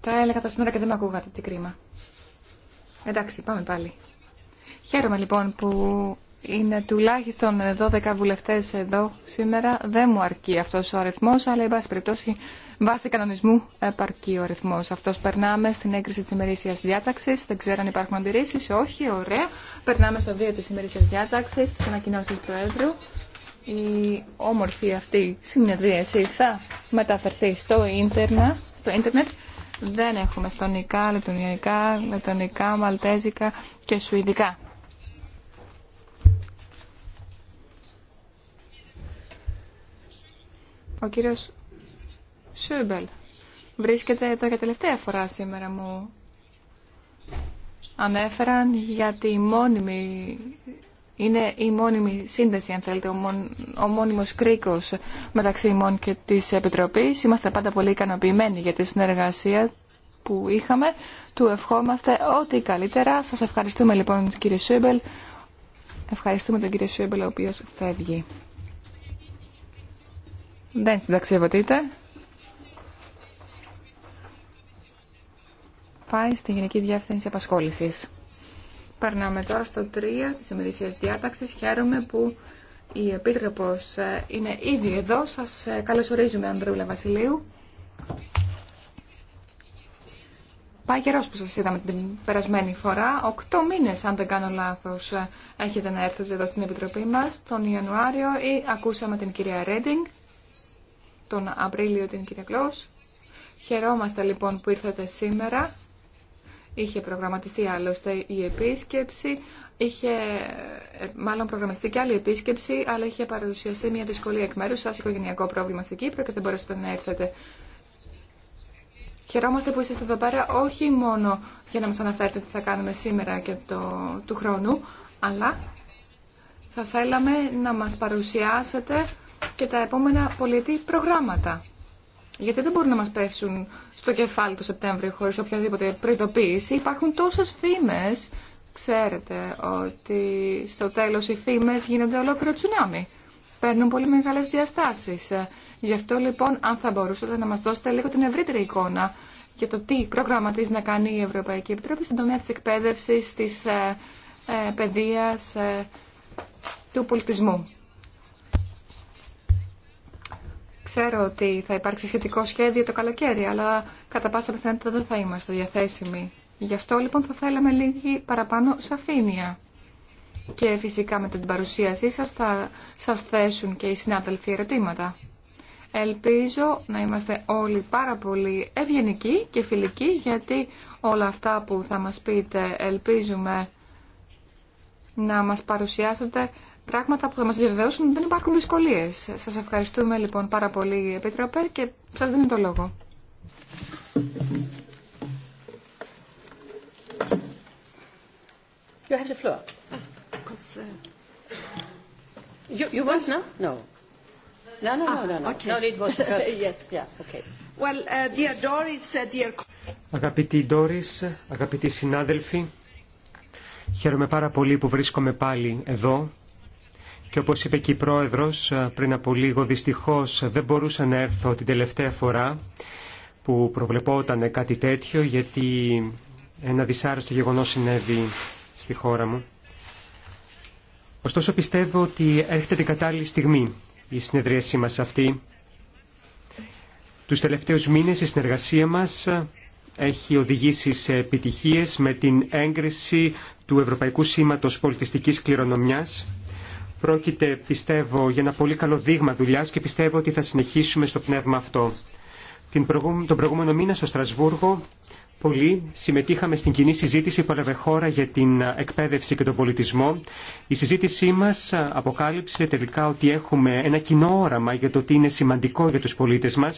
Τα έλεγα τα σήμερα και δεν με ακούγατε, τι κρίμα. Εντάξει, πάμε πάλι. Χαίρομαι λοιπόν που είναι τουλάχιστον 12 βουλευτέ εδώ σήμερα. Δεν μου αρκεί αυτό ο αριθμό, αλλά εν πάση περιπτώσει βάσει κανονισμού επαρκεί ο αριθμό. Αυτό περνάμε στην έγκριση τη ημερήσια διάταξη. Δεν ξέρω αν υπάρχουν αντιρρήσει, Όχι, ωραία. Περνάμε στο 2 τη ημερήσια διάταξη, τη ανακοινώσεις του Προέδρου η όμορφη αυτή συνεδρίαση θα μεταφερθεί στο στο ίντερνετ. Δεν έχουμε στονικά, λετωνιακά, λετωνικά, μαλτέζικα και σουηδικά. Ο κύριος Σούμπελ βρίσκεται εδώ για τελευταία φορά σήμερα μου ανέφεραν για τη μόνιμη είναι η μόνιμη σύνδεση, αν θέλετε, ο, μον, ο μόνιμος κρίκος μεταξύ ημών και της Επιτροπής. Είμαστε πάντα πολύ ικανοποιημένοι για τη συνεργασία που είχαμε. Του ευχόμαστε ό,τι καλύτερα. Σας ευχαριστούμε λοιπόν κύριε Σούμπελ. Ευχαριστούμε τον κύριο Σούμπελ ο οποίος φεύγει. Δεν συνταξιευωτείτε. Πάει στη Γενική Διεύθυνση Απασχόλησης. Περνάμε τώρα στο 3 της ημερησίας διάταξης. Χαίρομαι που η Επίτροπος ε, είναι ήδη εδώ. Σας ε, καλωσορίζουμε, Ανδρούλα Βασιλείου. Πάει καιρός που σας είδαμε την περασμένη φορά. Οκτώ μήνες, αν δεν κάνω λάθος, ε, έχετε να έρθετε εδώ στην Επιτροπή μας. Τον Ιανουάριο ή ακούσαμε την κυρία Ρέντινγκ, τον Απρίλιο την κυρία Κλώσ. Χαιρόμαστε λοιπόν που ήρθατε σήμερα Είχε προγραμματιστεί άλλωστε η επίσκεψη, είχε ε, μάλλον προγραμματιστεί και άλλη επίσκεψη, αλλά είχε παρουσιαστεί μια δυσκολία εκ μέρου σα, οικογενειακό πρόβλημα στην Κύπρο και δεν μπορέσατε να έρθετε. Χαιρόμαστε που είστε εδώ πέρα όχι μόνο για να μας αναφέρετε τι θα κάνουμε σήμερα και το, του χρόνου, αλλά θα θέλαμε να μας παρουσιάσετε και τα επόμενα πολιτή προγράμματα. Γιατί δεν μπορούν να μας πέσουν στο κεφάλι το Σεπτέμβριο χωρίς οποιαδήποτε προειδοποίηση. Υπάρχουν τόσε φήμες. Ξέρετε ότι στο τέλος οι φήμες γίνονται ολόκληρο τσουνάμι. Παίρνουν πολύ μεγάλες διαστάσεις. Γι' αυτό λοιπόν αν θα μπορούσατε να μας δώσετε λίγο την ευρύτερη εικόνα για το τι προγραμματίζει να κάνει η Ευρωπαϊκή Επιτροπή στην τομέα της εκπαίδευσης, της ε, ε, ε του πολιτισμού. Ξέρω ότι θα υπάρξει σχετικό σχέδιο το καλοκαίρι, αλλά κατά πάσα πιθανότητα δεν θα είμαστε διαθέσιμοι. Γι' αυτό λοιπόν θα θέλαμε λίγη παραπάνω σαφήνεια. Και φυσικά με την παρουσίασή σας θα σας θέσουν και οι συνάδελφοι ερωτήματα. Ελπίζω να είμαστε όλοι πάρα πολύ ευγενικοί και φιλικοί, γιατί όλα αυτά που θα μας πείτε ελπίζουμε να μας παρουσιάσετε πράγματα που θα μας διαβεβαιώσουν ότι δεν υπάρχουν δυσκολίες. Σας ευχαριστούμε λοιπόν πάρα πολύ Επίτροπε και σας δίνω το λόγο. You have the floor. Uh, you, you want now? No. No, no, no, no. Ah, no. Okay. no it was first. yes, yes, okay. Well, uh, dear Doris, uh, dear... Αγαπητοί Ντόρις, αγαπητοί συνάδελφοι, χαίρομαι πάρα πολύ που βρίσκομαι πάλι εδώ και όπως είπε και η Πρόεδρος πριν από λίγο, δυστυχώς δεν μπορούσα να έρθω την τελευταία φορά που προβλεπόταν κάτι τέτοιο, γιατί ένα δυσάρεστο γεγονός συνέβη στη χώρα μου. Ωστόσο πιστεύω ότι έρχεται την κατάλληλη στιγμή η συνεδρίασή μας αυτή. Τους τελευταίους μήνες η συνεργασία μας έχει οδηγήσει σε επιτυχίες με την έγκριση του Ευρωπαϊκού Σήματος Πολιτιστικής Κληρονομιάς Πρόκειται, πιστεύω, για ένα πολύ καλό δείγμα δουλειά και πιστεύω ότι θα συνεχίσουμε στο πνεύμα αυτό. Την τον προηγούμενο μήνα στο Στρασβούργο, πολλοί συμμετείχαμε στην κοινή συζήτηση που έλαβε χώρα για την εκπαίδευση και τον πολιτισμό. Η συζήτησή μα αποκάλυψε τελικά ότι έχουμε ένα κοινό όραμα για το τι είναι σημαντικό για του πολίτε μα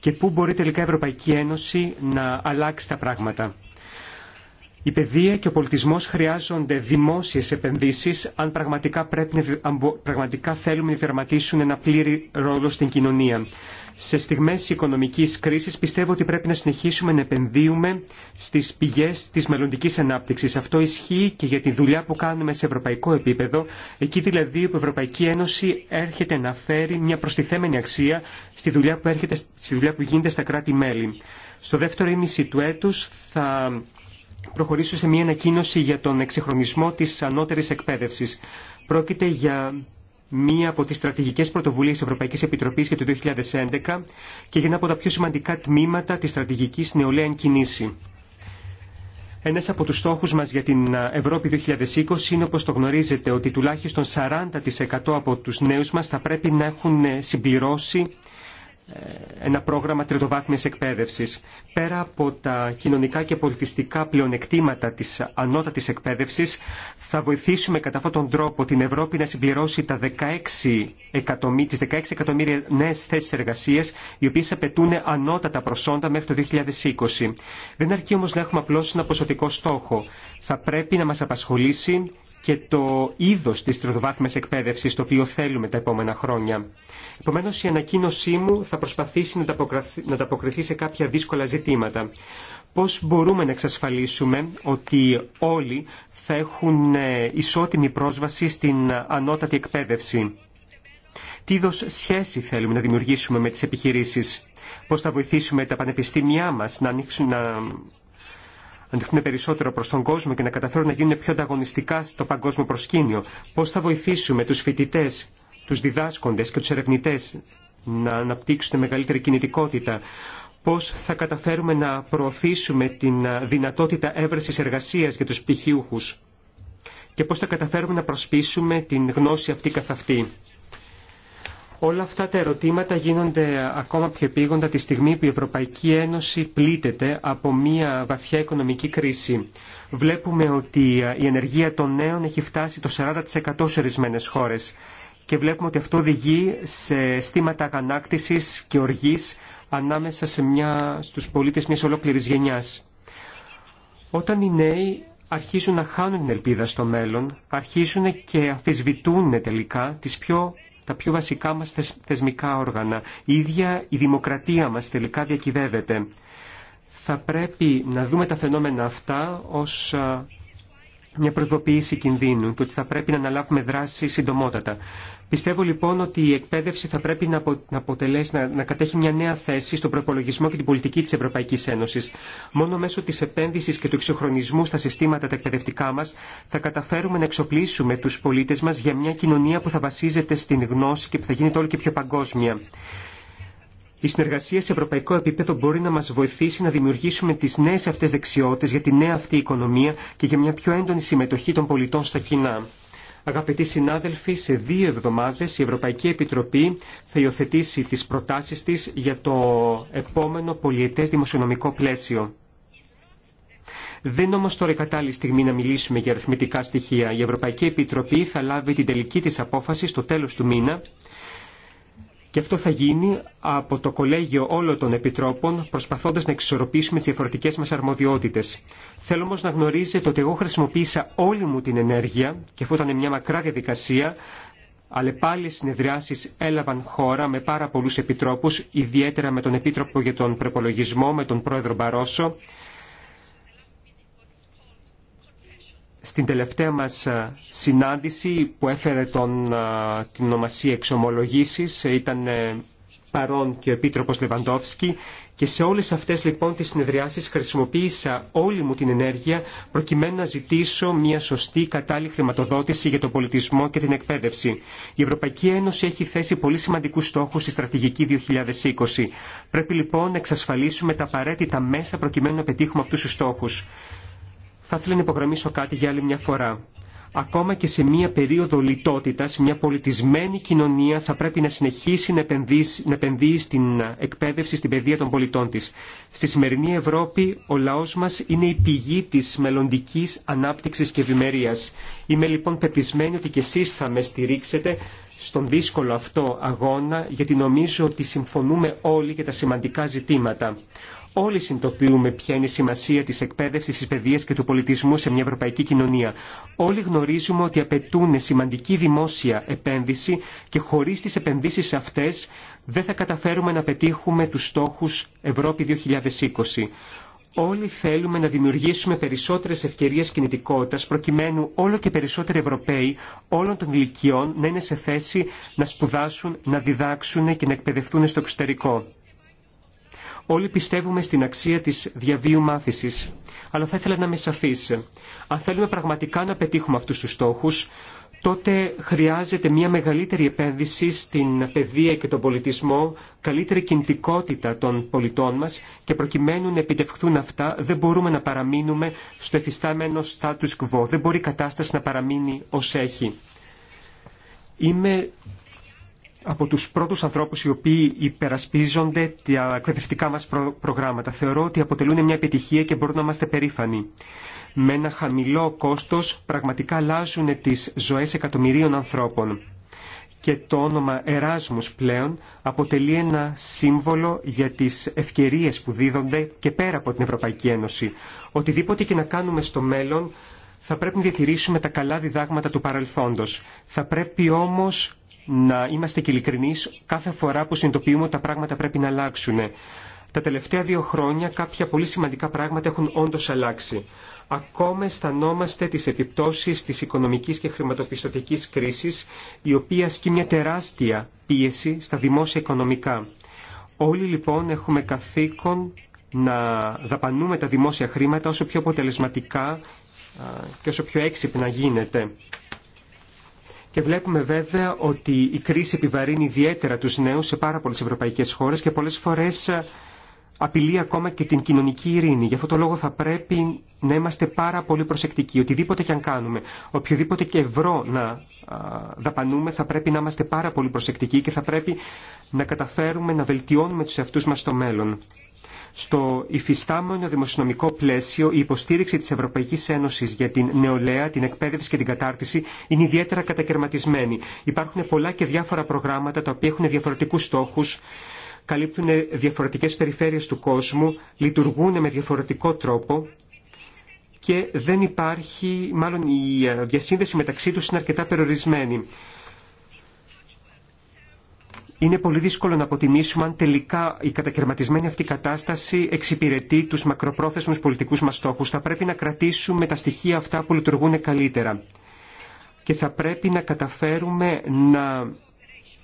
και πού μπορεί τελικά η Ευρωπαϊκή Ένωση να αλλάξει τα πράγματα. Η παιδεία και ο πολιτισμός χρειάζονται δημόσιες επενδύσεις αν πραγματικά, πρέπει, πραγματικά θέλουμε να δερματίσουν ένα πλήρη ρόλο στην κοινωνία. Σε στιγμές οικονομικής κρίσης πιστεύω ότι πρέπει να συνεχίσουμε να επενδύουμε στις πηγές της μελλοντικής ανάπτυξης. Αυτό ισχύει και για τη δουλειά που κάνουμε σε ευρωπαϊκό επίπεδο, εκεί δηλαδή που η Ευρωπαϊκή Ένωση έρχεται να φέρει μια προστιθέμενη αξία στη δουλειά που, έρχεται, στη δουλειά που γίνεται στα κράτη-μέλη. Στο δεύτερο ήμιση του έτους θα προχωρήσω σε μια ανακοίνωση για τον εξυγχρονισμό της ανώτερης εκπαίδευσης. Πρόκειται για μία από τις στρατηγικές πρωτοβουλίες της Ευρωπαϊκής Επιτροπής για το 2011 και για ένα από τα πιο σημαντικά τμήματα της στρατηγικής νεολαία κινήση. Ένας από τους στόχους μας για την Ευρώπη 2020 είναι, όπως το γνωρίζετε, ότι τουλάχιστον 40% από του νέου μα θα πρέπει να έχουν συμπληρώσει ένα πρόγραμμα τριτοβάθμιας εκπαίδευσης. Πέρα από τα κοινωνικά και πολιτιστικά πλεονεκτήματα της ανώτατης εκπαίδευσης, θα βοηθήσουμε κατά αυτόν τον τρόπο την Ευρώπη να συμπληρώσει τα 16 εκατομμύρια, τις 16 εκατομμύρια νέες θέσεις εργασίας, οι οποίες απαιτούν ανώτατα προσόντα μέχρι το 2020. Δεν αρκεί όμως να έχουμε απλώς ένα ποσοτικό στόχο. Θα πρέπει να μας απασχολήσει και το είδος της τριτοβάθμιας εκπαίδευσης το οποίο θέλουμε τα επόμενα χρόνια. Επομένως η ανακοίνωσή μου θα προσπαθήσει να ταποκριθεί σε κάποια δύσκολα ζητήματα. Πώς μπορούμε να εξασφαλίσουμε ότι όλοι θα έχουν ε, ισότιμη πρόσβαση στην ανώτατη εκπαίδευση. Τι είδος σχέση θέλουμε να δημιουργήσουμε με τις επιχειρήσεις. Πώς θα βοηθήσουμε τα πανεπιστήμια μας να, ανοίξουν, να ανοιχτούν περισσότερο προς τον κόσμο και να καταφέρουν να γίνουν πιο ανταγωνιστικά στο παγκόσμιο προσκήνιο. Πώς θα βοηθήσουμε τους φοιτητέ, τους διδάσκοντες και τους ερευνητέ να αναπτύξουν μεγαλύτερη κινητικότητα. Πώς θα καταφέρουμε να προωθήσουμε την δυνατότητα έβρεση εργασία για τους πτυχίουχους και πώ θα καταφέρουμε να προσπίσουμε την γνώση αυτή καθ' αυτή. Όλα αυτά τα ερωτήματα γίνονται ακόμα πιο επίγοντα τη στιγμή που η Ευρωπαϊκή Ένωση πλήττεται από μια βαθιά οικονομική κρίση. Βλέπουμε ότι ε, η ενεργεία των νέων έχει φτάσει το 40% σε ορισμένε χώρε και βλέπουμε ότι αυτό οδηγεί σε αισθήματα αγανάκτηση και οργή ανάμεσα σε μια, στους πολίτες μιας ολόκληρης Όταν οι νέοι αρχίζουν να χάνουν την ελπίδα στο μέλλον, αρχίζουν και αφισβητούν τελικά τις πιο τα πιο βασικά μας θεσμικά όργανα. Η ίδια η δημοκρατία μας τελικά διακυβεύεται. Θα πρέπει να δούμε τα φαινόμενα αυτά ως μια προειδοποίηση κινδύνου και ότι θα πρέπει να αναλάβουμε δράση συντομότατα. Πιστεύω λοιπόν ότι η εκπαίδευση θα πρέπει να, αποτελέσει, να, να κατέχει μια νέα θέση στον προπολογισμό και την πολιτική τη Ευρωπαϊκή Ένωση. Μόνο μέσω τη επένδυση και του εξοχρονισμού στα συστήματα τα εκπαιδευτικά μα θα καταφέρουμε να εξοπλίσουμε του πολίτε μα για μια κοινωνία που θα βασίζεται στην γνώση και που θα γίνεται όλο και πιο παγκόσμια. Η συνεργασία σε ευρωπαϊκό επίπεδο μπορεί να μας βοηθήσει να δημιουργήσουμε τις νέες αυτές δεξιότητες για τη νέα αυτή οικονομία και για μια πιο έντονη συμμετοχή των πολιτών στα κοινά. Αγαπητοί συνάδελφοι, σε δύο εβδομάδες η Ευρωπαϊκή Επιτροπή θα υιοθετήσει τις προτάσεις της για το επόμενο πολιετές δημοσιονομικό πλαίσιο. Δεν όμω τώρα η κατάλληλη στιγμή να μιλήσουμε για αριθμητικά στοιχεία. Η Ευρωπαϊκή Επιτροπή θα λάβει την τελική τη απόφαση στο τέλο του μήνα και αυτό θα γίνει από το κολέγιο όλων των επιτρόπων, προσπαθώντα να εξισορροπήσουμε τι διαφορετικέ μα αρμοδιότητε. Θέλω όμω να γνωρίζετε ότι εγώ χρησιμοποίησα όλη μου την ενέργεια, και αυτό ήταν μια μακρά διαδικασία, αλλά πάλι οι συνεδριάσει έλαβαν χώρα με πάρα πολλού επιτρόπου, ιδιαίτερα με τον Επίτροπο για τον Προπολογισμό, με τον Πρόεδρο Μπαρόσο, Στην τελευταία μας ε, συνάντηση που έφερε τον, ε, την ονομασία εξομολογήσεις ε, ήταν παρόν και ο Επίτροπος Λεβαντόφσκι και σε όλες αυτές λοιπόν τις συνεδριάσεις χρησιμοποίησα όλη μου την ενέργεια προκειμένου να ζητήσω μια σωστή κατάλληλη χρηματοδότηση για τον πολιτισμό και την εκπαίδευση. Η Ευρωπαϊκή Ένωση έχει θέσει πολύ σημαντικούς στόχους στη στρατηγική 2020. Πρέπει λοιπόν να εξασφαλίσουμε τα απαραίτητα μέσα προκειμένου να πετύχουμε αυτούς τους στόχους. Θα ήθελα να υπογραμμίσω κάτι για άλλη μια φορά. Ακόμα και σε μια περίοδο λιτοτητα μια πολιτισμένη κοινωνία θα πρέπει να συνεχίσει να επενδύει, να επενδύει στην εκπαίδευση, στην παιδεία των πολιτών τη. Στη σημερινή Ευρώπη ο λαό μα είναι η πηγή της μελλοντική ανάπτυξη και ευημερία. Είμαι λοιπόν πεπισμένη ότι και εσεί θα με στηρίξετε στον δύσκολο αυτό αγώνα γιατί νομίζω ότι συμφωνούμε όλοι για τα σημαντικά ζητήματα. Όλοι συνειδητοποιούμε ποια είναι η σημασία τη εκπαίδευση, τη παιδεία και του πολιτισμού σε μια ευρωπαϊκή κοινωνία. Όλοι γνωρίζουμε ότι απαιτούν σημαντική δημόσια επένδυση και χωρί τι επενδύσει αυτέ δεν θα καταφέρουμε να πετύχουμε του στόχου Ευρώπη 2020. Όλοι θέλουμε να δημιουργήσουμε περισσότερε ευκαιρίε κινητικότητα προκειμένου όλο και περισσότεροι Ευρωπαίοι όλων των ηλικιών να είναι σε θέση να σπουδάσουν, να διδάξουν και να εκπαιδευτούν στο εξωτερικό. Όλοι πιστεύουμε στην αξία της διαβίου μάθησης. Αλλά θα ήθελα να είμαι σαφή. Αν θέλουμε πραγματικά να πετύχουμε αυτούς τους στόχους, τότε χρειάζεται μια μεγαλύτερη επένδυση στην παιδεία και τον πολιτισμό, καλύτερη κινητικότητα των πολιτών μας και προκειμένου να επιτευχθούν αυτά δεν μπορούμε να παραμείνουμε στο εφιστάμενο status quo. Δεν μπορεί η κατάσταση να παραμείνει ως έχει από τους πρώτους ανθρώπους οι οποίοι υπερασπίζονται τα εκπαιδευτικά μας προγράμματα. Θεωρώ ότι αποτελούν μια επιτυχία και μπορούν να είμαστε περήφανοι. Με ένα χαμηλό κόστος πραγματικά αλλάζουν τις ζωές εκατομμυρίων ανθρώπων. Και το όνομα Εράσμους πλέον αποτελεί ένα σύμβολο για τις ευκαιρίες που δίδονται και πέρα από την Ευρωπαϊκή Ένωση. Οτιδήποτε και να κάνουμε στο μέλλον θα πρέπει να διατηρήσουμε τα καλά διδάγματα του παρελθόντος. Θα πρέπει όμως να είμαστε και ειλικρινεί κάθε φορά που συνειδητοποιούμε ότι τα πράγματα πρέπει να αλλάξουν. Τα τελευταία δύο χρόνια κάποια πολύ σημαντικά πράγματα έχουν όντω αλλάξει. Ακόμα αισθανόμαστε τι επιπτώσει τη οικονομική και χρηματοπιστωτική κρίση, η οποία ασκεί μια τεράστια πίεση στα δημόσια οικονομικά. Όλοι λοιπόν έχουμε καθήκον να δαπανούμε τα δημόσια χρήματα όσο πιο αποτελεσματικά και όσο πιο έξυπνα γίνεται. Και βλέπουμε βέβαια ότι η κρίση επιβαρύνει ιδιαίτερα τους νέους σε πάρα πολλές ευρωπαϊκές χώρες και πολλές φορές ε, απειλεί ακόμα και την κοινωνική ειρήνη. Γι' αυτό το λόγο θα πρέπει να είμαστε πάρα πολύ προσεκτικοί. Οτιδήποτε και αν κάνουμε, οποιοδήποτε και ευρώ να δαπανούμε, θα πρέπει να είμαστε πάρα πολύ προσεκτικοί και θα πρέπει να καταφέρουμε να βελτιώνουμε τους εαυτούς μας στο μέλλον στο υφιστάμενο δημοσιονομικό πλαίσιο η υποστήριξη τη Ευρωπαϊκή Ένωση για την νεολαία, την εκπαίδευση και την κατάρτιση είναι ιδιαίτερα κατακαιρματισμένη. Υπάρχουν πολλά και διάφορα προγράμματα τα οποία έχουν διαφορετικού στόχου, καλύπτουν διαφορετικέ περιφέρειες του κόσμου, λειτουργούν με διαφορετικό τρόπο και δεν υπάρχει, μάλλον η διασύνδεση μεταξύ του είναι αρκετά περιορισμένη. Είναι πολύ δύσκολο να αποτιμήσουμε αν τελικά η κατακαιρματισμένη αυτή κατάσταση εξυπηρετεί του μακροπρόθεσμου πολιτικού μα στόχου. Θα πρέπει να κρατήσουμε τα στοιχεία αυτά που λειτουργούν καλύτερα και θα πρέπει να καταφέρουμε να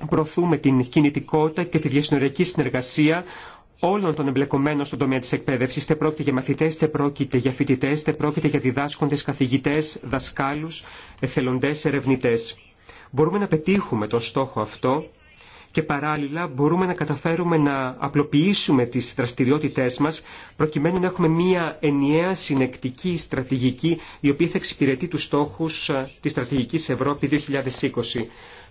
προωθούμε την κινητικότητα και τη διασυνοριακή συνεργασία όλων των εμπλεκομένων στον τομέα της εκπαίδευσης, είτε πρόκειται για μαθητές, είτε πρόκειται για φοιτητές, είτε πρόκειται για διδάσκοντες, καθηγητές, δασκάλους, εθελοντέ, ερευνητές. Μπορούμε να πετύχουμε τον στόχο αυτό και παράλληλα μπορούμε να καταφέρουμε να απλοποιήσουμε τις δραστηριότητές μας προκειμένου να έχουμε μία ενιαία συνεκτική στρατηγική η οποία θα εξυπηρετεί τους στόχους ε, της στρατηγικής Ευρώπη 2020.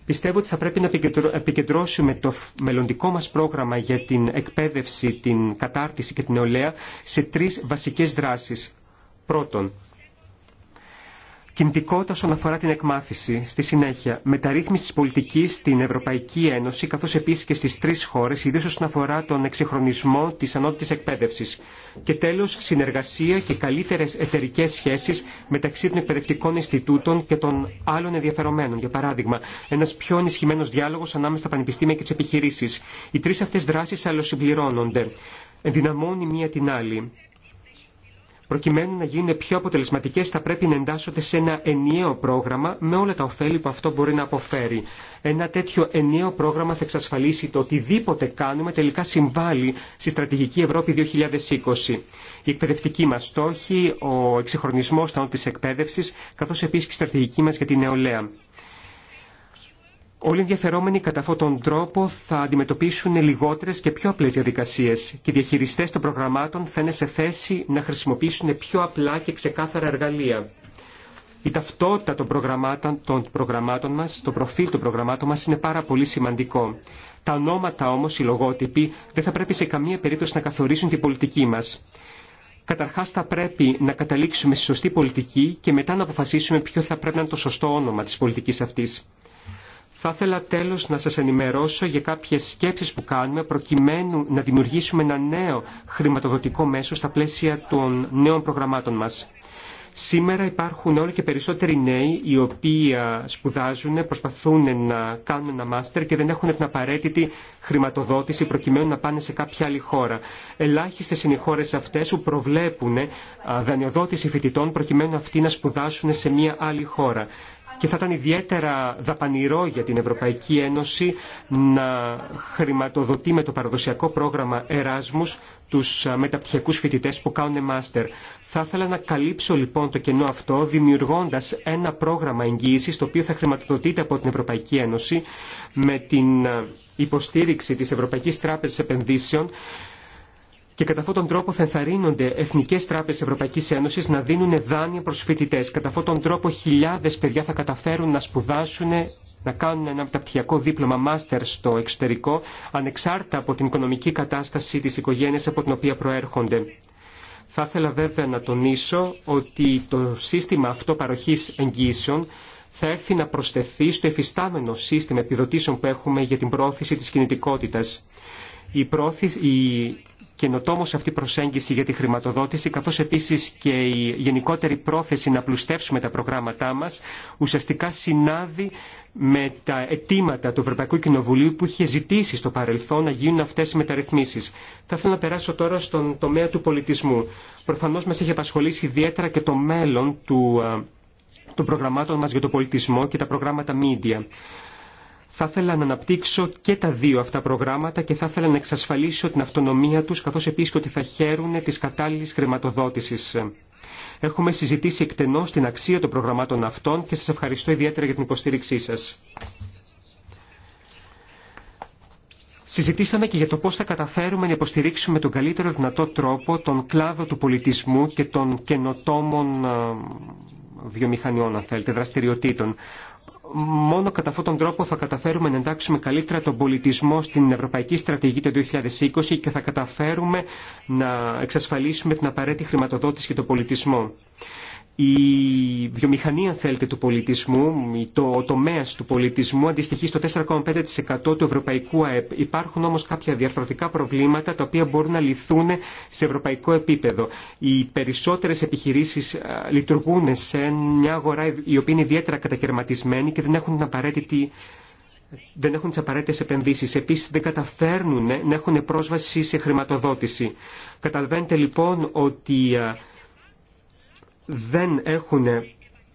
Πιστεύω ότι θα πρέπει να επικεντρώσουμε το μελλοντικό μας πρόγραμμα για την εκπαίδευση, την κατάρτιση και την νεολαία σε τρεις βασικές δράσεις. Πρώτον, Κινητικότητα όσον αφορά την εκμάθηση. Στη συνέχεια, μεταρρύθμιση τη πολιτική στην Ευρωπαϊκή Ένωση, καθώ επίση και στι τρει χώρε, ιδίω όσον αφορά τον εξυγχρονισμό τη ανώτατη εκπαίδευση. Και τέλο, συνεργασία και καλύτερε εταιρικέ σχέσει μεταξύ των εκπαιδευτικών Ινστιτούτων και των άλλων ενδιαφερομένων. Για παράδειγμα, ένα πιο ενισχυμένο διάλογο ανάμεσα στα πανεπιστήμια και τι επιχειρήσει. Οι τρει αυτέ δράσει αλλοσυμπληρώνονται. Ενδυναμώνει μία την άλλη. Προκειμένου να γίνουν πιο αποτελεσματικέ, θα πρέπει να εντάσσονται σε ένα ενιαίο πρόγραμμα με όλα τα ωφέλη που αυτό μπορεί να αποφέρει. Ένα τέτοιο ενιαίο πρόγραμμα θα εξασφαλίσει το οτιδήποτε κάνουμε τελικά συμβάλλει στη στρατηγική Ευρώπη 2020. Η εκπαιδευτική μα στόχη, ο εξυγχρονισμό των τη εκπαίδευση, καθώ επίση και η στρατηγική μα για την νεολαία. Όλοι οι ενδιαφερόμενοι κατά αυτόν τον τρόπο θα αντιμετωπίσουν λιγότερε και πιο απλέ διαδικασίε και οι διαχειριστέ των προγραμμάτων θα είναι σε θέση να χρησιμοποιήσουν πιο απλά και ξεκάθαρα εργαλεία. Η ταυτότητα των προγραμμάτων, των προγραμμάτων μας, το προφίλ των προγραμμάτων μας είναι πάρα πολύ σημαντικό. Τα ονόματα όμως, οι λογότυποι, δεν θα πρέπει σε καμία περίπτωση να καθορίσουν την πολιτική μας. Καταρχάς θα πρέπει να καταλήξουμε στη σωστή πολιτική και μετά να αποφασίσουμε ποιο θα πρέπει να είναι το σωστό όνομα της πολιτικής αυτής. Θα ήθελα τέλος να σας ενημερώσω για κάποιες σκέψεις που κάνουμε προκειμένου να δημιουργήσουμε ένα νέο χρηματοδοτικό μέσο στα πλαίσια των νέων προγραμμάτων μας. Σήμερα υπάρχουν όλο και περισσότεροι νέοι οι οποίοι σπουδάζουν, προσπαθούν να κάνουν ένα μάστερ και δεν έχουν την απαραίτητη χρηματοδότηση προκειμένου να πάνε σε κάποια άλλη χώρα. Ελάχιστε είναι οι χώρε αυτέ που προβλέπουν δανειοδότηση φοιτητών προκειμένου αυτοί να σπουδάσουν σε μια άλλη χώρα και θα ήταν ιδιαίτερα δαπανηρό για την Ευρωπαϊκή Ένωση να χρηματοδοτεί με το παραδοσιακό πρόγραμμα Εράσμους τους μεταπτυχιακούς φοιτητές που κάνουν μάστερ. Θα ήθελα να καλύψω λοιπόν το κενό αυτό δημιουργώντας ένα πρόγραμμα εγγύησης το οποίο θα χρηματοδοτείται από την Ευρωπαϊκή Ένωση με την υποστήριξη της Ευρωπαϊκής Τράπεζας Επενδύσεων και κατά αυτόν τον τρόπο θα ενθαρρύνονται εθνικέ τράπεζε Ευρωπαϊκή Ένωση να δίνουν δάνεια προς φοιτητές. Κατά αυτόν τον τρόπο χιλιάδε παιδιά θα καταφέρουν να σπουδάσουν να κάνουν ένα μεταπτυχιακό δίπλωμα μάστερ στο εξωτερικό, ανεξάρτητα από την οικονομική κατάσταση της οικογένειας από την οποία προέρχονται. Θα ήθελα βέβαια να τονίσω ότι το σύστημα αυτό παροχής εγγύσεων θα έρθει να προσθεθεί στο εφιστάμενο σύστημα επιδοτήσεων που έχουμε για την πρόθεση της κινητικότητας. Η, πρόθεση, η καινοτόμο αυτή προσέγγιση για τη χρηματοδότηση, καθώ επίση και η γενικότερη πρόθεση να πλουστεύσουμε τα προγράμματά μα, ουσιαστικά συνάδει με τα αιτήματα του Ευρωπαϊκού Κοινοβουλίου που είχε ζητήσει στο παρελθόν να γίνουν αυτέ οι μεταρρυθμίσει. Θα ήθελα να περάσω τώρα στον τομέα του πολιτισμού. Προφανώ μα έχει απασχολήσει ιδιαίτερα και το μέλλον του ε, των προγραμμάτων μα για τον πολιτισμό και τα προγράμματα media. Θα ήθελα να αναπτύξω και τα δύο αυτά προγράμματα και θα ήθελα να εξασφαλίσω την αυτονομία τους, καθώς επίσης ότι θα χαίρουν της κατάλληλης χρηματοδότησης. Έχουμε συζητήσει εκτενώς την αξία των προγραμμάτων αυτών και σας ευχαριστώ ιδιαίτερα για την υποστήριξή σας. Συζητήσαμε και για το πώς θα καταφέρουμε να υποστηρίξουμε τον καλύτερο δυνατό τρόπο τον κλάδο του πολιτισμού και των καινοτόμων ε, βιομηχανιών, αν θέλετε, δραστηριοτήτων μόνο κατά αυτόν τον τρόπο θα καταφέρουμε να εντάξουμε καλύτερα τον πολιτισμό στην Ευρωπαϊκή Στρατηγική το 2020 και θα καταφέρουμε να εξασφαλίσουμε την απαραίτητη χρηματοδότηση για τον πολιτισμό η βιομηχανία, θέλετε, του πολιτισμού, το, τομέα του πολιτισμού αντιστοιχεί στο 4,5% του ευρωπαϊκού ΑΕΠ. Υπάρχουν όμω κάποια διαρθρωτικά προβλήματα τα οποία μπορούν να λυθούν σε ευρωπαϊκό επίπεδο. Οι περισσότερε επιχειρήσει λειτουργούν σε μια αγορά η οποία είναι ιδιαίτερα κατακαιρματισμένη και δεν έχουν την απαραίτητη δεν έχουν τι απαραίτητε επενδύσει. Επίση, δεν καταφέρνουν να έχουν πρόσβαση σε χρηματοδότηση. Καταλαβαίνετε λοιπόν ότι δεν έχουν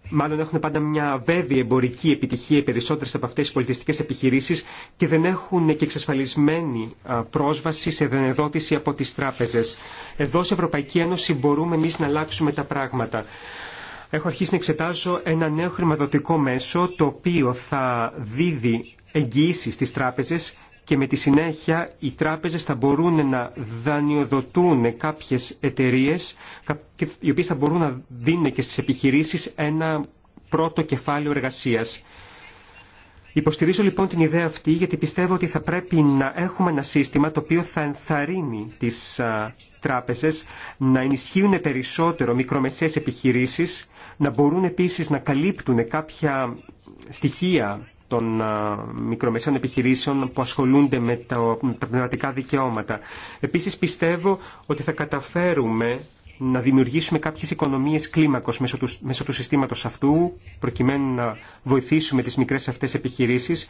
μάλλον έχουν πάντα μια βέβαιη εμπορική επιτυχία οι περισσότερε από αυτέ τι πολιτιστικέ επιχειρήσει και δεν έχουν και εξασφαλισμένη πρόσβαση σε δενεδότηση από τι τράπεζε. Εδώ, σε Ευρωπαϊκή Ένωση, μπορούμε εμεί να αλλάξουμε τα πράγματα. Έχω αρχίσει να εξετάζω ένα νέο χρηματοδοτικό μέσο το οποίο θα δίδει εγγυήσει στι τράπεζες και με τη συνέχεια οι τράπεζες θα μπορούν να δανειοδοτούν κάποιες εταιρείες οι οποίες θα μπορούν να δίνουν και στις επιχειρήσεις ένα πρώτο κεφάλαιο εργασίας. Υποστηρίζω λοιπόν την ιδέα αυτή γιατί πιστεύω ότι θα πρέπει να έχουμε ένα σύστημα το οποίο θα ενθαρρύνει τις τράπεζες να ενισχύουν περισσότερο μικρομεσαίες επιχειρήσεις, να μπορούν επίσης να καλύπτουν κάποια στοιχεία των μικρομεσαίων επιχειρήσεων που ασχολούνται με τα, πνευματικά δικαιώματα. Επίσης πιστεύω ότι θα καταφέρουμε να δημιουργήσουμε κάποιες οικονομίες κλίμακος μέσω του, μέσω του συστήματος αυτού, προκειμένου να βοηθήσουμε τις μικρές αυτές επιχειρήσεις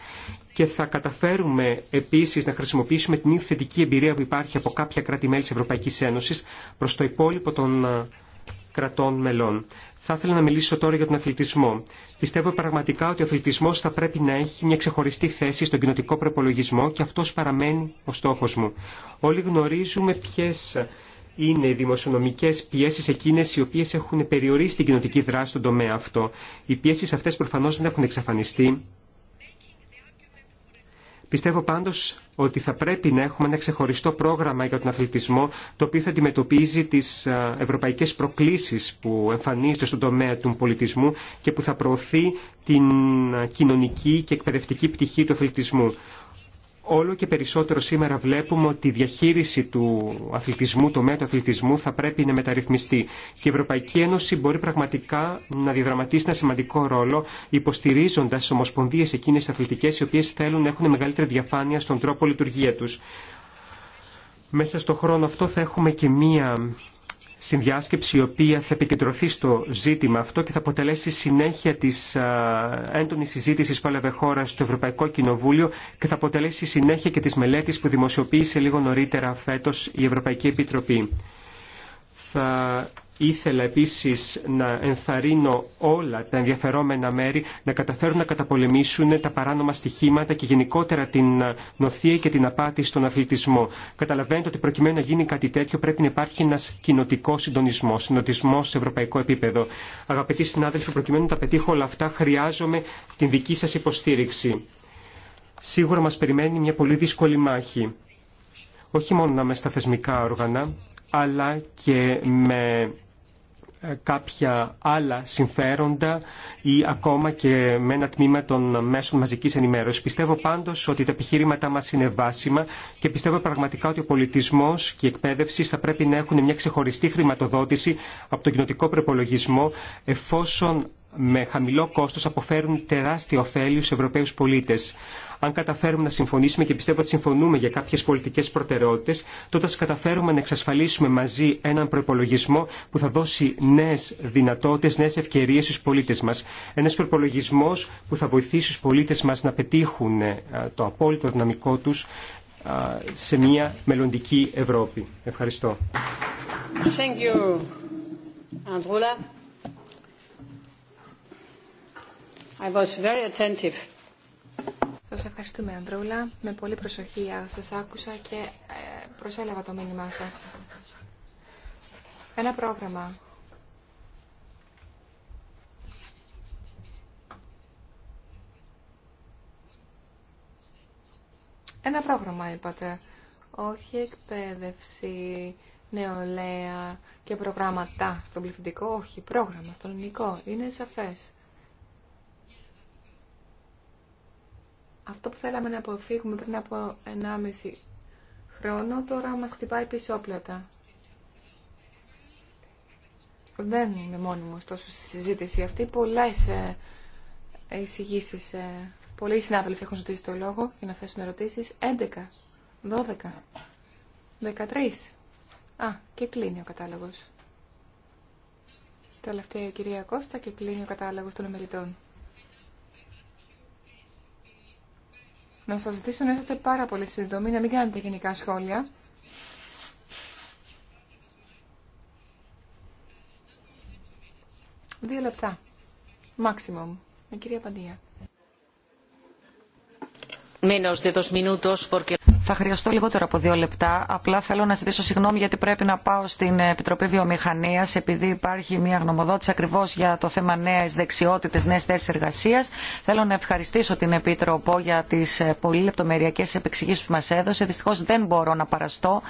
και θα καταφέρουμε επίσης να χρησιμοποιήσουμε την ίδια θετική εμπειρία που υπάρχει από κάποια κράτη-μέλη της Ευρωπαϊκής Ένωσης προς το υπόλοιπο των κρατών μελών. Θα ήθελα να μιλήσω τώρα για τον αθλητισμό. Πιστεύω πραγματικά ότι ο αθλητισμό θα πρέπει να έχει μια ξεχωριστή θέση στον κοινοτικό προπολογισμό και αυτό παραμένει ο στόχο μου. Όλοι γνωρίζουμε ποιε είναι οι δημοσιονομικέ πιέσει εκείνε οι οποίε έχουν περιορίσει την κοινοτική δράση στον τομέα αυτό. Οι πιέσει αυτέ προφανώ δεν έχουν εξαφανιστεί Πιστεύω πάντως ότι θα πρέπει να έχουμε ένα ξεχωριστό πρόγραμμα για τον αθλητισμό, το οποίο θα αντιμετωπίζει τις ευρωπαϊκές προκλήσεις που εμφανίζονται στον τομέα του πολιτισμού και που θα προωθεί την κοινωνική και εκπαιδευτική πτυχή του αθλητισμού. Όλο και περισσότερο σήμερα βλέπουμε ότι η διαχείριση του αθλητισμού, το του αθλητισμού θα πρέπει να μεταρρυθμιστεί και η Ευρωπαϊκή Ένωση μπορεί πραγματικά να διαδραματίσει ένα σημαντικό ρόλο υποστηρίζοντα ομοσπονδίε εκείνε αθλητικέ οι οποίε θέλουν να έχουν μεγαλύτερη διαφάνεια στον τρόπο λειτουργία του. Μέσα στον χρόνο αυτό θα έχουμε και μία συνδιάσκεψη η οποία θα επικεντρωθεί στο ζήτημα αυτό και θα αποτελέσει συνέχεια της έντονης συζήτησης που έλαβε χώρα στο Ευρωπαϊκό Κοινοβούλιο και θα αποτελέσει συνέχεια και της μελέτης που δημοσιοποίησε λίγο νωρίτερα φέτος η Ευρωπαϊκή Επιτροπή. Θα Ήθελα επίσης να ενθαρρύνω όλα τα ενδιαφερόμενα μέρη να καταφέρουν να καταπολεμήσουν τα παράνομα στοιχήματα και γενικότερα την νοθεία και την απάτη στον αθλητισμό. Καταλαβαίνετε ότι προκειμένου να γίνει κάτι τέτοιο πρέπει να υπάρχει ένας κοινοτικό συντονισμό, συντονισμό σε ευρωπαϊκό επίπεδο. Αγαπητοί συνάδελφοι, προκειμένου να τα πετύχω όλα αυτά χρειάζομαι την δική σας υποστήριξη. Σίγουρα μας περιμένει μια πολύ δύσκολη μάχη. Όχι μόνο με στα θεσμικά όργανα, αλλά και με κάποια άλλα συμφέροντα ή ακόμα και με ένα τμήμα των μέσων μαζικής ενημέρωσης. Πιστεύω πάντως ότι τα επιχείρηματά μας είναι βάσιμα και πιστεύω πραγματικά ότι ο πολιτισμός και η εκπαίδευση θα πρέπει να έχουν μια ξεχωριστή χρηματοδότηση από τον κοινοτικό προπολογισμό εφόσον με χαμηλό κόστος αποφέρουν τεράστια ωφέλη στους Ευρωπαίους πολίτες αν καταφέρουμε να συμφωνήσουμε και πιστεύω ότι συμφωνούμε για κάποιε πολιτικέ προτεραιότητε, τότε θα καταφέρουμε να εξασφαλίσουμε μαζί έναν προπολογισμό που θα δώσει νέε δυνατότητε, νέε ευκαιρίε στου πολίτε μα. Ένα προπολογισμό που θα βοηθήσει του πολίτε μα να πετύχουν ε, το απόλυτο δυναμικό του ε, σε μια μελλοντική Ευρώπη. Ευχαριστώ. Thank you. I was very attentive. Σα ευχαριστούμε, Ανδρούλα. Με πολύ προσοχή σας άκουσα και ε, προσέλαβα το μήνυμά σας. Ένα πρόγραμμα. Ένα πρόγραμμα, είπατε. Όχι εκπαίδευση, νεολαία και προγράμματα στον πληθυντικό. Όχι, πρόγραμμα στον ελληνικό. Είναι σαφές. Αυτό που θέλαμε να αποφύγουμε πριν από 1,5 χρόνο τώρα μας χτυπάει πίσω πισόπλατα. Δεν είμαι μόνιμο τόσο στη συζήτηση αυτή. Πολλές ε, εισηγήσει. Ε, πολλοί συνάδελφοι έχουν ζητήσει το λόγο για να θέσουν ερωτήσεις. 11, 12, 13. Α, και κλείνει ο κατάλογος. Τελευταία κυρία Κώστα και κλείνει ο κατάλογος των ομιλητών. να σας ζητήσω να είστε πάρα πολύ σύντομοι, να μην κάνετε γενικά σχόλια. Δύο λεπτά. Μάξιμουμ. Η κυρία Παντία. Μένος de dos minutos porque... Θα χρειαστώ λιγότερο από δύο λεπτά. Απλά θέλω να ζητήσω συγγνώμη γιατί πρέπει να πάω στην Επιτροπή Βιομηχανία επειδή υπάρχει μια γνωμοδότηση ακριβώ για το θέμα νέε δεξιότητε, νέε θέσει εργασία. Θέλω να ευχαριστήσω την Επίτροπο για τι ε, πολύ λεπτομεριακέ επεξηγήσει που μα έδωσε. Δυστυχώ δεν μπορώ να παραστώ.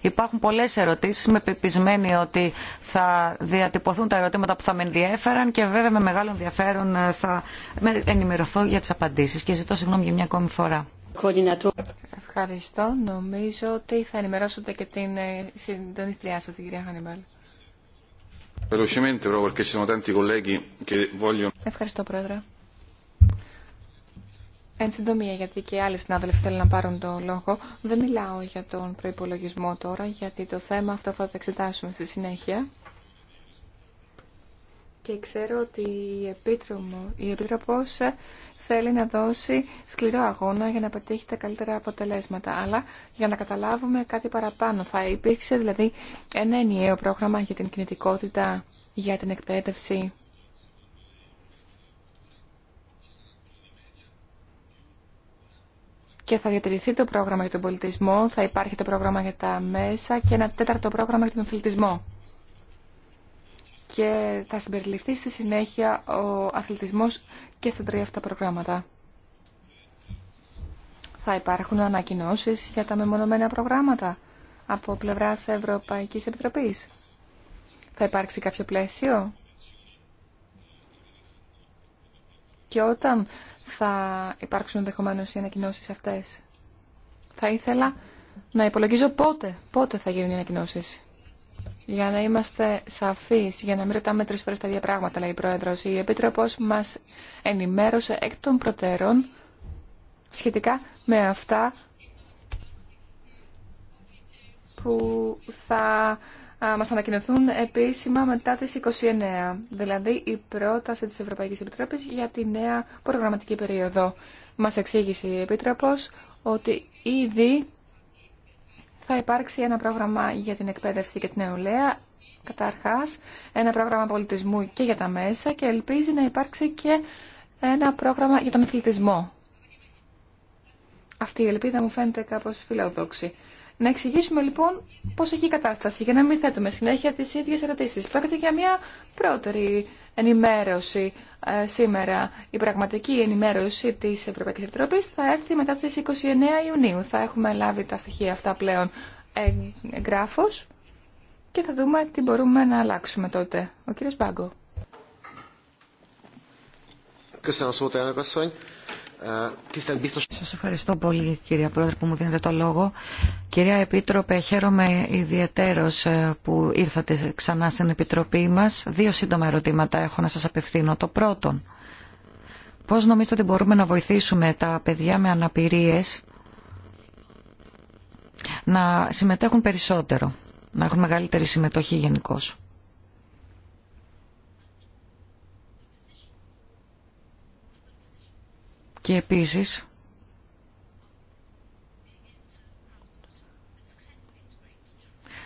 Υπάρχουν πολλέ ερωτήσει. Είμαι πεπισμένη ότι θα διατυπωθούν τα ερωτήματα που θα με ενδιέφεραν και βέβαια με μεγάλο ενδιαφέρον ε, θα ενημερωθώ για τι απαντήσει και ζητώ συγγνώμη για μια ακόμη φορά. Ευχαριστώ. Νομίζω ότι θα ενημερώσετε και την ε, συντονιστριά σας, την κυρία Χανιμπάλ. Ευχαριστώ, Πρόεδρε. Εν συντομία, γιατί και άλλοι συνάδελφοι θέλουν να πάρουν το λόγο, δεν μιλάω για τον προπολογισμό τώρα, γιατί το θέμα αυτό θα το εξετάσουμε στη συνέχεια και ξέρω ότι η, επίτροπο Επίτροπος ε, θέλει να δώσει σκληρό αγώνα για να πετύχει τα καλύτερα αποτελέσματα. Αλλά για να καταλάβουμε κάτι παραπάνω, θα υπήρξε δηλαδή ένα ενιαίο πρόγραμμα για την κινητικότητα, για την εκπαίδευση. Και θα διατηρηθεί το πρόγραμμα για τον πολιτισμό, θα υπάρχει το πρόγραμμα για τα μέσα και ένα τέταρτο πρόγραμμα για τον αθλητισμό και θα συμπεριληφθεί στη συνέχεια ο αθλητισμός και στα τρία αυτά προγράμματα. Θα υπάρχουν ανακοινώσεις για τα μεμονωμένα προγράμματα από πλευράς Ευρωπαϊκής Επιτροπής. Θα υπάρξει κάποιο πλαίσιο. Και όταν θα υπάρξουν ενδεχομένω οι ανακοινώσεις αυτές. Θα ήθελα να υπολογίζω πότε, πότε θα γίνουν οι ανακοινώσεις για να είμαστε σαφείς, για να μην ρωτάμε τρεις φορές τα ίδια πράγματα, λέει η Πρόεδρος. Η Επίτροπος μας ενημέρωσε εκ των προτέρων σχετικά με αυτά που θα μας ανακοινωθούν επίσημα μετά τις 29, δηλαδή η πρόταση της Ευρωπαϊκής Επιτροπής για τη νέα προγραμματική περίοδο. Μας εξήγησε η Επίτροπος ότι ήδη θα υπάρξει ένα πρόγραμμα για την εκπαίδευση και την νεολαία, καταρχάς ένα πρόγραμμα πολιτισμού και για τα μέσα και ελπίζει να υπάρξει και ένα πρόγραμμα για τον αθλητισμό. Αυτή η ελπίδα μου φαίνεται κάπως φιλοδόξη. Να εξηγήσουμε λοιπόν πώ έχει η κατάσταση για να μην θέτουμε συνέχεια τι ίδιε ερωτήσει. Πρόκειται για μια πρώτερη ενημέρωση ε, σήμερα. Η πραγματική ενημέρωση τη Ευρωπαϊκή Επιτροπή θα έρθει μετά τι 29 Ιουνίου. Θα έχουμε λάβει τα στοιχεία αυτά πλέον εγγράφω και θα δούμε τι μπορούμε να αλλάξουμε τότε. Ο κύριο Μπάγκο. Ε, σας ευχαριστώ πολύ κυρία Πρόεδρε που μου δίνετε το λόγο. Κυρία Επίτροπε, χαίρομαι ιδιαιτέρως ε, που ήρθατε ξανά στην Επιτροπή μας. Δύο σύντομα ερωτήματα έχω να σας απευθύνω. Το πρώτον, πώς νομίζετε ότι μπορούμε να βοηθήσουμε τα παιδιά με αναπηρίες να συμμετέχουν περισσότερο, να έχουν μεγαλύτερη συμμετοχή γενικώς. Και επίσης,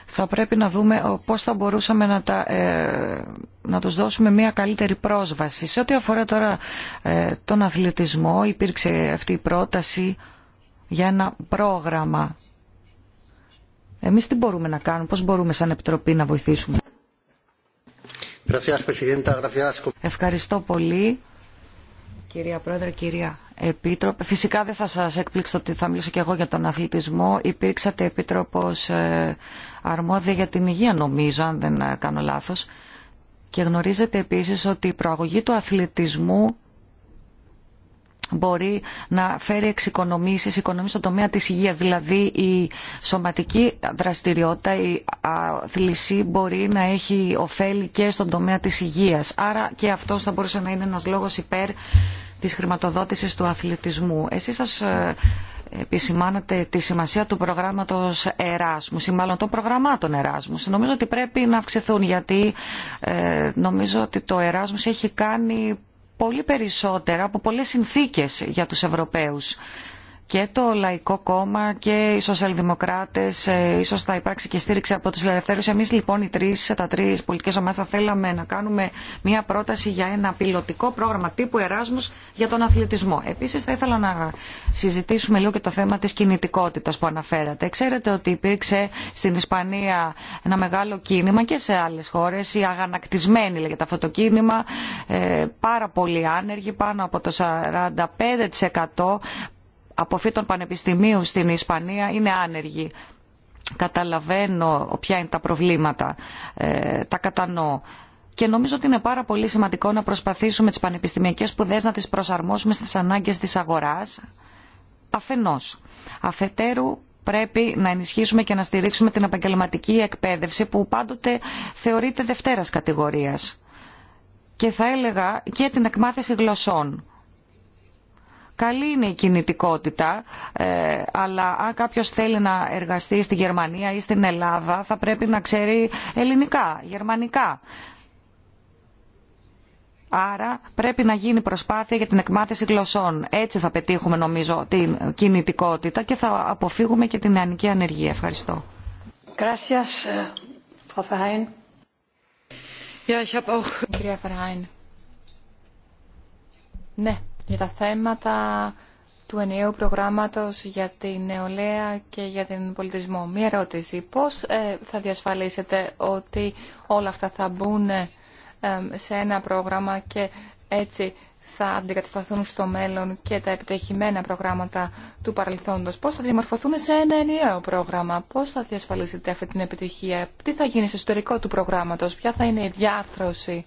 θα πρέπει να δούμε ε, πώς θα μπορούσαμε να, τα, ε, να τους δώσουμε μια καλύτερη πρόσβαση. Σε ό,τι αφορά τώρα ε, τον αθλητισμό, υπήρξε αυτή η πρόταση για ένα πρόγραμμα. Εμείς τι μπορούμε να κάνουμε, πώς μπορούμε σαν Επιτροπή να βοηθήσουμε. Ευχαριστώ πολύ, κυρία Πρόεδρε, κυρία Επίτροπε. Φυσικά δεν θα σας εκπλήξω ότι θα μιλήσω και εγώ για τον αθλητισμό. Υπήρξατε επίτροπος ε, αρμόδια για την υγεία νομίζω, αν δεν κάνω λάθος. Και γνωρίζετε επίσης ότι η προαγωγή του αθλητισμού μπορεί να φέρει εξοικονομήσεις, οικονομίες στον τομέα της υγείας. Δηλαδή η σωματική δραστηριότητα, η αθλησή μπορεί να έχει ωφέλη και στον τομέα της υγείας. Άρα και αυτός θα μπορούσε να είναι ένας λόγος υπέρ της χρηματοδότησης του αθλητισμού. Εσείς σας ε, επισημάνατε τη σημασία του προγράμματος Εράσμους ή μάλλον των προγραμμάτων Εράσμους. Νομίζω ότι πρέπει να αυξηθούν γιατί ε, νομίζω ότι το Εράσμους έχει κάνει πολύ περισσότερα από πολλές συνθήκες για τους Ευρωπαίους και το Λαϊκό Κόμμα και οι Σοσιαλδημοκράτες, ε, ίσω θα υπάρξει και στήριξη από του ελευθέρους. Εμεί λοιπόν οι τρει τα τρεις πολιτικέ ομάδε, θα θέλαμε να κάνουμε μια πρόταση για ένα πιλωτικό πρόγραμμα τύπου Εράσμου για τον αθλητισμό. Επίση θα ήθελα να συζητήσουμε λίγο και το θέμα τη κινητικότητα που αναφέρατε. Ξέρετε ότι υπήρξε στην Ισπανία ένα μεγάλο κίνημα και σε άλλε χώρε, η αγανακτισμένη λέγεται αυτό το κίνημα, ε, πάρα πολλοί άνεργοι, πάνω από το 45% αποφύτων πανεπιστημίου στην Ισπανία είναι άνεργοι. Καταλαβαίνω ποια είναι τα προβλήματα, ε, τα κατανοώ. Και νομίζω ότι είναι πάρα πολύ σημαντικό να προσπαθήσουμε τις πανεπιστημιακές σπουδέ να τις προσαρμόσουμε στις ανάγκες της αγοράς. Αφενός. Αφετέρου πρέπει να ενισχύσουμε και να στηρίξουμε την επαγγελματική εκπαίδευση που πάντοτε θεωρείται δευτέρας κατηγορίας. Και θα έλεγα και την εκμάθηση γλωσσών Καλή είναι η κινητικότητα, ε, αλλά αν κάποιος θέλει να εργαστεί στη Γερμανία ή στην Ελλάδα θα πρέπει να ξέρει ελληνικά, γερμανικά. Άρα πρέπει να γίνει προσπάθεια για την εκμάθηση γλωσσών. Έτσι θα πετύχουμε νομίζω την κινητικότητα και θα αποφύγουμε και την νεανική ανεργία. Ευχαριστώ. Ε, για τα θέματα του ενιαίου προγράμματος για την νεολαία και για τον πολιτισμό. Μία ερώτηση. Πώς ε, θα διασφαλίσετε ότι όλα αυτά θα μπουν ε, σε ένα πρόγραμμα και έτσι θα αντικατασταθούν στο μέλλον και τα επιτυχημένα προγράμματα του παρελθόντος. Πώς θα διαμορφωθούν σε ένα ενιαίο πρόγραμμα, πώς θα διασφαλίσετε αυτή την επιτυχία, τι θα γίνει στο ιστορικό του προγράμματος, ποια θα είναι η διάρθρωση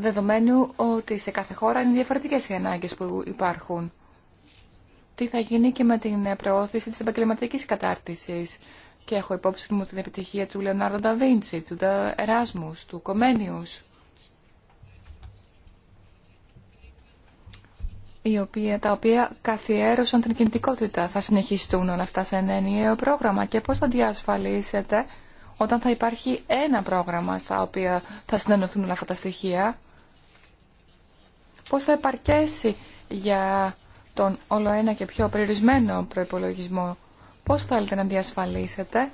δεδομένου ότι σε κάθε χώρα είναι διαφορετικές οι ανάγκες που υπάρχουν. Τι θα γίνει και με την προώθηση της επαγγελματική κατάρτισης. Και έχω υπόψη μου την επιτυχία του Λεωνάρδο Νταβίντσι, του Εράσμους, του Κομένιους, η οποία, τα οποία καθιέρωσαν την κινητικότητα. Θα συνεχιστούν όλα αυτά σε ένα ενιαίο πρόγραμμα και πώς θα διασφαλίσετε όταν θα υπάρχει ένα πρόγραμμα στα οποία θα συνενωθούν όλα αυτά τα στοιχεία πώς θα επαρκέσει για τον όλο ένα και πιο περιορισμένο προϋπολογισμό. Πώς θέλετε να διασφαλίσετε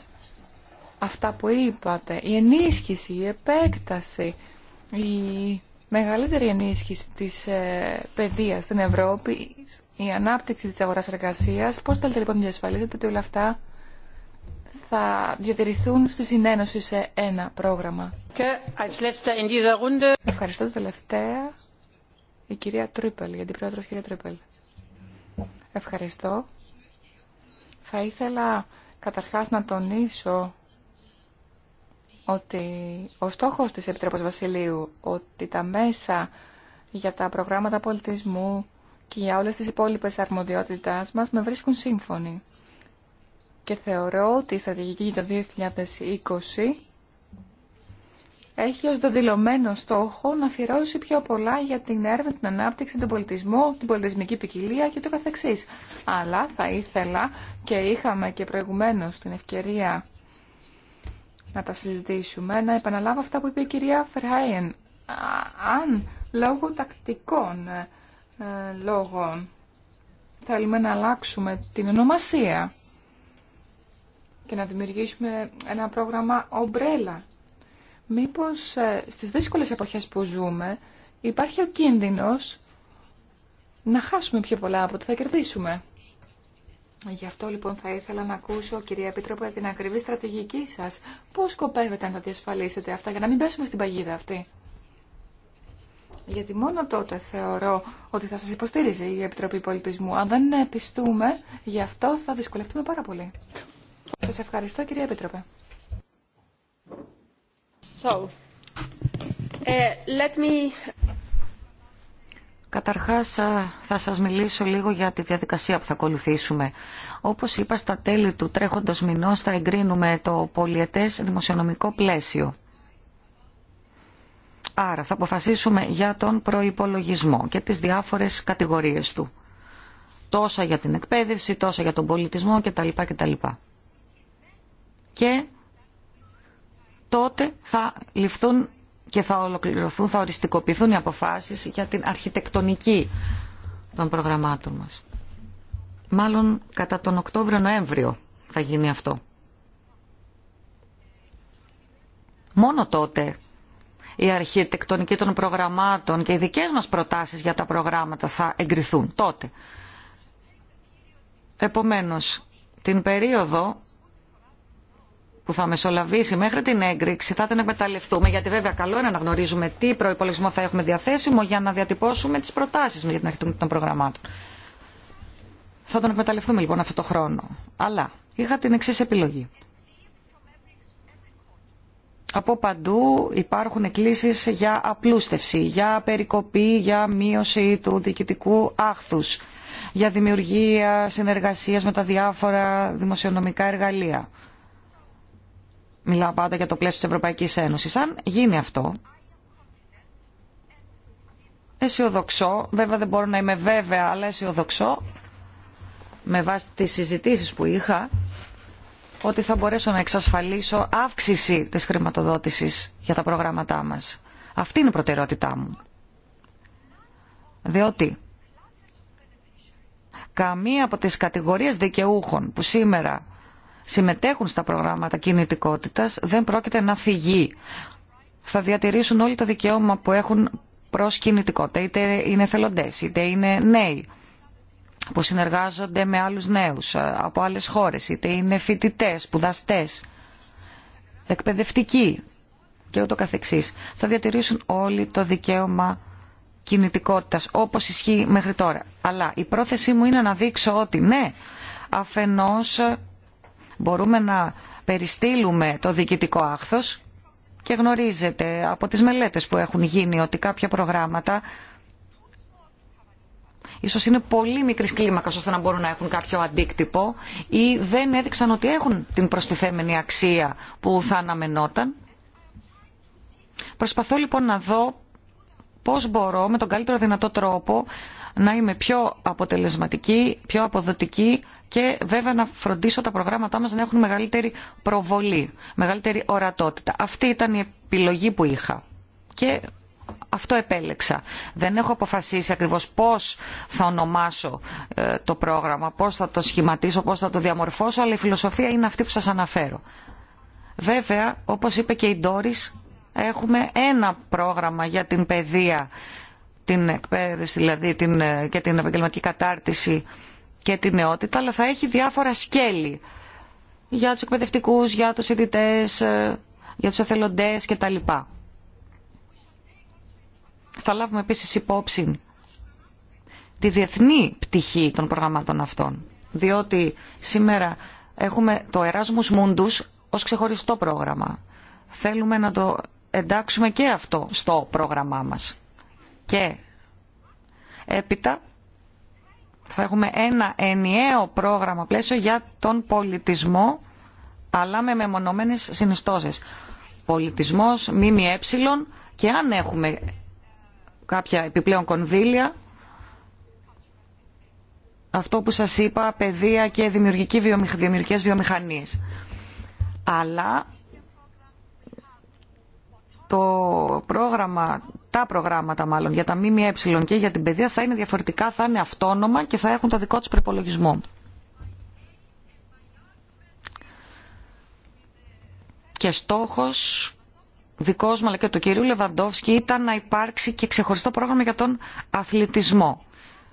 αυτά που είπατε, η ενίσχυση, η επέκταση, η μεγαλύτερη ενίσχυση της ε, παιδείας στην Ευρώπη, η ανάπτυξη της αγοράς εργασίας. Πώς θέλετε λοιπόν να διασφαλίσετε ότι όλα αυτά θα διατηρηθούν στη συνένωση σε ένα πρόγραμμα. Και... Ε, ε, Ευχαριστώ τελευταία η κυρία Τρίπελ, η αντιπρόεδρος κυρία Τρίπελ. Ευχαριστώ. Θα ήθελα καταρχάς να τονίσω ότι ο στόχος της Επιτροπής Βασιλείου, ότι τα μέσα για τα προγράμματα πολιτισμού και για όλες τις υπόλοιπες αρμοδιότητάς μας με βρίσκουν σύμφωνοι. Και θεωρώ ότι η στρατηγική για το 2020 έχει ως δοδηλωμένο στόχο να αφιερώσει πιο πολλά για την έρευνα, την ανάπτυξη, τον πολιτισμό, την πολιτισμική ποικιλία και το καθεξής. Αλλά θα ήθελα και είχαμε και προηγουμένως την ευκαιρία να τα συζητήσουμε, να επαναλάβω αυτά που είπε η κυρία Φερχάιεν. Αν λόγω τακτικών ε, λόγων θέλουμε να αλλάξουμε την ονομασία και να δημιουργήσουμε ένα πρόγραμμα ομπρέλα μήπως ε, στις δύσκολες εποχές που ζούμε υπάρχει ο κίνδυνος να χάσουμε πιο πολλά από ό,τι θα κερδίσουμε. Γι' αυτό λοιπόν θα ήθελα να ακούσω, κυρία Επίτροπε, την ακριβή στρατηγική σας. Πώς σκοπεύετε να τα διασφαλίσετε αυτά για να μην πέσουμε στην παγίδα αυτή. Γιατί μόνο τότε θεωρώ ότι θα σας υποστήριζε η Επιτροπή Πολιτισμού. Αν δεν πιστούμε, γι' αυτό θα δυσκολευτούμε πάρα πολύ. Σας ευχαριστώ κυρία Επίτροπε. Uh, Καταρχάς θα σας μιλήσω λίγο για τη διαδικασία που θα ακολουθήσουμε. Όπως είπα στα τέλη του τρέχοντος μηνός θα εγκρίνουμε το πολιετές δημοσιονομικό πλαίσιο. Άρα θα αποφασίσουμε για τον προϋπολογισμό και τις διάφορες κατηγορίες του. Τόσα για την εκπαίδευση, τόσα για τον πολιτισμό κτλ. κτλ. Και τότε θα ληφθούν και θα ολοκληρωθούν, θα οριστικοποιηθούν οι αποφάσεις για την αρχιτεκτονική των προγραμμάτων μας. Μάλλον κατά τον Οκτώβριο-Νοέμβριο θα γίνει αυτό. Μόνο τότε η αρχιτεκτονική των προγραμμάτων και οι δικές μας προτάσεις για τα προγράμματα θα εγκριθούν τότε. Επομένως, την περίοδο που θα μεσολαβήσει μέχρι την έγκριξη θα την εκμεταλλευτούμε, γιατί βέβαια καλό είναι να γνωρίζουμε τι προπολογισμό θα έχουμε διαθέσιμο για να διατυπώσουμε τι προτάσει μα για την αρχιτεκτονική των προγραμμάτων. Θα τον εκμεταλλευτούμε λοιπόν αυτό το χρόνο. Αλλά είχα την εξή επιλογή. Από παντού υπάρχουν κλήσει για απλούστευση, για περικοπή, για μείωση του διοικητικού άχθου, για δημιουργία συνεργασία με τα διάφορα δημοσιονομικά εργαλεία. Μιλάω πάντα για το πλαίσιο της Ευρωπαϊκής Ένωσης. Αν γίνει αυτό, αισιοδοξώ, βέβαια δεν μπορώ να είμαι βέβαια, αλλά αισιοδοξώ, με βάση τις συζητήσεις που είχα, ότι θα μπορέσω να εξασφαλίσω αύξηση της χρηματοδότησης για τα προγράμματά μας. Αυτή είναι η προτεραιότητά μου. Διότι καμία από τις κατηγορίες δικαιούχων που σήμερα συμμετέχουν στα προγράμματα κινητικότητας δεν πρόκειται να φυγεί. Θα διατηρήσουν όλοι το δικαίωμα που έχουν προς κινητικότητα, είτε είναι θελοντές, είτε είναι νέοι που συνεργάζονται με άλλους νέους από άλλες χώρες, είτε είναι φοιτητέ, σπουδαστέ, εκπαιδευτικοί και ούτω καθεξής. Θα διατηρήσουν όλοι το δικαίωμα κινητικότητας όπως ισχύει μέχρι τώρα. Αλλά η πρόθεσή μου είναι να δείξω ότι ναι, αφενός Μπορούμε να περιστύλουμε το διοικητικό άχθος και γνωρίζετε από τις μελέτες που έχουν γίνει ότι κάποια προγράμματα ίσως είναι πολύ μικρής κλίμακας ώστε να μπορούν να έχουν κάποιο αντίκτυπο ή δεν έδειξαν ότι έχουν την προστιθέμενη αξία που θα αναμενόταν. Προσπαθώ λοιπόν να δω πώς μπορώ με τον καλύτερο δυνατό τρόπο να είμαι πιο αποτελεσματική, πιο αποδοτική και βέβαια να φροντίσω τα προγράμματά μας να έχουν μεγαλύτερη προβολή, μεγαλύτερη ορατότητα. Αυτή ήταν η επιλογή που είχα και αυτό επέλεξα. Δεν έχω αποφασίσει ακριβώς πώς θα ονομάσω ε, το πρόγραμμα, πώς θα το σχηματίσω, πώς θα το διαμορφώσω, αλλά η φιλοσοφία είναι αυτή που σας αναφέρω. Βέβαια, όπως είπε και η Ντόρις, έχουμε ένα πρόγραμμα για την παιδεία, την εκπαίδευση δηλαδή την, ε, και την επαγγελματική κατάρτιση και την νεότητα, αλλά θα έχει διάφορα σκέλη για τους εκπαιδευτικούς, για τους ειδητές, ε, για τους εθελοντές κτλ. Θα λάβουμε επίσης υπόψη τη διεθνή πτυχή των προγραμμάτων αυτών, διότι σήμερα έχουμε το Erasmus Mundus ως ξεχωριστό πρόγραμμα. Θέλουμε να το εντάξουμε και αυτό στο πρόγραμμά μας. Και έπειτα θα έχουμε ένα ενιαίο πρόγραμμα πλαίσιο για τον πολιτισμό, αλλά με μεμονωμένες συνιστώσεις. Πολιτισμός, μήμη και αν έχουμε κάποια επιπλέον κονδύλια, αυτό που σας είπα, παιδεία και δημιουργική βιομηχ... δημιουργικές βιομηχανίες. Αλλά το πρόγραμμα, τα προγράμματα μάλλον για τα ΜΜΕ και για την παιδεία θα είναι διαφορετικά, θα είναι αυτόνομα και θα έχουν το δικό τους προπολογισμό. Και στόχος δικός μου αλλά και του κυρίου Λεβαντόφσκι ήταν να υπάρξει και ξεχωριστό πρόγραμμα για τον αθλητισμό.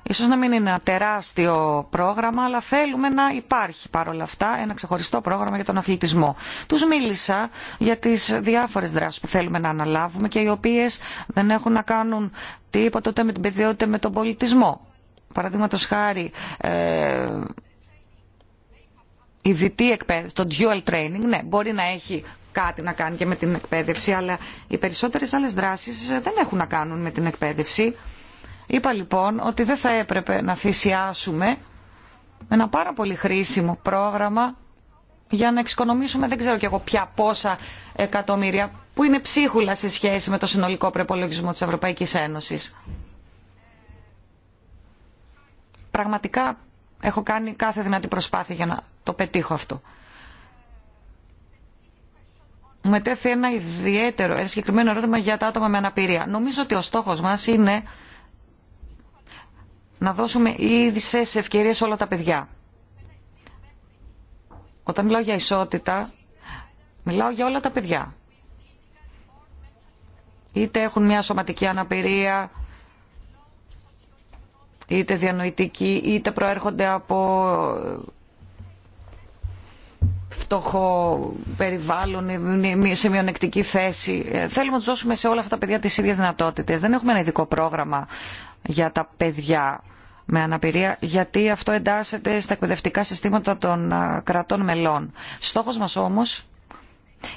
Ίσως να μην είναι ένα τεράστιο πρόγραμμα, αλλά θέλουμε να υπάρχει παρόλα αυτά ένα ξεχωριστό πρόγραμμα για τον αθλητισμό. Τους μίλησα για τις διάφορες δράσεις που θέλουμε να αναλάβουμε και οι οποίες δεν έχουν να κάνουν τίποτα ούτε με την παιδεία ούτε με τον πολιτισμό. Παραδείγματο χάρη, ε, η δυτή εκπαίδευση, το dual training, ναι, μπορεί να έχει κάτι να κάνει και με την εκπαίδευση, αλλά οι περισσότερες άλλες δράσεις δεν έχουν να κάνουν με την εκπαίδευση. Είπα λοιπόν ότι δεν θα έπρεπε να θυσιάσουμε ένα πάρα πολύ χρήσιμο πρόγραμμα για να εξοικονομήσουμε δεν ξέρω κι εγώ πια πόσα εκατομμύρια που είναι ψίχουλα σε σχέση με το συνολικό προπολογισμό της Ευρωπαϊκής Ένωσης. Πραγματικά έχω κάνει κάθε δυνατή προσπάθεια για να το πετύχω αυτό. Μετέφθη ένα ιδιαίτερο, ένα συγκεκριμένο ερώτημα για τα άτομα με αναπηρία. Νομίζω ότι ο στόχος μας είναι να δώσουμε ίδιες ευκαιρίες σε όλα τα παιδιά. Όταν μιλάω για ισότητα, μιλάω για όλα τα παιδιά. Είτε έχουν μια σωματική αναπηρία, είτε διανοητική, είτε προέρχονται από φτωχό περιβάλλον, σε μειονεκτική θέση. Ε, θέλουμε να του δώσουμε σε όλα αυτά τα παιδιά τις ίδιες δυνατότητες. Δεν έχουμε ένα ειδικό πρόγραμμα για τα παιδιά με αναπηρία, γιατί αυτό εντάσσεται στα εκπαιδευτικά συστήματα των κρατών μελών. Στόχος μας όμως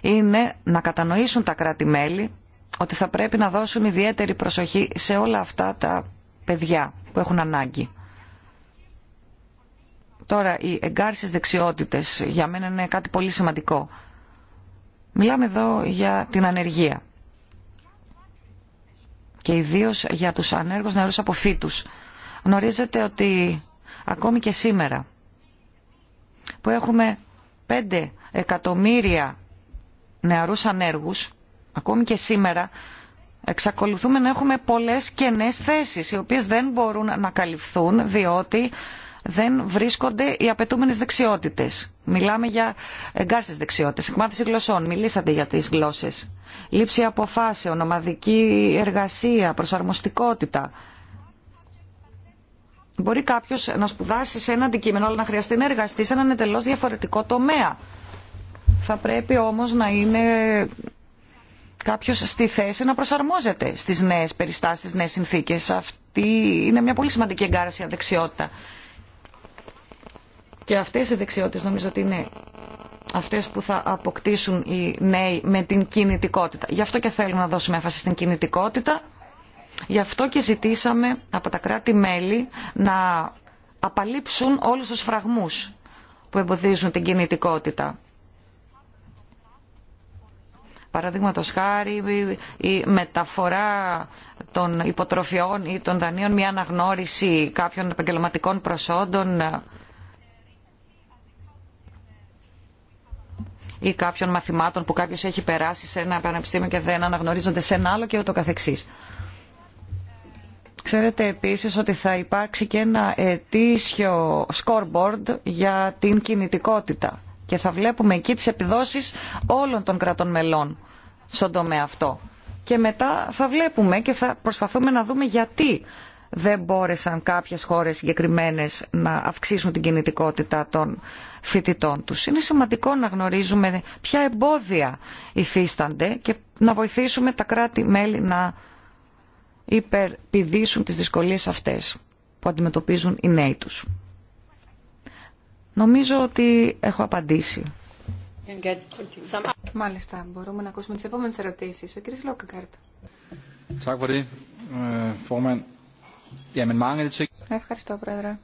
είναι να κατανοήσουν τα κράτη-μέλη ότι θα πρέπει να δώσουν ιδιαίτερη προσοχή σε όλα αυτά τα παιδιά που έχουν ανάγκη. Τώρα, οι εγκάρσεις δεξιότητες για μένα είναι κάτι πολύ σημαντικό. Μιλάμε εδώ για την ανεργία και ιδίως για τους ανέργους νεαρούς αποφύτους. Γνωρίζετε ότι ακόμη και σήμερα που έχουμε 5 εκατομμύρια νεαρούς ανέργους, ακόμη και σήμερα εξακολουθούμε να έχουμε πολλές κενές θέσεις οι οποίες δεν μπορούν να καλυφθούν διότι δεν βρίσκονται οι απαιτούμενε δεξιότητε. Μιλάμε για εγκάσει δεξιότητε, εκμάθηση γλωσσών, μιλήσατε για τι γλώσσε. Λήψη αποφάσεων, ομαδική εργασία, προσαρμοστικότητα. Μπορεί κάποιο να σπουδάσει σε ένα αντικείμενο, αλλά να χρειαστεί να εργαστεί σε έναν εντελώ διαφορετικό τομέα. Θα πρέπει όμω να είναι κάποιο στη θέση να προσαρμόζεται στι νέε περιστάσει, στι νέε συνθήκε. Αυτή είναι μια πολύ σημαντική εγκάραση αδεξιότητα. Και αυτέ οι δεξιότητε νομίζω ότι είναι αυτέ που θα αποκτήσουν οι νέοι με την κινητικότητα. Γι' αυτό και θέλουμε να δώσουμε έμφαση στην κινητικότητα Γι' αυτό και ζητήσαμε από τα κράτη-μέλη να απαλείψουν όλους τους φραγμούς που εμποδίζουν την κινητικότητα. Παραδείγματο χάρη η μεταφορά των υποτροφιών ή των δανείων, μια αναγνώριση κάποιων επαγγελματικών προσόντων ή κάποιων μαθημάτων που κάποιος έχει περάσει σε ένα πανεπιστήμιο και δεν αναγνωρίζονται σε ένα άλλο και ούτω καθεξής. Ξέρετε επίσης ότι θα υπάρξει και ένα ετήσιο scoreboard για την κινητικότητα και θα βλέπουμε εκεί τις επιδόσεις όλων των κρατών μελών στον τομέα αυτό. Και μετά θα βλέπουμε και θα προσπαθούμε να δούμε γιατί δεν μπόρεσαν κάποιες χώρες συγκεκριμένε να αυξήσουν την κινητικότητα των φοιτητών τους. Είναι σημαντικό να γνωρίζουμε ποια εμπόδια υφίστανται και να βοηθήσουμε τα κράτη-μέλη να υπερπηδήσουν τις δυσκολίες αυτές που αντιμετωπίζουν οι νέοι τους. Νομίζω ότι έχω απαντήσει. Μάλιστα, μπορούμε να ακούσουμε τις επόμενες ερωτήσεις. Ο κύριος Λόκκαρτ. Øh, Ευχαριστώ, Πρόεδρε.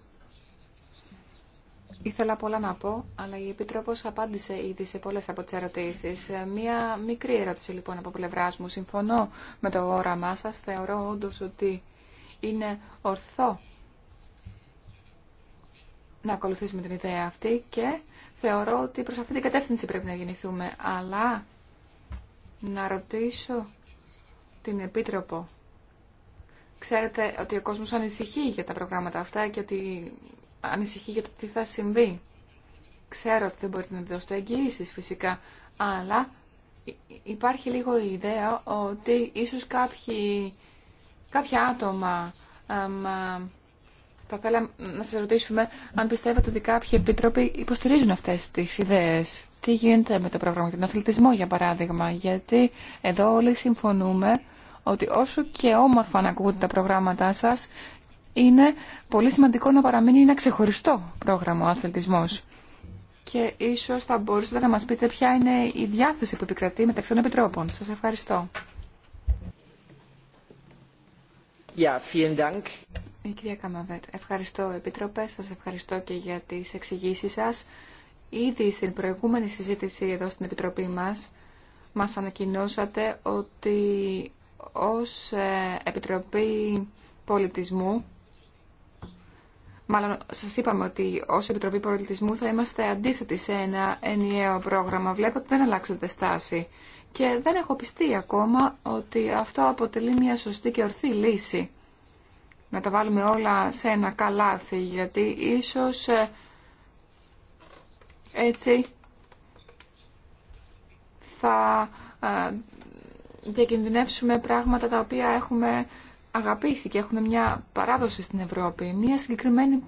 Ήθελα πολλά να πω, αλλά η Επίτροπος απάντησε ήδη σε πολλές από τις ερωτήσεις. Ε, μία μικρή ερώτηση λοιπόν από πλευρά μου. Συμφωνώ με το όραμά σας. Θεωρώ όντω ότι είναι ορθό να ακολουθήσουμε την ιδέα αυτή και θεωρώ ότι προς αυτή την κατεύθυνση πρέπει να γεννηθούμε. Αλλά να ρωτήσω την Επίτροπο. Ξέρετε ότι ο κόσμος ανησυχεί για τα προγράμματα αυτά και ότι ανησυχεί για το τι θα συμβεί. Ξέρω ότι δεν μπορείτε να δώσετε εγγυήσεις φυσικά, αλλά υπάρχει λίγο η ιδέα ότι ίσως κάποιοι, κάποια άτομα αμ, θα θέλαμε να σας ρωτήσουμε αν πιστεύετε ότι κάποιοι επιτρόποι υποστηρίζουν αυτές τις ιδέες. Τι γίνεται με το πρόγραμμα για τον αθλητισμό, για παράδειγμα, γιατί εδώ όλοι συμφωνούμε ότι όσο και όμορφα να ακούγονται τα προγράμματά σας, είναι πολύ σημαντικό να παραμείνει ένα ξεχωριστό πρόγραμμα ο αθλητισμός. Και ίσως θα μπορούσατε να μας πείτε ποια είναι η διάθεση που επικρατεί μεταξύ των επιτρόπων. Σας ευχαριστώ. Ja vielen Dank. κυρία ευχαριστώ Επίτροπε, σας ευχαριστώ και για τις εξηγήσεις σας. Ήδη στην προηγούμενη συζήτηση εδώ στην Επιτροπή μας, μας ανακοινώσατε ότι ως ε, Επιτροπή Πολιτισμού Μάλλον σα είπαμε ότι ω Επιτροπή Πολιτισμού θα είμαστε αντίθετοι σε ένα ενιαίο πρόγραμμα. Βλέπω ότι δεν αλλάξατε στάση. Και δεν έχω πιστεί ακόμα ότι αυτό αποτελεί μια σωστή και ορθή λύση. Να τα βάλουμε όλα σε ένα καλάθι, γιατί ίσως ε, έτσι θα ε, διακινδυνεύσουμε πράγματα τα οποία έχουμε αγαπήσει και έχουν μια παράδοση στην Ευρώπη. Μια συγκεκριμένη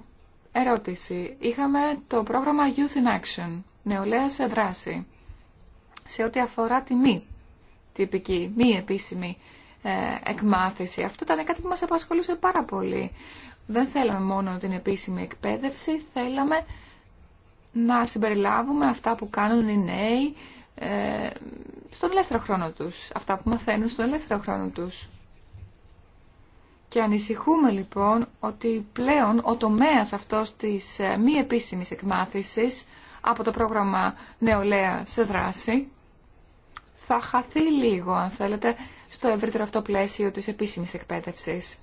ερώτηση. Είχαμε το πρόγραμμα Youth in Action, νεολαία σε δράση, σε ό,τι αφορά τη μη τυπική, μη επίσημη ε, εκμάθηση. Αυτό ήταν κάτι που μας απασχολούσε πάρα πολύ. Δεν θέλαμε μόνο την επίσημη εκπαίδευση, θέλαμε να συμπεριλάβουμε αυτά που κάνουν οι νέοι ε, στον ελεύθερο χρόνο τους, αυτά που μαθαίνουν στον ελεύθερο χρόνο τους. Και ανησυχούμε λοιπόν ότι πλέον ο τομέας αυτός της ε, μη επίσημης εκμάθησης από το πρόγραμμα Νεολαία σε δράση θα χαθεί λίγο, αν θέλετε, στο ευρύτερο αυτό πλαίσιο της επίσημης εκπαίδευσης.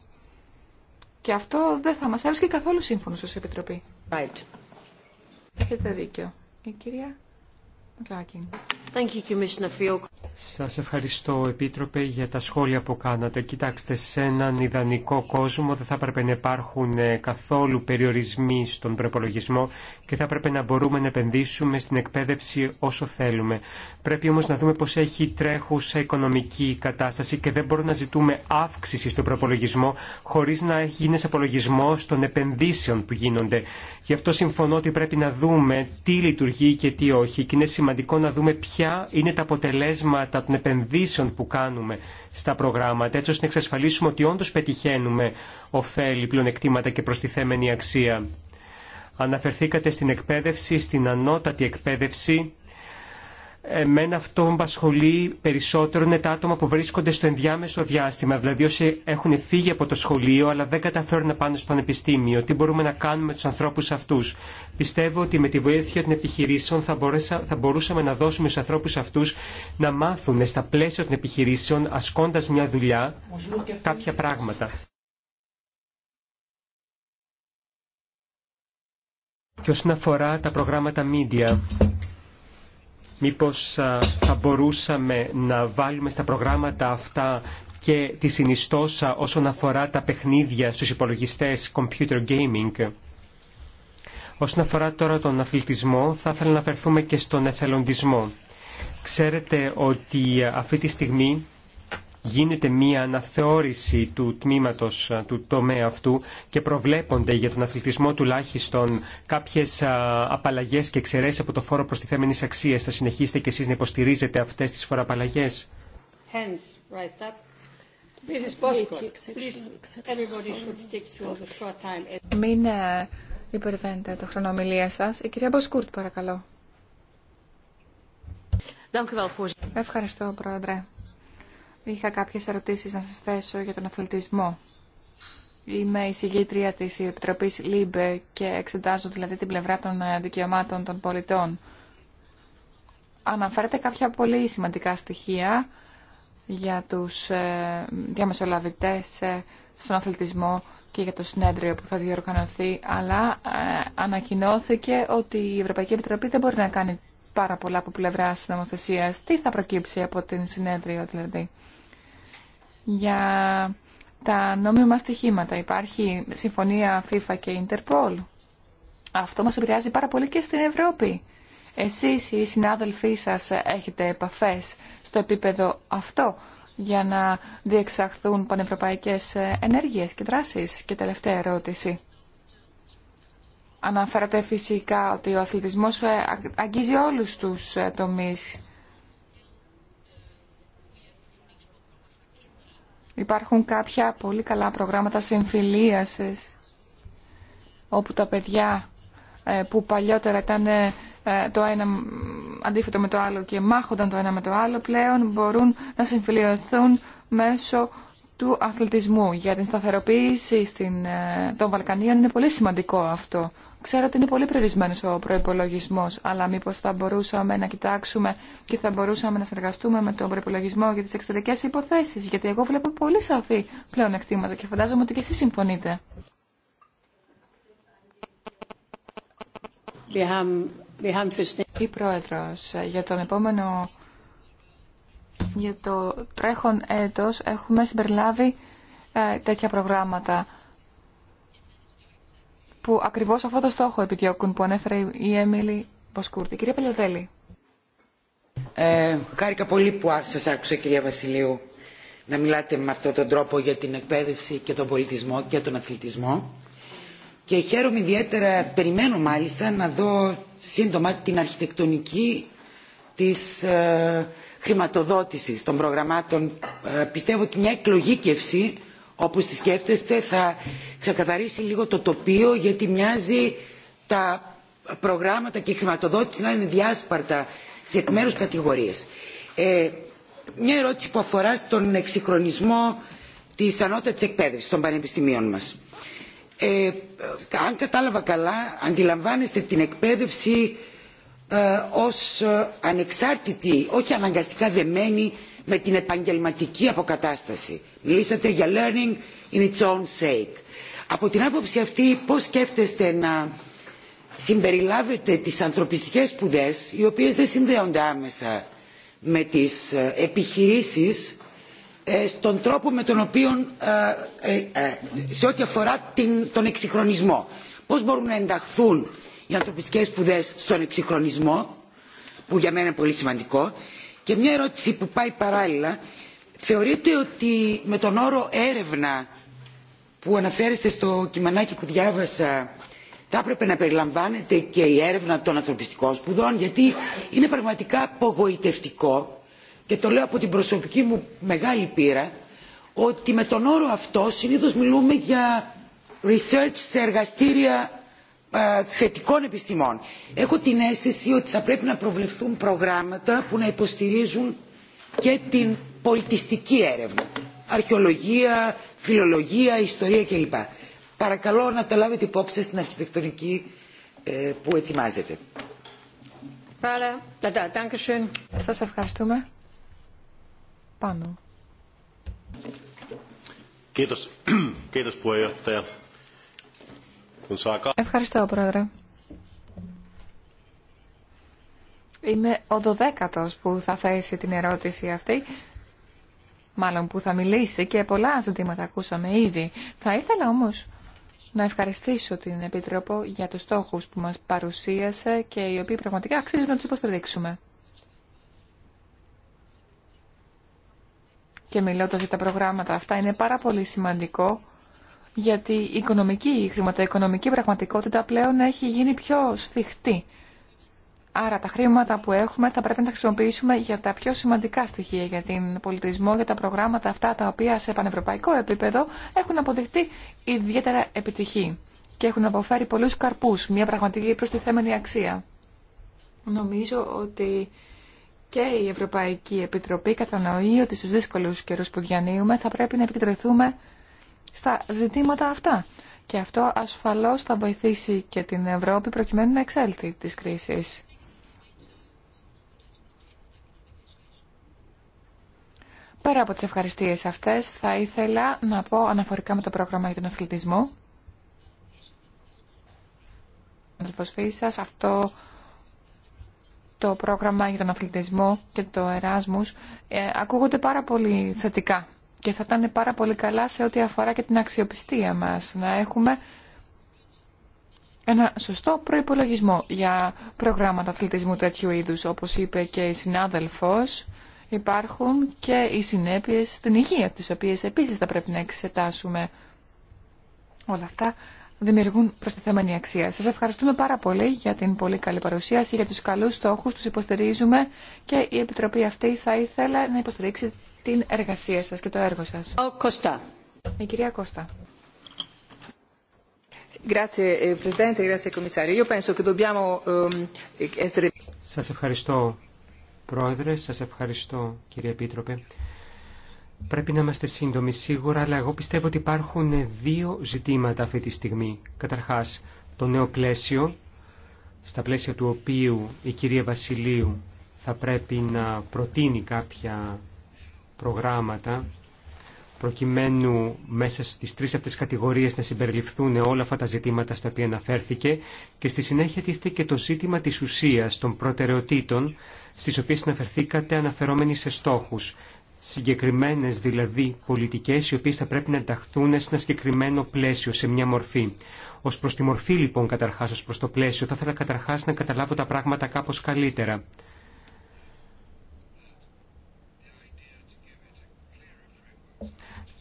Και αυτό δεν θα μας έβρισκε καθόλου σύμφωνο ως Επιτροπή. Right. Έχετε δίκιο. Η κυρία σας ευχαριστώ, Επίτροπε, για τα σχόλια που κάνατε. Κοιτάξτε, σε έναν ιδανικό κόσμο δεν θα έπρεπε να υπάρχουν ε, καθόλου περιορισμοί στον προπολογισμό και θα έπρεπε να μπορούμε να επενδύσουμε στην εκπαίδευση όσο θέλουμε. Πρέπει όμως να δούμε πώς έχει τρέχουσα οικονομική κατάσταση και δεν μπορούμε να ζητούμε αύξηση στον προπολογισμό χωρίς να γίνει απολογισμό των επενδύσεων που γίνονται. Γι' αυτό συμφωνώ ότι πρέπει να δούμε τι λειτουργεί και τι όχι και είναι σημαντικό να δούμε ποια είναι τα αποτελέσματα των επενδύσεων που κάνουμε στα προγράμματα, έτσι ώστε να εξασφαλίσουμε ότι όντως πετυχαίνουμε ωφέλη, πλεονεκτήματα και προστιθέμενη αξία. Αναφερθήκατε στην εκπαίδευση, στην ανώτατη εκπαίδευση Εμένα αυτό που με περισσότερο είναι τα άτομα που βρίσκονται στο ενδιάμεσο διάστημα, δηλαδή όσοι έχουν φύγει από το σχολείο αλλά δεν καταφέρουν να πάνε στο πανεπιστήμιο. Τι μπορούμε να κάνουμε με τους ανθρώπους αυτούς. Πιστεύω ότι με τη βοήθεια των επιχειρήσεων θα, μπορέσα, θα μπορούσαμε να δώσουμε στους ανθρώπου αυτού να μάθουν στα πλαίσια των επιχειρήσεων ασκώντα μια δουλειά κάποια πράγματα. Και όσον αφορά τα προγράμματα media, Μήπως θα μπορούσαμε να βάλουμε στα προγράμματα αυτά και τη συνιστόσα όσον αφορά τα παιχνίδια στους υπολογιστές computer gaming. Όσον αφορά τώρα τον αθλητισμό, θα ήθελα να αφαιρθούμε και στον εθελοντισμό. Ξέρετε ότι ε, αυτή τη στιγμή γίνεται μία αναθεώρηση του τμήματος του τομέα αυτού και προβλέπονται για τον αθλητισμό τουλάχιστον κάποιες απαλλαγές και εξαιρέσεις από το φόρο προστιθέμενης αξίας. Θα συνεχίσετε και εσείς να υποστηρίζετε αυτές τις φοροαπαλλαγές. Μην ε, υπερβαίνετε το χρονομιλία σας. Η κυρία Μποσκούρτ, παρακαλώ. Ευχαριστώ, Πρόεδρε. Είχα κάποιες ερωτήσεις να σας θέσω για τον αθλητισμό. Είμαι η συγγήτρια της Επιτροπής ΛΥΜΠΕ και εξετάζω δηλαδή την πλευρά των ε, δικαιωμάτων των πολιτών. Αναφέρεται κάποια πολύ σημαντικά στοιχεία για τους ε, διαμεσολαβητές ε, στον αθλητισμό και για το συνέδριο που θα διοργανωθεί, αλλά ανακοινώθηκε ότι η Ευρωπαϊκή Επιτροπή δεν μπορεί να κάνει πάρα πολλά από πλευρά νομοθεσία. Τι θα προκύψει από την συνέδριο δηλαδή για τα νόμιμα στοιχήματα. Υπάρχει συμφωνία FIFA και Interpol. Αυτό μας επηρεάζει πάρα πολύ και στην Ευρώπη. Εσείς οι συνάδελφοί σας έχετε επαφές στο επίπεδο αυτό για να διεξαχθούν πανευρωπαϊκές ενέργειες και δράσεις. Και τελευταία ερώτηση. Αναφέρατε φυσικά ότι ο αθλητισμός αγγίζει όλους τους τομείς Υπάρχουν κάποια πολύ καλά προγράμματα συμφιλίασης όπου τα παιδιά ε, που παλιότερα ήταν ε, ε, το ένα αντίθετο με το άλλο και μάχονταν το ένα με το άλλο πλέον μπορούν να συμφιλιωθούν μέσω του αθλητισμού. Για την σταθεροποίηση των Βαλκανίων είναι πολύ σημαντικό αυτό. Ξέρω ότι είναι πολύ περιορισμένο ο προπολογισμό, αλλά μήπω θα μπορούσαμε να κοιτάξουμε και θα μπορούσαμε να συνεργαστούμε με τον προπολογισμό για τι εξωτερικέ υποθέσει. Γιατί εγώ βλέπω πολύ σαφή πλέον εκτίματα και φαντάζομαι ότι και εσεί συμφωνείτε. Η πρόεδρο, ε, για τον επόμενο. Για το τρέχον έτος έχουμε συμπεριλάβει ε, τέτοια προγράμματα που ακριβώς αυτό το στόχο επιδιώκουν που ανέφερε η Έμιλη Μποσκούρτη. Κυρία Πελιοδέλη. Ε, χάρηκα πολύ που σας άκουσα κυρία Βασιλείου να μιλάτε με αυτόν τον τρόπο για την εκπαίδευση και τον πολιτισμό και τον αθλητισμό και χαίρομαι ιδιαίτερα, περιμένω μάλιστα να δω σύντομα την αρχιτεκτονική της ε, χρηματοδότησης των προγραμμάτων. Ε, πιστεύω ότι μια εκλογήκευση όπως τη σκέφτεστε θα ξεκαθαρίσει λίγο το τοπίο γιατί μοιάζει τα προγράμματα και η χρηματοδότηση να είναι διάσπαρτα σε επιμέρους κατηγορίες. Ε, μια ερώτηση που αφορά στον εξυγχρονισμό της ανώτατης εκπαίδευσης των πανεπιστημίων μας. Ε, αν κατάλαβα καλά, αντιλαμβάνεστε την εκπαίδευση ε, ως ε, ανεξάρτητη, όχι αναγκαστικά δεμένη με την επαγγελματική αποκατάσταση Μιλήσατε για learning in its own sake. Από την άποψη αυτή πώς σκέφτεστε να συμπεριλάβετε τις ανθρωπιστικές σπουδέ, οι οποίες δεν συνδέονται άμεσα με τις ε, επιχειρήσεις ε, στον τρόπο με τον οποίο ε, σε ό,τι αφορά τον εξυγχρονισμό. Πώς μπορούν να ενταχθούν οι ανθρωπιστικές σπουδέ στον εξυγχρονισμό που για μένα είναι πολύ σημαντικό και μια ερώτηση που πάει παράλληλα θεωρείτε ότι με τον όρο έρευνα που αναφέρεστε στο κειμενάκι που διάβασα θα έπρεπε να περιλαμβάνεται και η έρευνα των ανθρωπιστικών σπουδών γιατί είναι πραγματικά απογοητευτικό και το λέω από την προσωπική μου μεγάλη πείρα ότι με τον όρο αυτό συνήθως μιλούμε για research σε εργαστήρια ε, θετικών επιστημών. Έχω την αίσθηση ότι θα πρέπει να προβλεφθούν προγράμματα που να υποστηρίζουν και την πολιτιστική έρευνα. Αρχαιολογία, φιλολογία, ιστορία κλπ. Παρακαλώ να το λάβετε υπόψη στην αρχιτεκτονική ε, που ετοιμάζετε. Σας ευχαριστούμε. Πάνω. Ευχαριστώ, Πρόεδρε. Είμαι ο δωδέκατος που θα θέσει την ερώτηση αυτή μάλλον που θα μιλήσει και πολλά ζητήματα ακούσαμε ήδη. Θα ήθελα όμως να ευχαριστήσω την Επίτροπο για τους στόχους που μας παρουσίασε και οι οποίοι πραγματικά αξίζουν να τους υποστηρίξουμε. Και μιλώντα για τα προγράμματα αυτά είναι πάρα πολύ σημαντικό γιατί η οικονομική, η χρηματοοικονομική πραγματικότητα πλέον έχει γίνει πιο σφιχτή Άρα τα χρήματα που έχουμε θα πρέπει να τα χρησιμοποιήσουμε για τα πιο σημαντικά στοιχεία για την πολιτισμό, για τα προγράμματα αυτά τα οποία σε πανευρωπαϊκό επίπεδο έχουν αποδειχτεί ιδιαίτερα επιτυχή και έχουν αποφέρει πολλούς καρπούς, μια πραγματική προστιθέμενη αξία. Νομίζω ότι και η Ευρωπαϊκή Επιτροπή κατανοεί ότι στους δύσκολους καιρούς που διανύουμε θα πρέπει να επικεντρωθούμε στα ζητήματα αυτά. Και αυτό ασφαλώς θα βοηθήσει και την Ευρώπη προκειμένου να εξέλθει της κρίσης. Πέρα από τις ευχαριστίες αυτές, θα ήθελα να πω αναφορικά με το πρόγραμμα για τον αθλητισμό. αυτό το πρόγραμμα για τον αθλητισμό και το Εράσμους ε, ακούγονται πάρα πολύ θετικά και θα ήταν πάρα πολύ καλά σε ό,τι αφορά και την αξιοπιστία μας. Να έχουμε ένα σωστό προϋπολογισμό για προγράμματα αθλητισμού τέτοιου είδους, όπως είπε και η συνάδελφος υπάρχουν και οι συνέπειες στην υγεία, τις οποίες επίσης θα πρέπει να εξετάσουμε. Όλα αυτά δημιουργούν προστιθέμενη αξία. Σας ευχαριστούμε πάρα πολύ για την πολύ καλή παρουσίαση, για τους καλούς στόχους, τους υποστηρίζουμε και η Επιτροπή αυτή θα ήθελε να υποστηρίξει την εργασία σας και το έργο σας. Ο Η κυρία Κώστα. Σας ευχαριστώ, Πρόεδρε, σας ευχαριστώ κύριε Επίτροπε. Πρέπει να είμαστε σύντομοι σίγουρα, αλλά εγώ πιστεύω ότι υπάρχουν δύο ζητήματα αυτή τη στιγμή. Καταρχάς, το νέο πλαίσιο, στα πλαίσια του οποίου η κυρία Βασιλείου θα πρέπει να προτείνει κάποια προγράμματα προκειμένου μέσα στις τρεις αυτές κατηγορίες να συμπεριληφθούν όλα αυτά τα ζητήματα στα οποία αναφέρθηκε και στη συνέχεια τίθεται και το ζήτημα της ουσίας των προτεραιοτήτων στις οποίες αναφερθήκατε αναφερόμενοι σε στόχους συγκεκριμένες δηλαδή πολιτικές οι οποίες θα πρέπει να ενταχθούν σε ένα συγκεκριμένο πλαίσιο, σε μια μορφή. Ως προς τη μορφή λοιπόν καταρχάς, ως προς το πλαίσιο, θα ήθελα καταρχάς να καταλάβω τα πράγματα κάπως καλύτερα.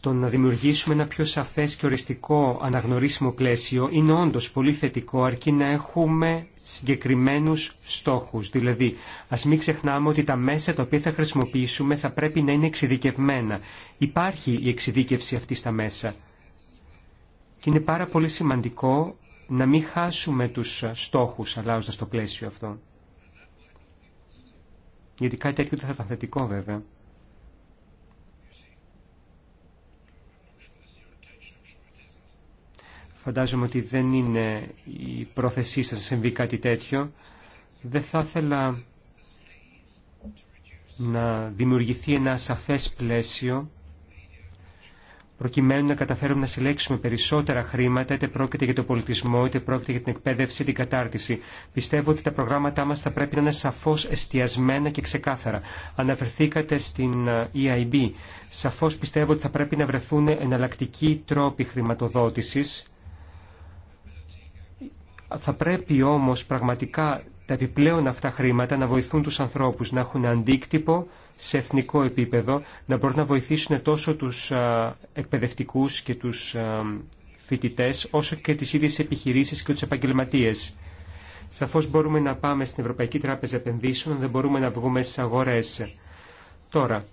το να δημιουργήσουμε ένα πιο σαφές και οριστικό αναγνωρίσιμο πλαίσιο είναι όντως πολύ θετικό αρκεί να έχουμε συγκεκριμένους στόχους. Δηλαδή, ας μην ξεχνάμε ότι τα μέσα τα οποία θα χρησιμοποιήσουμε θα πρέπει να είναι εξειδικευμένα. Υπάρχει η εξειδίκευση αυτή στα μέσα. Και είναι πάρα πολύ σημαντικό να μην χάσουμε τους στόχους αλλάζοντας το πλαίσιο αυτό. Γιατί κάτι τέτοιο θα ήταν θετικό βέβαια. Φαντάζομαι ότι δεν είναι η πρόθεσή σας να συμβεί κάτι τέτοιο. Δεν θα ήθελα να δημιουργηθεί ένα σαφές πλαίσιο προκειμένου να καταφέρουμε να συλλέξουμε περισσότερα χρήματα, είτε πρόκειται για τον πολιτισμό, είτε πρόκειται για την εκπαίδευση, την κατάρτιση. Πιστεύω ότι τα προγράμματά μας θα πρέπει να είναι σαφώς εστιασμένα και ξεκάθαρα. Αναφερθήκατε στην ε, EIB. Σαφώς πιστεύω ότι θα πρέπει να βρεθούν εναλλακτικοί τρόποι χρηματοδότησης, θα πρέπει όμως πραγματικά τα επιπλέον αυτά χρήματα να βοηθούν τους ανθρώπους να έχουν αντίκτυπο σε εθνικό επίπεδο, να μπορούν να βοηθήσουν τόσο τους εκπαιδευτικούς και τους φοιτητές, όσο και τις ίδιες επιχειρήσεις και τους επαγγελματίες. Σαφώς μπορούμε να πάμε στην Ευρωπαϊκή Τράπεζα Επενδύσεων, δεν μπορούμε να βγούμε στις αγορές. Τώρα,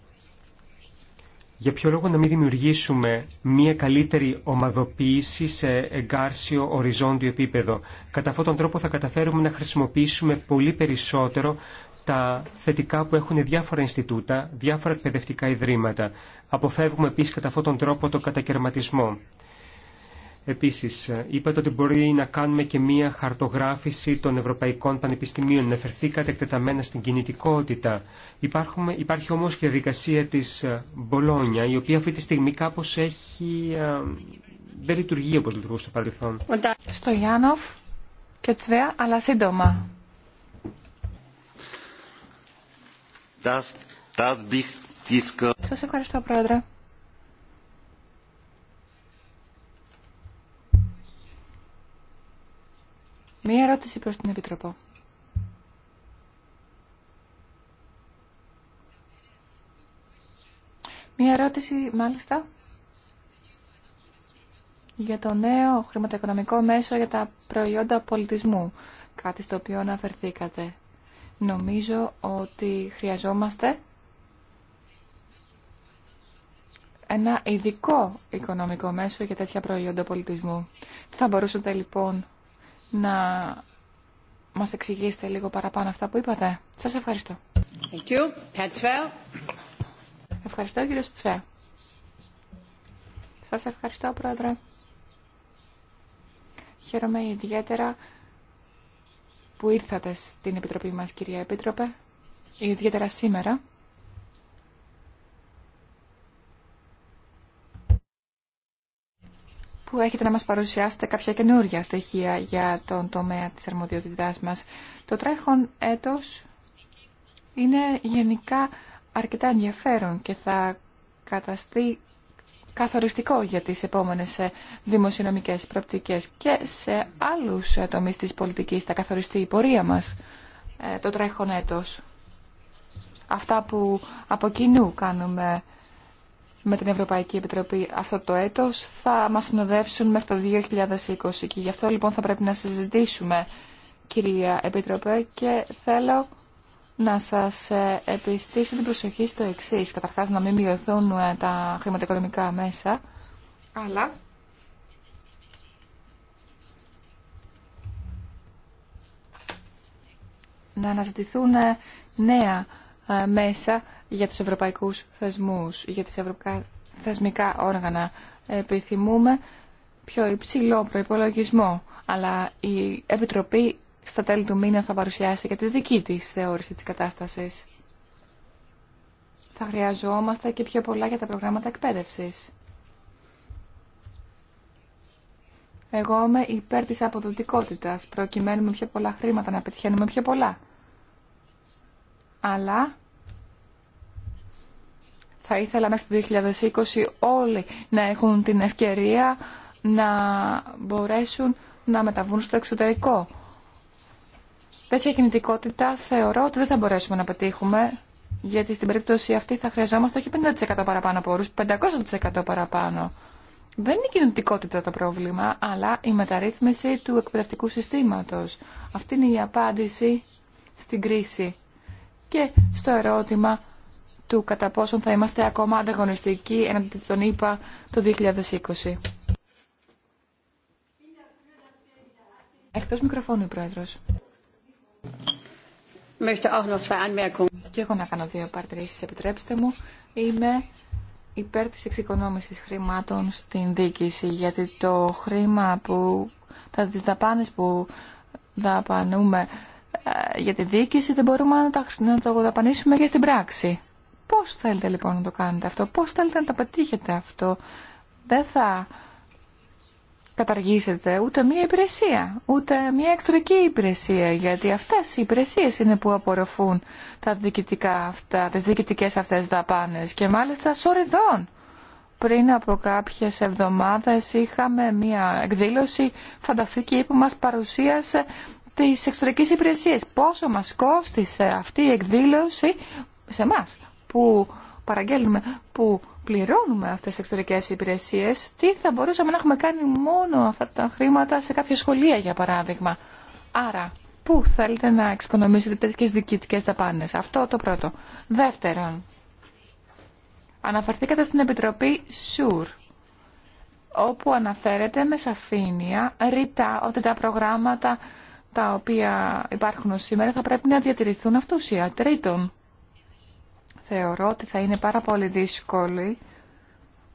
για ποιο λόγο να μην δημιουργήσουμε μία καλύτερη ομαδοποίηση σε εγκάρσιο οριζόντιο επίπεδο. Κατά αυτόν τον τρόπο θα καταφέρουμε να χρησιμοποιήσουμε πολύ περισσότερο τα θετικά που έχουν διάφορα Ινστιτούτα, διάφορα εκπαιδευτικά ιδρύματα. Αποφεύγουμε επίσης κατά αυτόν τον τρόπο το κατακαιρματισμό. Επίσης, είπατε ότι μπορεί να κάνουμε και μία χαρτογράφηση των ευρωπαϊκών πανεπιστημίων. φερθεί εκτεταμένα στην κινητικότητα. Υπάρχουμε, υπάρχει όμως και η διαδικασία της ε, Μπολόνια, η οποία αυτή τη στιγμή κάπως έχει, α, ε, δεν λειτουργεί όπως λειτουργούσε στο παρελθόν. Στο Γιάννοφ και Τσβέα, αλλά σύντομα. Σας ευχαριστώ, Πρόεδρε. Μία ερώτηση προς την Επιτροπό. Μία ερώτηση μάλιστα για το νέο χρηματοοικονομικό μέσο για τα προϊόντα πολιτισμού, κάτι στο οποίο αναφερθήκατε. Νομίζω ότι χρειαζόμαστε ένα ειδικό οικονομικό μέσο για τέτοια προϊόντα πολιτισμού. Θα μπορούσατε λοιπόν να μας εξηγήσετε λίγο παραπάνω αυτά που είπατε. Σας ευχαριστώ. Thank you. Ευχαριστώ κύριο Στσβέ. Σας ευχαριστώ πρόεδρε. Χαίρομαι ιδιαίτερα που ήρθατε στην Επιτροπή μας κυρία Επίτροπε, ιδιαίτερα σήμερα. που έχετε να μας παρουσιάσετε κάποια καινούργια στοιχεία για τον τομέα της αρμοδιότητάς μας. Το τρέχον έτος είναι γενικά αρκετά ενδιαφέρον και θα καταστεί καθοριστικό για τις επόμενες ε, δημοσιονομικές προπτικές και σε άλλους ε, τομείς της πολιτικής θα καθοριστεί η πορεία μας ε, το τρέχον έτος. Αυτά που από κοινού κάνουμε με την Ευρωπαϊκή Επιτροπή αυτό το έτος θα μας συνοδεύσουν μέχρι το 2020 και γι' αυτό λοιπόν θα πρέπει να συζητήσουμε κυρία Επιτροπέ και θέλω να σας ε, επιστήσω την προσοχή στο εξής. Καταρχάς να μην μειωθούν ε, τα χρηματοοικονομικά μέσα, αλλά να αναζητηθούν ε, νέα ε, μέσα για τους ευρωπαϊκούς θεσμούς, για τις ευρωπαϊκά θεσμικά όργανα. Επιθυμούμε πιο υψηλό προϋπολογισμό, αλλά η Επιτροπή στα τέλη του μήνα θα παρουσιάσει και τη δική της θεώρηση της κατάστασης. Θα χρειαζόμαστε και πιο πολλά για τα προγράμματα εκπαίδευσης. Εγώ είμαι υπέρ της αποδοτικότητας, προκειμένου με πιο πολλά χρήματα να πετυχαίνουμε πιο πολλά. Αλλά θα ήθελα μέχρι το 2020 όλοι να έχουν την ευκαιρία να μπορέσουν να μεταβούν στο εξωτερικό. Τέτοια κινητικότητα θεωρώ ότι δεν θα μπορέσουμε να πετύχουμε, γιατί στην περίπτωση αυτή θα χρειαζόμαστε όχι 50% παραπάνω από όρους, 500% παραπάνω. Δεν είναι η κινητικότητα το πρόβλημα, αλλά η μεταρρύθμιση του εκπαιδευτικού συστήματος. Αυτή είναι η απάντηση στην κρίση και στο ερώτημα του κατά πόσον θα είμαστε ακόμα ανταγωνιστικοί έναντι των ΗΠΑ το 2020. Εκτός μικροφώνου, η Πρόεδρος. Και έχω να κάνω δύο παρατηρήσεις, επιτρέψτε μου. Είμαι υπέρ της εξοικονόμησης χρημάτων στην δίκηση, γιατί το χρήμα που, τα τις δαπάνες που δαπανούμε ε, για τη δίκηση δεν μπορούμε να, τα, να το δαπανίσουμε και στην πράξη. Πώς θέλετε λοιπόν να το κάνετε αυτό, πώς θέλετε να τα πετύχετε αυτό. Δεν θα καταργήσετε ούτε μία υπηρεσία, ούτε μία εξωτερική υπηρεσία, γιατί αυτές οι υπηρεσίες είναι που απορροφούν τα διοικητικά αυτά, τις διοικητικές αυτές δαπάνες και μάλιστα σοριδών. Πριν από κάποιες εβδομάδες είχαμε μία εκδήλωση φανταστική που μας παρουσίασε τις εξωτερικές υπηρεσίες. Πόσο μας κόστησε αυτή η εκδήλωση σε εμά που παραγγέλνουμε, που πληρώνουμε αυτές τις εξωτερικές υπηρεσίες, τι θα μπορούσαμε να έχουμε κάνει μόνο αυτά τα χρήματα σε κάποια σχολεία, για παράδειγμα. Άρα, πού θέλετε να εξοικονομήσετε τέτοιες διοικητικές δαπάνες. Αυτό το πρώτο. Δεύτερον, αναφερθήκατε στην Επιτροπή ΣΟΥΡ, όπου αναφέρεται με σαφήνεια ρητά ότι τα προγράμματα τα οποία υπάρχουν σήμερα θα πρέπει να διατηρηθούν αυτούσια. Τρίτον, θεωρώ ότι θα είναι πάρα πολύ δύσκολη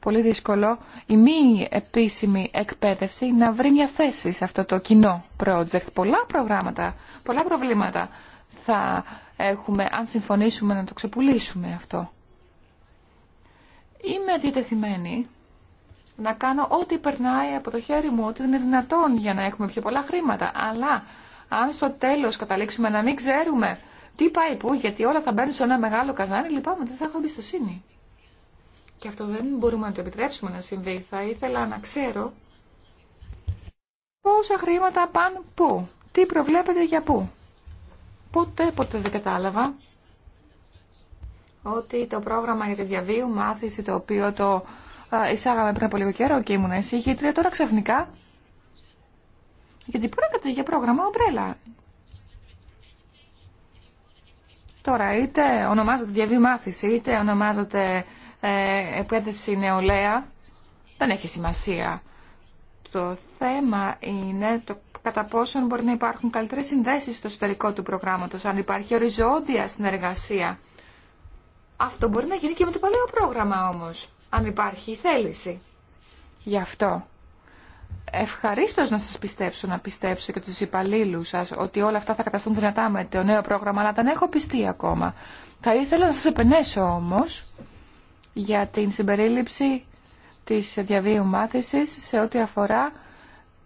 πολύ δύσκολο η μη επίσημη εκπαίδευση να βρει μια θέση σε αυτό το κοινό project. Πολλά προγράμματα, πολλά προβλήματα θα έχουμε αν συμφωνήσουμε να το ξεπουλήσουμε αυτό. Είμαι διατεθειμένη να κάνω ό,τι περνάει από το χέρι μου, ό,τι δεν είναι δυνατόν για να έχουμε πιο πολλά χρήματα. Αλλά αν στο τέλος καταλήξουμε να μην ξέρουμε τι πάει πού, γιατί όλα θα μπαίνουν σε ένα μεγάλο καζάνι, λυπάμαι, δεν θα έχω εμπιστοσύνη. Και αυτό δεν μπορούμε να το επιτρέψουμε να συμβεί. Θα ήθελα να ξέρω πόσα χρήματα πάνε πού, τι προβλέπετε για πού. Ποτέ, ποτέ δεν κατάλαβα ότι το πρόγραμμα για τη διαβίου μάθηση το οποίο το ε, εισάγαμε πριν από λίγο καιρό και ήμουν εισηγήτρια, τώρα ξαφνικά. Γιατί πρόκειται για πρόγραμμα ομπρέλα. Τώρα, είτε ονομάζεται μάθηση, είτε ονομάζεται ε, εκπαίδευση νεολαία, δεν έχει σημασία. Το θέμα είναι το κατά πόσον μπορεί να υπάρχουν καλύτερε συνδέσεις στο εσωτερικό του προγράμματος, αν υπάρχει οριζόντια συνεργασία. Αυτό μπορεί να γίνει και με το παλαιό πρόγραμμα όμως, αν υπάρχει θέληση. Γι' αυτό Ευχαριστώ να σας πιστέψω, να πιστέψω και τους υπαλλήλους σας ότι όλα αυτά θα καταστούν δυνατά με το νέο πρόγραμμα, αλλά δεν έχω πιστεί ακόμα. Θα ήθελα να σας επενέσω όμως για την συμπερίληψη της διαβίου μάθησης σε ό,τι αφορά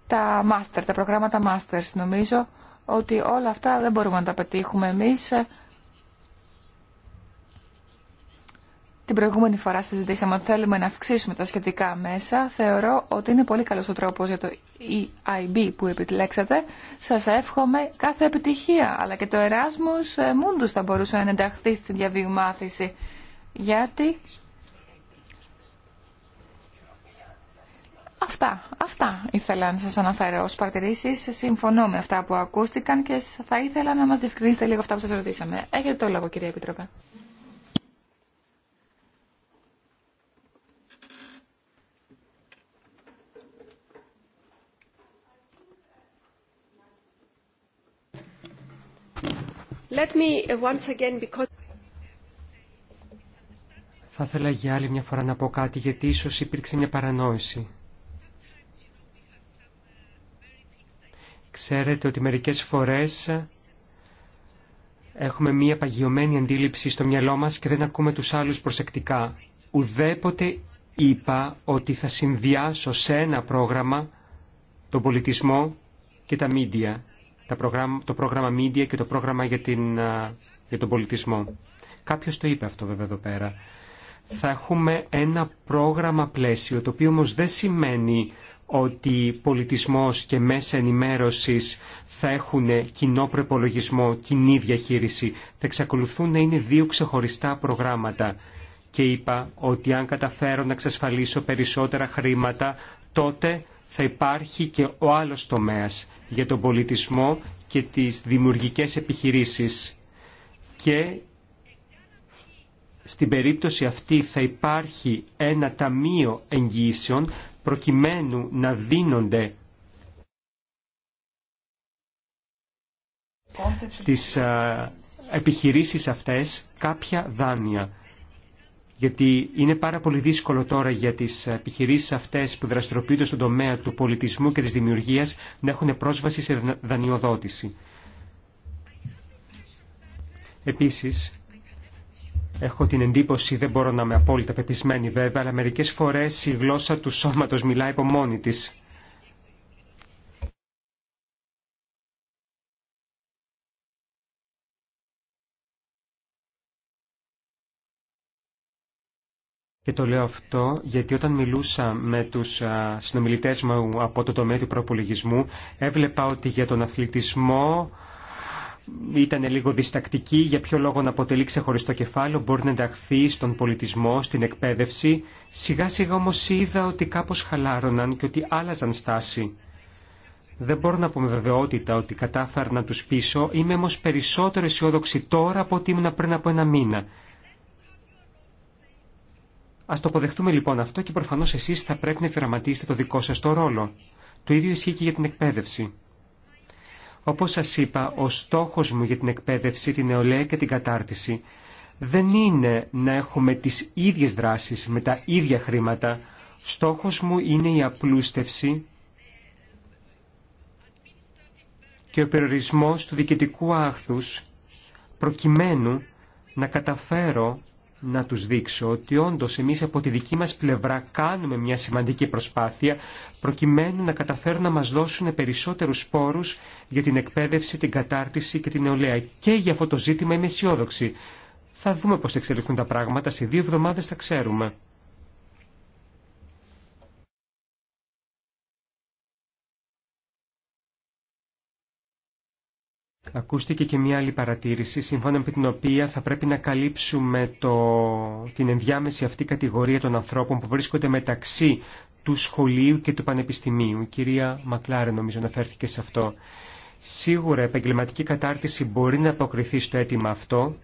τα master, τα προγράμματα masters. Νομίζω ότι όλα αυτά δεν μπορούμε να τα πετύχουμε εμείς Την προηγούμενη φορά συζητήσαμε ότι θέλουμε να αυξήσουμε τα σχετικά μέσα. Θεωρώ ότι είναι πολύ καλός ο τρόπος για το EIB που επιλέξατε. Σας εύχομαι κάθε επιτυχία, αλλά και το Εράσμος Μούντους θα μπορούσε να ενταχθεί στη διαβίου μάθηση. Γιατί... Αυτά, αυτά ήθελα να σας αναφέρω ως παρατηρήσεις. Συμφωνώ με αυτά που ακούστηκαν και θα ήθελα να μας διευκρινίσετε λίγο αυτά που σας ρωτήσαμε. Έχετε το λόγο, κυρία Επιτροπέ. Uh, θα ήθελα για άλλη μια φορά να πω κάτι γιατί ίσως υπήρξε μια παρανόηση. Ξέρετε ότι μερικές φορές έχουμε μια παγιωμένη αντίληψη στο μυαλό μας και δεν ακούμε τους άλλους προσεκτικά. Ουδέποτε είπα ότι θα συνδυάσω σε ένα πρόγραμμα τον πολιτισμό και τα μίντια το πρόγραμμα Media και το πρόγραμμα για, την, για τον πολιτισμό. Κάποιος το είπε αυτό βέβαια εδώ πέρα. Θα έχουμε ένα πρόγραμμα πλαίσιο, το οποίο όμως δεν σημαίνει ότι πολιτισμός και μέσα ενημέρωσης θα έχουν κοινό προπολογισμό, κοινή διαχείριση. Θα εξακολουθούν να είναι δύο ξεχωριστά προγράμματα. Και είπα ότι αν καταφέρω να εξασφαλίσω περισσότερα χρήματα, τότε θα υπάρχει και ο άλλος τομέας για τον πολιτισμό και τις δημιουργικές επιχειρήσεις. Και στην περίπτωση αυτή θα υπάρχει ένα ταμείο εγγύησεων προκειμένου να δίνονται στις επιχειρήσεις αυτές κάποια δάνεια γιατί είναι πάρα πολύ δύσκολο τώρα για τις επιχειρήσεις αυτές που δραστηριοποιούνται στον τομέα του πολιτισμού και της δημιουργίας να έχουν πρόσβαση σε δανειοδότηση. Επίσης, έχω την εντύπωση, δεν μπορώ να είμαι απόλυτα πεπισμένη βέβαια, αλλά μερικές φορές η γλώσσα του σώματος μιλάει από μόνη της. Και το λέω αυτό γιατί όταν μιλούσα με τους συνομιλητές μου από το τομέα του προπολογισμού έβλεπα ότι για τον αθλητισμό ήταν λίγο διστακτική για ποιο λόγο να αποτελεί ξεχωριστό κεφάλαιο, μπορεί να ενταχθεί στον πολιτισμό, στην εκπαίδευση. Σιγά σιγά όμως είδα ότι κάπως χαλάρωναν και ότι άλλαζαν στάση. Δεν μπορώ να πω με βεβαιότητα ότι κατάφερα να τους πείσω, είμαι όμως περισσότερο αισιόδοξη τώρα από ότι ήμουν πριν από ένα μήνα. Α το αποδεχτούμε λοιπόν αυτό και προφανώ εσείς θα πρέπει να εφηραματίσετε το δικό σα το ρόλο. Το ίδιο ισχύει και για την εκπαίδευση. Όπως σα είπα, ο στόχος μου για την εκπαίδευση, την νεολαία και την κατάρτιση δεν είναι να έχουμε τις ίδιες δράσεις με τα ίδια χρήματα. Στόχος μου είναι η απλούστευση και ο περιορισμός του διοικητικού άχθους προκειμένου να καταφέρω να τους δείξω ότι όντως εμείς από τη δική μας πλευρά κάνουμε μια σημαντική προσπάθεια προκειμένου να καταφέρουν να μας δώσουν περισσότερους πόρους για την εκπαίδευση, την κατάρτιση και την νεολαία. Και για αυτό το ζήτημα είμαι αισιόδοξη. Θα δούμε πώς θα εξελιχθούν τα πράγματα. Σε δύο εβδομάδες θα ξέρουμε. Ακούστηκε και μια άλλη παρατήρηση, σύμφωνα με την οποία θα πρέπει να καλύψουμε το, την ενδιάμεση αυτή κατηγορία των ανθρώπων που βρίσκονται μεταξύ του σχολείου και του πανεπιστημίου. Η κυρία Μακλάρε νομίζω αναφέρθηκε σε αυτό. Σίγουρα επαγγελματική κατάρτιση μπορεί να αποκριθεί στο αίτημα αυτό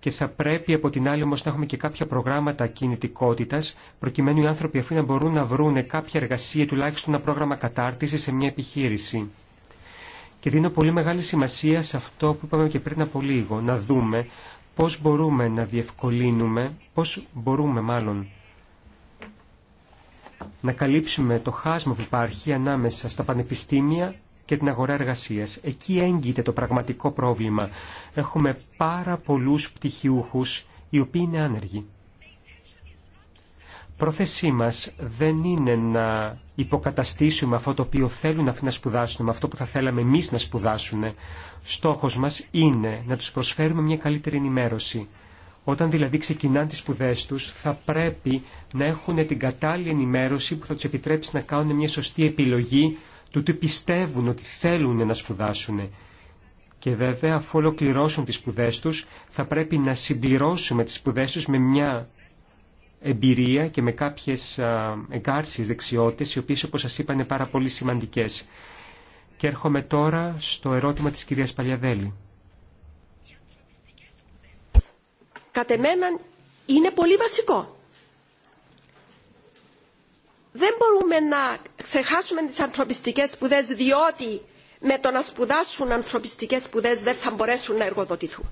και θα πρέπει από την άλλη όμως να έχουμε και κάποια προγράμματα κινητικότητας προκειμένου οι άνθρωποι αφού να μπορούν να βρουν κάποια εργασία τουλάχιστον ένα πρόγραμμα κατάρτιση σε μια επιχείρηση. Και δίνω πολύ μεγάλη σημασία σε αυτό που είπαμε και πριν από λίγο, να δούμε πώς μπορούμε να διευκολύνουμε, πώς μπορούμε μάλλον να καλύψουμε το χάσμα που υπάρχει ανάμεσα στα πανεπιστήμια και την αγορά εργασίας. Εκεί έγκυται το πραγματικό πρόβλημα. Έχουμε πάρα πολλούς πτυχιούχους οι οποίοι είναι άνεργοι πρόθεσή μας δεν είναι να υποκαταστήσουμε αυτό το οποίο θέλουν αυτοί να σπουδάσουν με αυτό που θα θέλαμε εμείς να σπουδάσουν. Στόχος μας είναι να τους προσφέρουμε μια καλύτερη ενημέρωση. Όταν δηλαδή ξεκινάνε τι σπουδέ τους θα πρέπει να έχουν την κατάλληλη ενημέρωση που θα τους επιτρέψει να κάνουν μια σωστή επιλογή του τι πιστεύουν ότι θέλουν να σπουδάσουν. Και βέβαια αφού ολοκληρώσουν τις σπουδέ τους θα πρέπει να συμπληρώσουμε τις σπουδέ τους με μια εμπειρία και με κάποιες εγκάρσεις δεξιότητες, οι οποίες όπως σας είπα είναι πάρα πολύ σημαντικές. Και έρχομαι τώρα στο ερώτημα της κυρίας Παλιαδέλη. Κατ' εμένα είναι πολύ βασικό. Δεν μπορούμε να ξεχάσουμε τις ανθρωπιστικές σπουδές διότι με το να σπουδάσουν ανθρωπιστικές σπουδές δεν θα μπορέσουν να εργοδοτηθούν.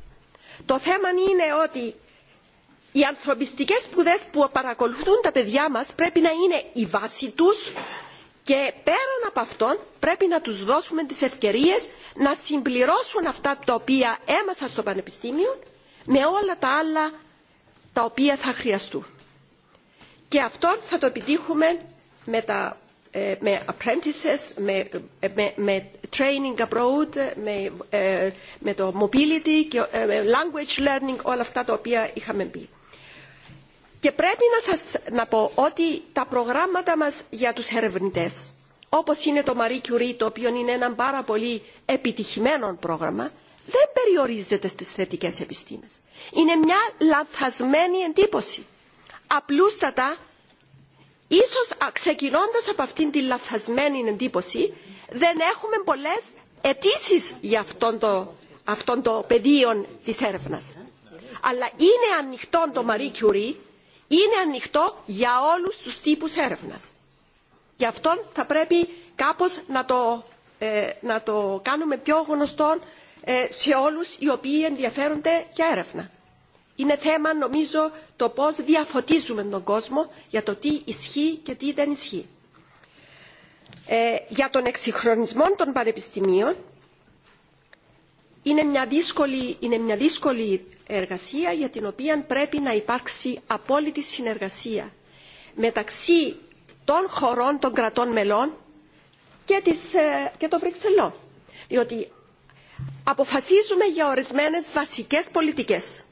Το θέμα είναι ότι οι ανθρωπιστικέ σπουδέ που παρακολουθούν τα παιδιά μα πρέπει να είναι η βάση τους και πέραν από αυτόν πρέπει να τους δώσουμε τι ευκαιρίε να συμπληρώσουν αυτά τα οποία έμαθα στο πανεπιστήμιο με όλα τα άλλα τα οποία θα χρειαστούν. Και αυτό θα το επιτύχουμε με, τα, ε, με apprentices, ε, με, training abroad, με, ε, το mobility, language learning, όλα αυτά τα οποία είχαμε πει. Και πρέπει να σας να πω ότι τα προγράμματα μας για τους ερευνητές, όπως είναι το Marie Curie, το οποίο είναι ένα πάρα πολύ επιτυχημένο πρόγραμμα, δεν περιορίζεται στις θετικές επιστήμες. Είναι μια λανθασμένη εντύπωση. Απλούστατα, ίσως ξεκινώντας από αυτήν την λαθασμένη εντύπωση, δεν έχουμε πολλές αιτήσει για αυτόν το, αυτόν το πεδίο της έρευνας. Αλλά είναι ανοιχτό το Marie Curie είναι ανοιχτό για όλους τους τύπους έρευνας. Γι' αυτό θα πρέπει κάπως να το, ε, να το κάνουμε πιο γνωστό ε, σε όλους οι οποίοι ενδιαφέρονται για έρευνα. Είναι θέμα νομίζω το πώς διαφωτίζουμε τον κόσμο για το τι ισχύει και τι δεν ισχύει. Ε, για τον εξυγχρονισμό των πανεπιστημίων είναι μια δύσκολη, είναι μια δύσκολη εργασία για την οποία πρέπει να υπάρξει απόλυτη συνεργασία μεταξύ των χωρών των κρατών μελών ε, και, των Βρυξελών. Διότι αποφασίζουμε για ορισμένες βασικές πολιτικές.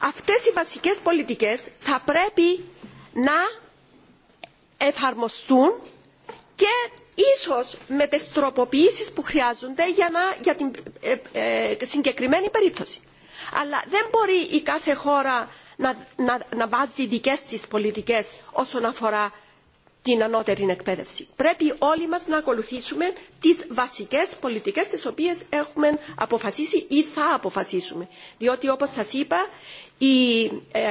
Αυτές οι βασικές πολιτικές θα πρέπει να εφαρμοστούν και ίσως με τις τροποποιήσεις που χρειάζονται για, να, για την ε, ε, συγκεκριμένη περίπτωση αλλά δεν μπορεί η κάθε χώρα να, να, βάζει δικές της πολιτικές όσον αφορά την ανώτερη εκπαίδευση. Πρέπει όλοι μας να ακολουθήσουμε τις βασικές πολιτικές τις οποίες έχουμε αποφασίσει ή θα αποφασίσουμε. Διότι όπως σας είπα ε,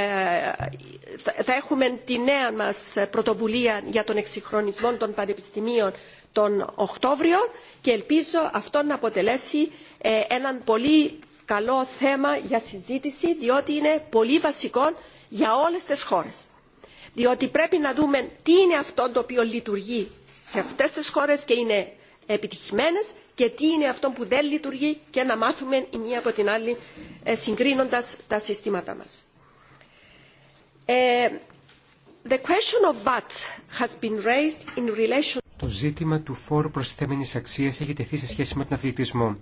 θα έχουμε τη νέα μας πρωτοβουλία για τον εξυγχρονισμό των πανεπιστημίων τον Οκτώβριο και ελπίζω αυτό να αποτελέσει ε, έναν πολύ καλό θέμα για συζήτηση διότι είναι πολύ βασικό για όλες τις χώρες. Διότι πρέπει να δούμε τι είναι αυτό το οποίο λειτουργεί σε αυτές τις χώρες και είναι επιτυχημένες και τι είναι αυτό που δεν λειτουργεί και να μάθουμε η μία από την άλλη ε, συγκρίνοντας τα συστήματά μας. Ε, the question of has been raised in relation... Το ζήτημα του φόρου προστιθέμενης αξίας έχει τεθεί σε σχέση με τον αθλητισμό.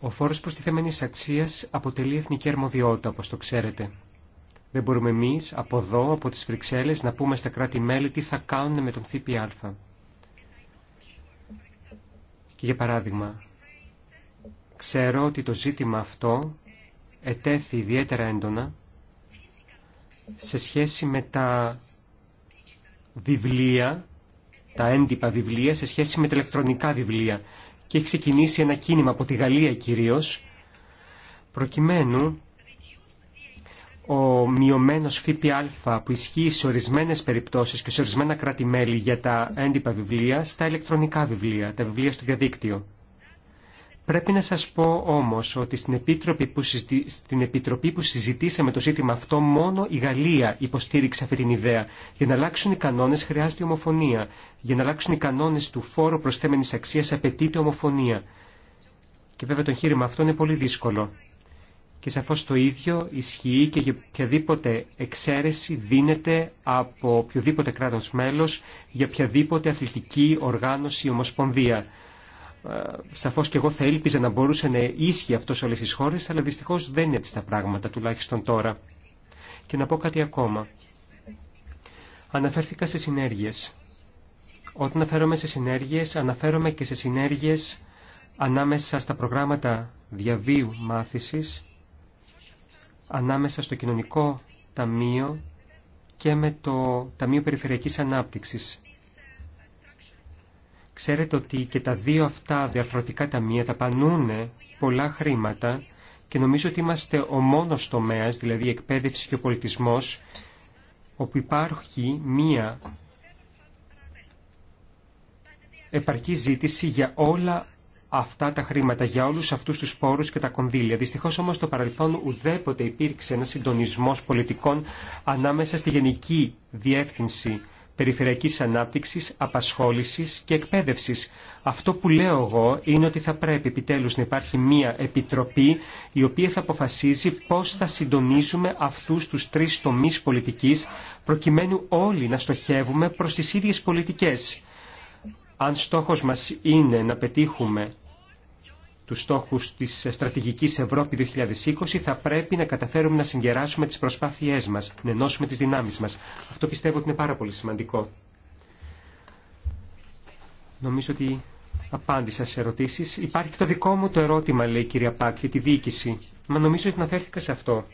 Ο φόρος προστιθέμενη αξία αποτελεί εθνική αρμοδιότητα, όπω το ξέρετε. Δεν μπορούμε εμείς από εδώ, από τις Βρυξέλλε, να πούμε στα κράτη-μέλη τι θα κάνουν με τον ΦΠΑ. Και για παράδειγμα, ξέρω ότι το ζήτημα αυτό ετέθη ιδιαίτερα έντονα σε σχέση με τα βιβλία, τα έντυπα βιβλία, σε σχέση με τα ηλεκτρονικά βιβλία και έχει ξεκινήσει ένα κίνημα από τη Γαλλία κυρίως, προκειμένου ο μειωμένος ΦΠΑ που ισχύει σε ορισμένες περιπτώσεις και σε ορισμένα κράτη-μέλη για τα έντυπα βιβλία στα ηλεκτρονικά βιβλία, τα βιβλία στο διαδίκτυο. Πρέπει να σας πω όμως ότι στην Επιτροπή, που στην Επιτροπή που συζητήσαμε το ζήτημα αυτό μόνο η Γαλλία υποστήριξε αυτή την ιδέα. Για να αλλάξουν οι κανόνες χρειάζεται ομοφωνία. Για να αλλάξουν οι κανόνες του φόρου προσθέμενης αξίας απαιτείται ομοφωνία. Και βέβαια το εγχείρημα αυτό είναι πολύ δύσκολο. Και σαφώς το ίδιο ισχύει και για οποιαδήποτε εξαίρεση δίνεται από οποιοδήποτε κράτος μέλος για οποιαδήποτε αθλητική οργάνωση ομοσπονδία. Ε, Σαφώ και εγώ θα ήλπιζα να μπορούσε να ίσχυε αυτό σε όλε τι χώρε, αλλά δυστυχώ δεν είναι έτσι τα πράγματα, τουλάχιστον τώρα. Και να πω κάτι ακόμα. Αναφέρθηκα σε συνέργειε. Όταν αναφέρομαι σε συνέργειε, αναφέρομαι και σε συνέργειε ανάμεσα στα προγράμματα διαβίου μάθησης, ανάμεσα στο κοινωνικό ταμείο και με το Ταμείο Περιφερειακής Ανάπτυξης. Ξέρετε ότι και τα δύο αυτά διαφορετικά ταμεία τα πανούνε πολλά χρήματα και νομίζω ότι είμαστε ο μόνος τομέας, δηλαδή η εκπαίδευση και ο πολιτισμός, όπου υπάρχει μία επαρκή ζήτηση για όλα αυτά τα χρήματα, για όλους αυτούς τους πόρους και τα κονδύλια. Δυστυχώς όμως στο παρελθόν ουδέποτε υπήρξε ένα συντονισμός πολιτικών ανάμεσα στη Γενική Διεύθυνση περιφερειακής ανάπτυξης, απασχόλησης και εκπαίδευσης. Αυτό που λέω εγώ είναι ότι θα πρέπει επιτέλους να υπάρχει μία επιτροπή η οποία θα αποφασίζει πώς θα συντονίζουμε αυτούς τους τρεις τομείς πολιτικής προκειμένου όλοι να στοχεύουμε προς τις ίδιες πολιτικές. Αν στόχος μας είναι να πετύχουμε τους στόχους της στρατηγικής Ευρώπη 2020 θα πρέπει να καταφέρουμε να συγκεράσουμε τις προσπάθειές μας, να ενώσουμε τις δυνάμεις μας. Αυτό πιστεύω ότι είναι πάρα πολύ σημαντικό. Νομίζω ότι απάντησα σε ερωτήσεις. Υπάρχει το δικό μου το ερώτημα, λέει η κυρία Πάκ, για τη διοίκηση. Μα νομίζω ότι αναφέρθηκα σε αυτό.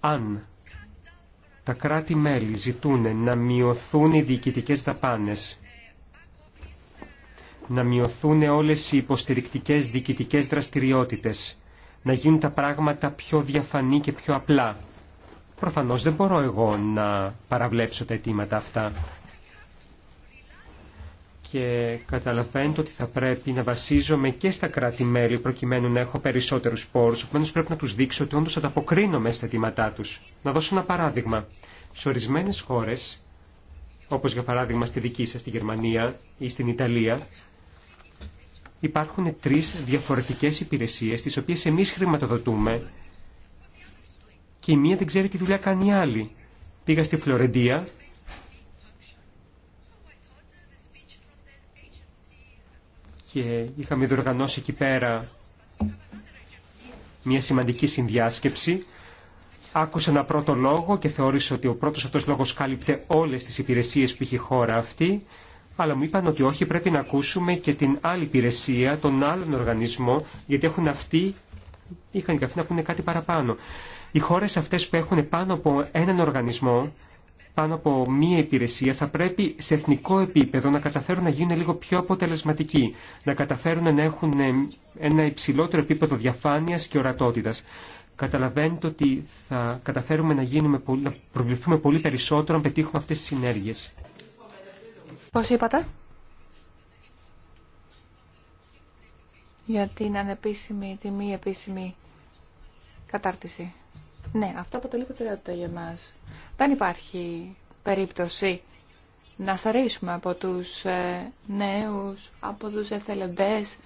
Αν τα κράτη-μέλη ζητούν να μειωθούν οι διοικητικές δαπάνε να μειωθούν όλες οι υποστηρικτικές διοικητικές δραστηριότητες, να γίνουν τα πράγματα πιο διαφανή και πιο απλά. Προφανώς δεν μπορώ εγώ να παραβλέψω τα αιτήματα αυτά. Και καταλαβαίνετε ότι θα πρέπει να βασίζομαι και στα κράτη-μέλη προκειμένου να έχω περισσότερους πόρους. Οπότε πρέπει να τους δείξω ότι όντως ανταποκρίνομαι στα αιτήματά τους. Να δώσω ένα παράδειγμα. Σε ορισμένες χώρες, όπως για παράδειγμα στη δική σας, στη Γερμανία ή στην Ιταλία, υπάρχουν τρεις διαφορετικές υπηρεσίες τις οποίες εμείς χρηματοδοτούμε και η μία δεν ξέρει τι δουλειά κάνει η άλλη. Πήγα στη Φλωρεντία και είχαμε διοργανώσει εκεί πέρα μια σημαντική συνδιάσκεψη. Άκουσα ένα πρώτο λόγο και θεώρησα ότι ο πρώτος αυτός λόγος κάλυπτε όλες τις υπηρεσίες που είχε η χώρα αυτή αλλά μου είπαν ότι όχι, πρέπει να ακούσουμε και την άλλη υπηρεσία, τον άλλον οργανισμό, γιατί έχουν αυτοί, είχαν και αυτοί να πούνε κάτι παραπάνω. Οι χώρες αυτές που έχουν πάνω από έναν οργανισμό, πάνω από μία υπηρεσία, θα πρέπει σε εθνικό επίπεδο να καταφέρουν να γίνουν λίγο πιο αποτελεσματικοί, να καταφέρουν να έχουν ε, ένα υψηλότερο επίπεδο διαφάνειας και ορατότητας. Καταλαβαίνετε ότι θα καταφέρουμε να, γίνουμε, να προβληθούμε πολύ περισσότερο αν πετύχουμε αυτές τις συνέργειες. Πώς είπατε? Για την ανεπίσημη μη επίσημη κατάρτιση. Ναι, αυτό αποτελεί προτεραιότητα για μας. Δεν υπάρχει περίπτωση να σαρίσουμε από τους ε, νέους, από τους εθελοντές,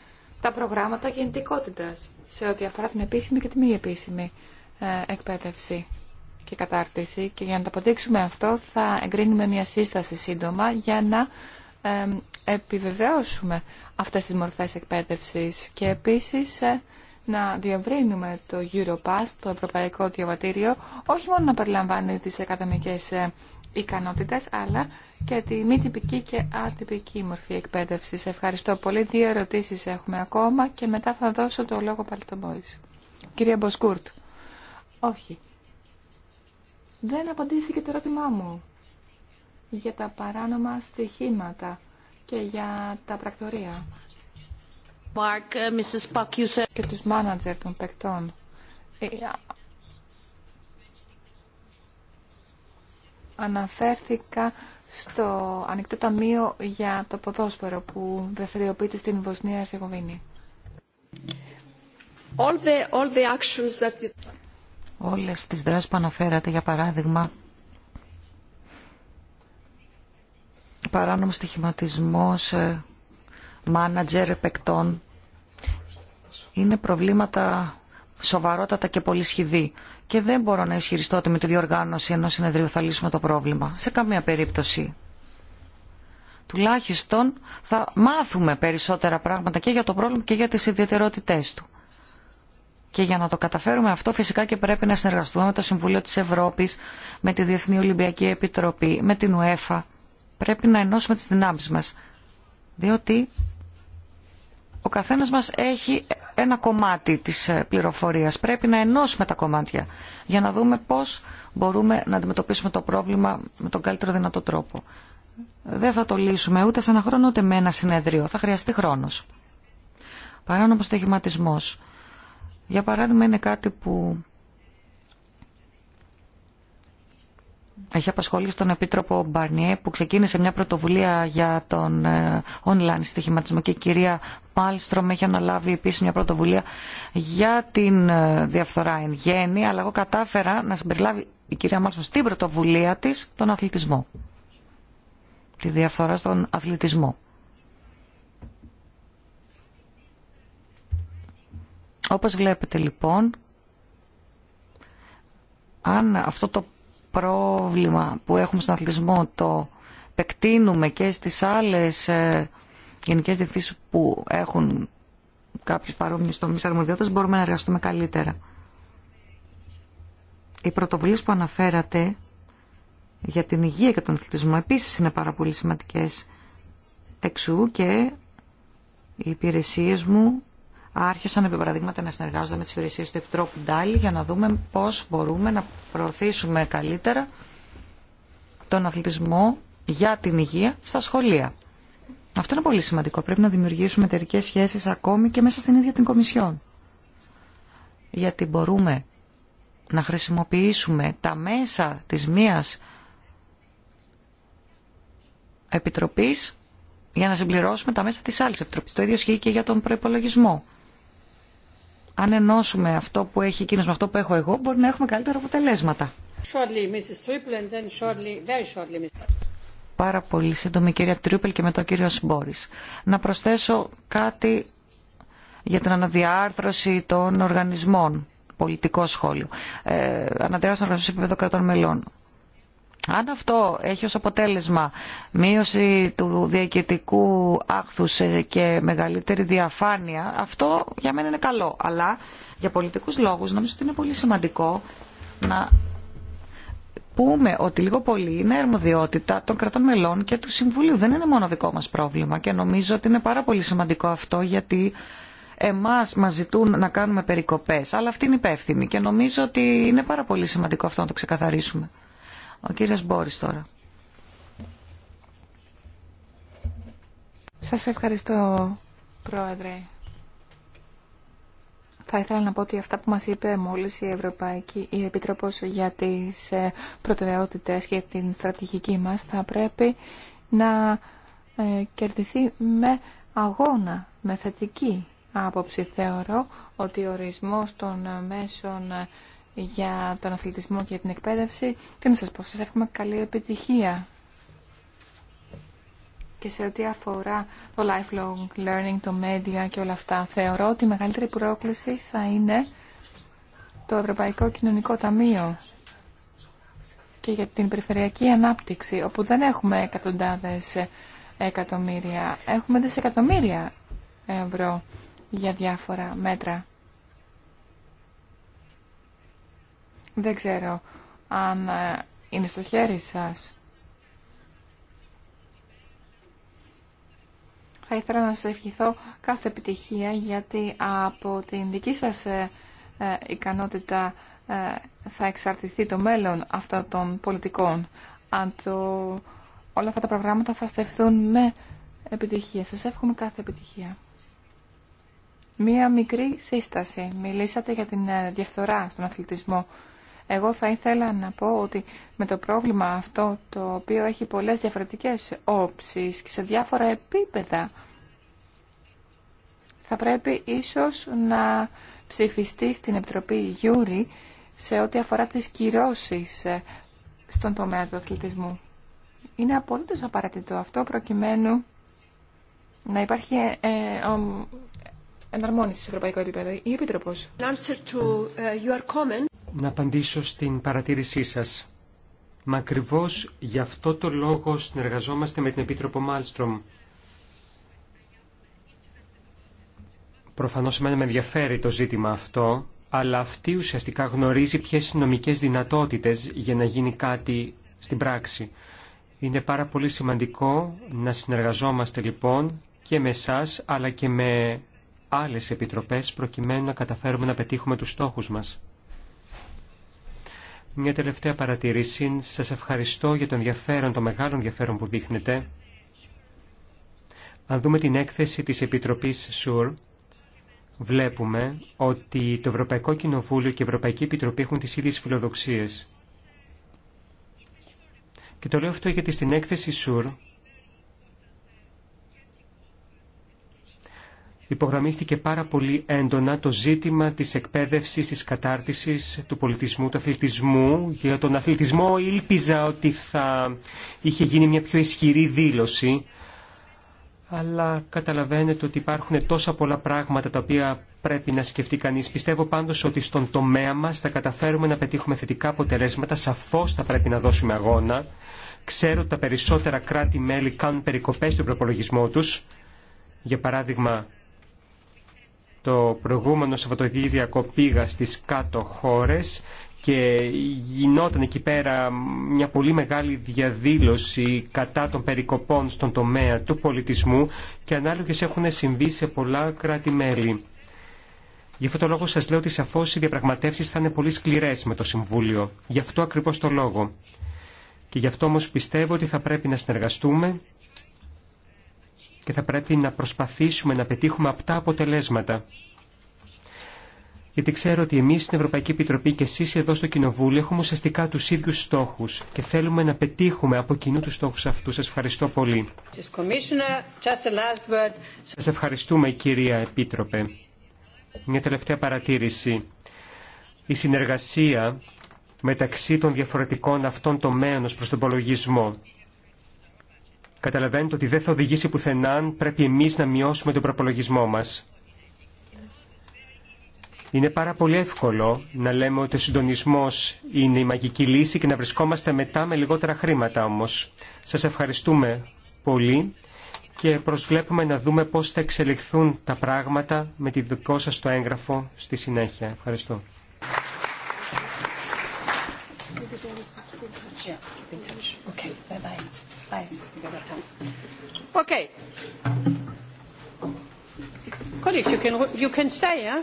τα προγράμματα γεννητικότητας σε ό,τι αφορά την επίσημη και τη μη επίσημη ε, εκπαίδευση και κατάρτιση και για να το αποδείξουμε αυτό θα εγκρίνουμε μια σύσταση σύντομα για να επιβεβαιώσουμε αυτές τις μορφές εκπαίδευσης και επίσης ε, να διαβρύνουμε το Europass, το Ευρωπαϊκό Διαβατήριο, όχι μόνο να περιλαμβάνει τις ακαδημικές ε, ικανότητες, αλλά και τη μη τυπική και ατυπική μορφή εκπαίδευσης. Ευχαριστώ πολύ. Δύο ερωτήσεις έχουμε ακόμα και μετά θα δώσω το λόγο πάλι στον Μπόης. Κυρία Μποσκούρτ. Όχι δεν απαντήθηκε το ερώτημά μου για τα παράνομα στοιχήματα και για τα πρακτορία. Mark, uh, Mrs. και τους μάνατζερ των παικτών. Ε, αναφέρθηκα στο ανοιχτό ταμείο για το ποδόσφαιρο που δραστηριοποιείται στην Βοσνία Ερσεγοβίνη. All the, all the όλες τις δράσεις που αναφέρατε, για παράδειγμα, παράνομος στοιχηματισμός, ε, μάνατζερ επεκτών, είναι προβλήματα σοβαρότατα και πολύ σχηδή. Και δεν μπορώ να ισχυριστώ ότι με τη διοργάνωση ενός συνεδρίου θα λύσουμε το πρόβλημα. Σε καμία περίπτωση. Τουλάχιστον θα μάθουμε περισσότερα πράγματα και για το πρόβλημα και για τις ιδιαιτερότητές του. Και για να το καταφέρουμε αυτό φυσικά και πρέπει να συνεργαστούμε με το Συμβούλιο της Ευρώπης, με τη Διεθνή Ολυμπιακή Επιτροπή, με την ΟΕΦΑ. Πρέπει να ενώσουμε τις δυνάμεις μας. Διότι ο καθένας μας έχει ένα κομμάτι της ε, πληροφορίας. Πρέπει να ενώσουμε τα κομμάτια για να δούμε πώς μπορούμε να αντιμετωπίσουμε το πρόβλημα με τον καλύτερο δυνατό τρόπο. Δεν θα το λύσουμε ούτε σε ένα χρόνο ούτε με ένα συνέδριο. Θα χρειαστεί χρόνος. Παράνομος στοιχηματισμό. Για παράδειγμα είναι κάτι που έχει απασχολήσει τον Επίτροπο Μπαρνιέ που ξεκίνησε μια πρωτοβουλία για τον ε, online στοιχηματισμό και η κυρία Μάλστρομ έχει αναλάβει επίσης μια πρωτοβουλία για την ε, διαφθορά εν γέννη αλλά εγώ κατάφερα να συμπεριλάβει η κυρία Μάλστρομ στην πρωτοβουλία της τον αθλητισμό τη διαφθορά στον αθλητισμό. Όπως βλέπετε λοιπόν, αν αυτό το πρόβλημα που έχουμε στον αθλητισμό το επεκτείνουμε και στις άλλες ε, γενικές διευθύνσεις που έχουν κάποιους παρόμοιους τομείς αρμοδιότητας, μπορούμε να εργαστούμε καλύτερα. Οι πρωτοβουλίες που αναφέρατε για την υγεία και τον αθλητισμό επίσης είναι πάρα πολύ σημαντικές. Εξού και οι υπηρεσίες μου άρχισαν επί παραδείγματα να συνεργάζονται με τις υπηρεσίε του Επιτρόπου Ντάλι για να δούμε πώς μπορούμε να προωθήσουμε καλύτερα τον αθλητισμό για την υγεία στα σχολεία. Αυτό είναι πολύ σημαντικό. Πρέπει να δημιουργήσουμε εταιρικέ σχέσεις ακόμη και μέσα στην ίδια την Κομισιόν. Γιατί μπορούμε να χρησιμοποιήσουμε τα μέσα της μίας επιτροπής για να συμπληρώσουμε τα μέσα της άλλης επιτροπής. Το ίδιο ισχύει και για τον προϋπολογισμό αν ενώσουμε αυτό που έχει εκείνος με αυτό που έχω εγώ, μπορεί να έχουμε καλύτερα αποτελέσματα. Shortly, Triple, shortly, shortly, Πάρα πολύ σύντομη κυρία Τρίπελ και μετά ο κύριος Μπόρης. Να προσθέσω κάτι για την αναδιάρθρωση των οργανισμών, πολιτικό σχόλιο. Ε, αναδιάρθρωση των οργανισμών σε επίπεδο κρατών μελών. Αν αυτό έχει ως αποτέλεσμα μείωση του διοικητικού άχθους και μεγαλύτερη διαφάνεια, αυτό για μένα είναι καλό. Αλλά για πολιτικούς λόγους νομίζω ότι είναι πολύ σημαντικό να πούμε ότι λίγο πολύ είναι αρμοδιότητα των κρατών μελών και του Συμβουλίου. Δεν είναι μόνο δικό μας πρόβλημα και νομίζω ότι είναι πάρα πολύ σημαντικό αυτό γιατί εμάς μας ζητούν να κάνουμε περικοπές. Αλλά αυτή είναι υπεύθυνη και νομίζω ότι είναι πάρα πολύ σημαντικό αυτό να το ξεκαθαρίσουμε. Ο κύριος Μπόρις τώρα. Σας ευχαριστώ, Πρόεδρε. Θα ήθελα να πω ότι αυτά που μας είπε μόλις η Ευρωπαϊκή η Επιτροπός για τις ε, προτεραιότητες και την στρατηγική μας θα πρέπει να ε, κερδιθεί με αγώνα, με θετική άποψη. Θεωρώ ότι ο ορισμός των μέσων για τον αθλητισμό και την εκπαίδευση. και να σας πω, σας εύχομαι καλή επιτυχία. Και σε ό,τι αφορά το lifelong learning, το media και όλα αυτά, θεωρώ ότι η μεγαλύτερη πρόκληση θα είναι το Ευρωπαϊκό Κοινωνικό Ταμείο και για την περιφερειακή ανάπτυξη, όπου δεν έχουμε εκατοντάδες εκατομμύρια, έχουμε δισεκατομμύρια ευρώ για διάφορα μέτρα Δεν ξέρω αν ε, είναι στο χέρι σας. Θα ήθελα να σας ευχηθώ κάθε επιτυχία γιατί από την δική σας ε, ε, ικανότητα θα εξαρτηθεί το μέλλον αυτών των πολιτικών. Αν το... όλα αυτά τα προγράμματα θα στεφθούν με επιτυχία. Σας εύχομαι κάθε επιτυχία. Μία μικρή σύσταση. Μιλήσατε για την διαφθορά στον αθλητισμό. Εγώ θα ήθελα να πω ότι με το πρόβλημα αυτό, το οποίο έχει πολλές διαφορετικές όψεις και σε διάφορα επίπεδα, θα πρέπει ίσως να ψηφιστεί στην Επιτροπή Γιούρη σε ό,τι αφορά τις κυρώσεις στον τομέα του αθλητισμού. Είναι απολύτως απαραίτητο αυτό προκειμένου να υπάρχει ε, ε, εναρμόνιση σε ευρωπαϊκό επίπεδο. Η Επίτροπος να απαντήσω στην παρατήρησή σας. Μα ακριβώ γι' αυτό το λόγο συνεργαζόμαστε με την Επίτροπο Μάλστρομ. Προφανώς εμένα με ενδιαφέρει το ζήτημα αυτό, αλλά αυτή ουσιαστικά γνωρίζει ποιες είναι νομικές δυνατότητες για να γίνει κάτι στην πράξη. Είναι πάρα πολύ σημαντικό να συνεργαζόμαστε λοιπόν και με εσά, αλλά και με άλλες επιτροπές προκειμένου να καταφέρουμε να πετύχουμε τους στόχους μας. Μια τελευταία παρατηρήση. Σας ευχαριστώ για το ενδιαφέρον, το μεγάλο ενδιαφέρον που δείχνετε. Αν δούμε την έκθεση της Επιτροπής ΣΟΥΡ, βλέπουμε ότι το Ευρωπαϊκό Κοινοβούλιο και η Ευρωπαϊκή Επιτροπή έχουν τις ίδιες φιλοδοξίες. Και το λέω αυτό γιατί στην έκθεση ΣΟΥΡ υπογραμμίστηκε πάρα πολύ έντονα το ζήτημα της εκπαίδευσης, της κατάρτισης του πολιτισμού, του αθλητισμού. Για τον αθλητισμό ήλπιζα ότι θα είχε γίνει μια πιο ισχυρή δήλωση, αλλά καταλαβαίνετε ότι υπάρχουν τόσα πολλά πράγματα τα οποία πρέπει να σκεφτεί κανείς. Πιστεύω πάντως ότι στον τομέα μας θα καταφέρουμε να πετύχουμε θετικά αποτελέσματα, σαφώς θα πρέπει να δώσουμε αγώνα. Ξέρω ότι τα περισσότερα κράτη-μέλη κάνουν περικοπές στον προπολογισμό τους. Για παράδειγμα, το προηγούμενο Σαββατοκύριακο πήγα στις κάτω χώρες και γινόταν εκεί πέρα μια πολύ μεγάλη διαδήλωση κατά των περικοπών στον τομέα του πολιτισμού και ανάλογες έχουν συμβεί σε πολλά κράτη-μέλη. Γι' αυτό το λόγο σας λέω ότι σαφώς οι διαπραγματεύσεις θα είναι πολύ σκληρές με το Συμβούλιο. Γι' αυτό ακριβώς το λόγο. Και γι' αυτό όμως πιστεύω ότι θα πρέπει να συνεργαστούμε και θα πρέπει να προσπαθήσουμε να πετύχουμε αυτά αποτελέσματα. Γιατί ξέρω ότι εμείς στην Ευρωπαϊκή Επιτροπή και εσείς εδώ στο Κοινοβούλιο έχουμε ουσιαστικά τους ίδιους στόχους και θέλουμε να πετύχουμε από κοινού τους στόχους αυτούς. Σας ευχαριστώ πολύ. Σας ευχαριστούμε κυρία Επίτροπε. Μια τελευταία παρατήρηση. Η συνεργασία μεταξύ των διαφορετικών αυτών τομέων ως προς τον υπολογισμό καταλαβαίνετε ότι δεν θα οδηγήσει πουθενά, πρέπει εμείς να μειώσουμε τον προπολογισμό μας. Είναι πάρα πολύ εύκολο να λέμε ότι ο συντονισμός είναι η μαγική λύση και να βρισκόμαστε μετά με λιγότερα χρήματα όμως. Σας ευχαριστούμε πολύ και προσβλέπουμε να δούμε πώς θα εξελιχθούν τα πράγματα με τη δικό σας το έγγραφο στη συνέχεια. Ευχαριστώ. Okay. Colleagues, you can, you can stay, yeah?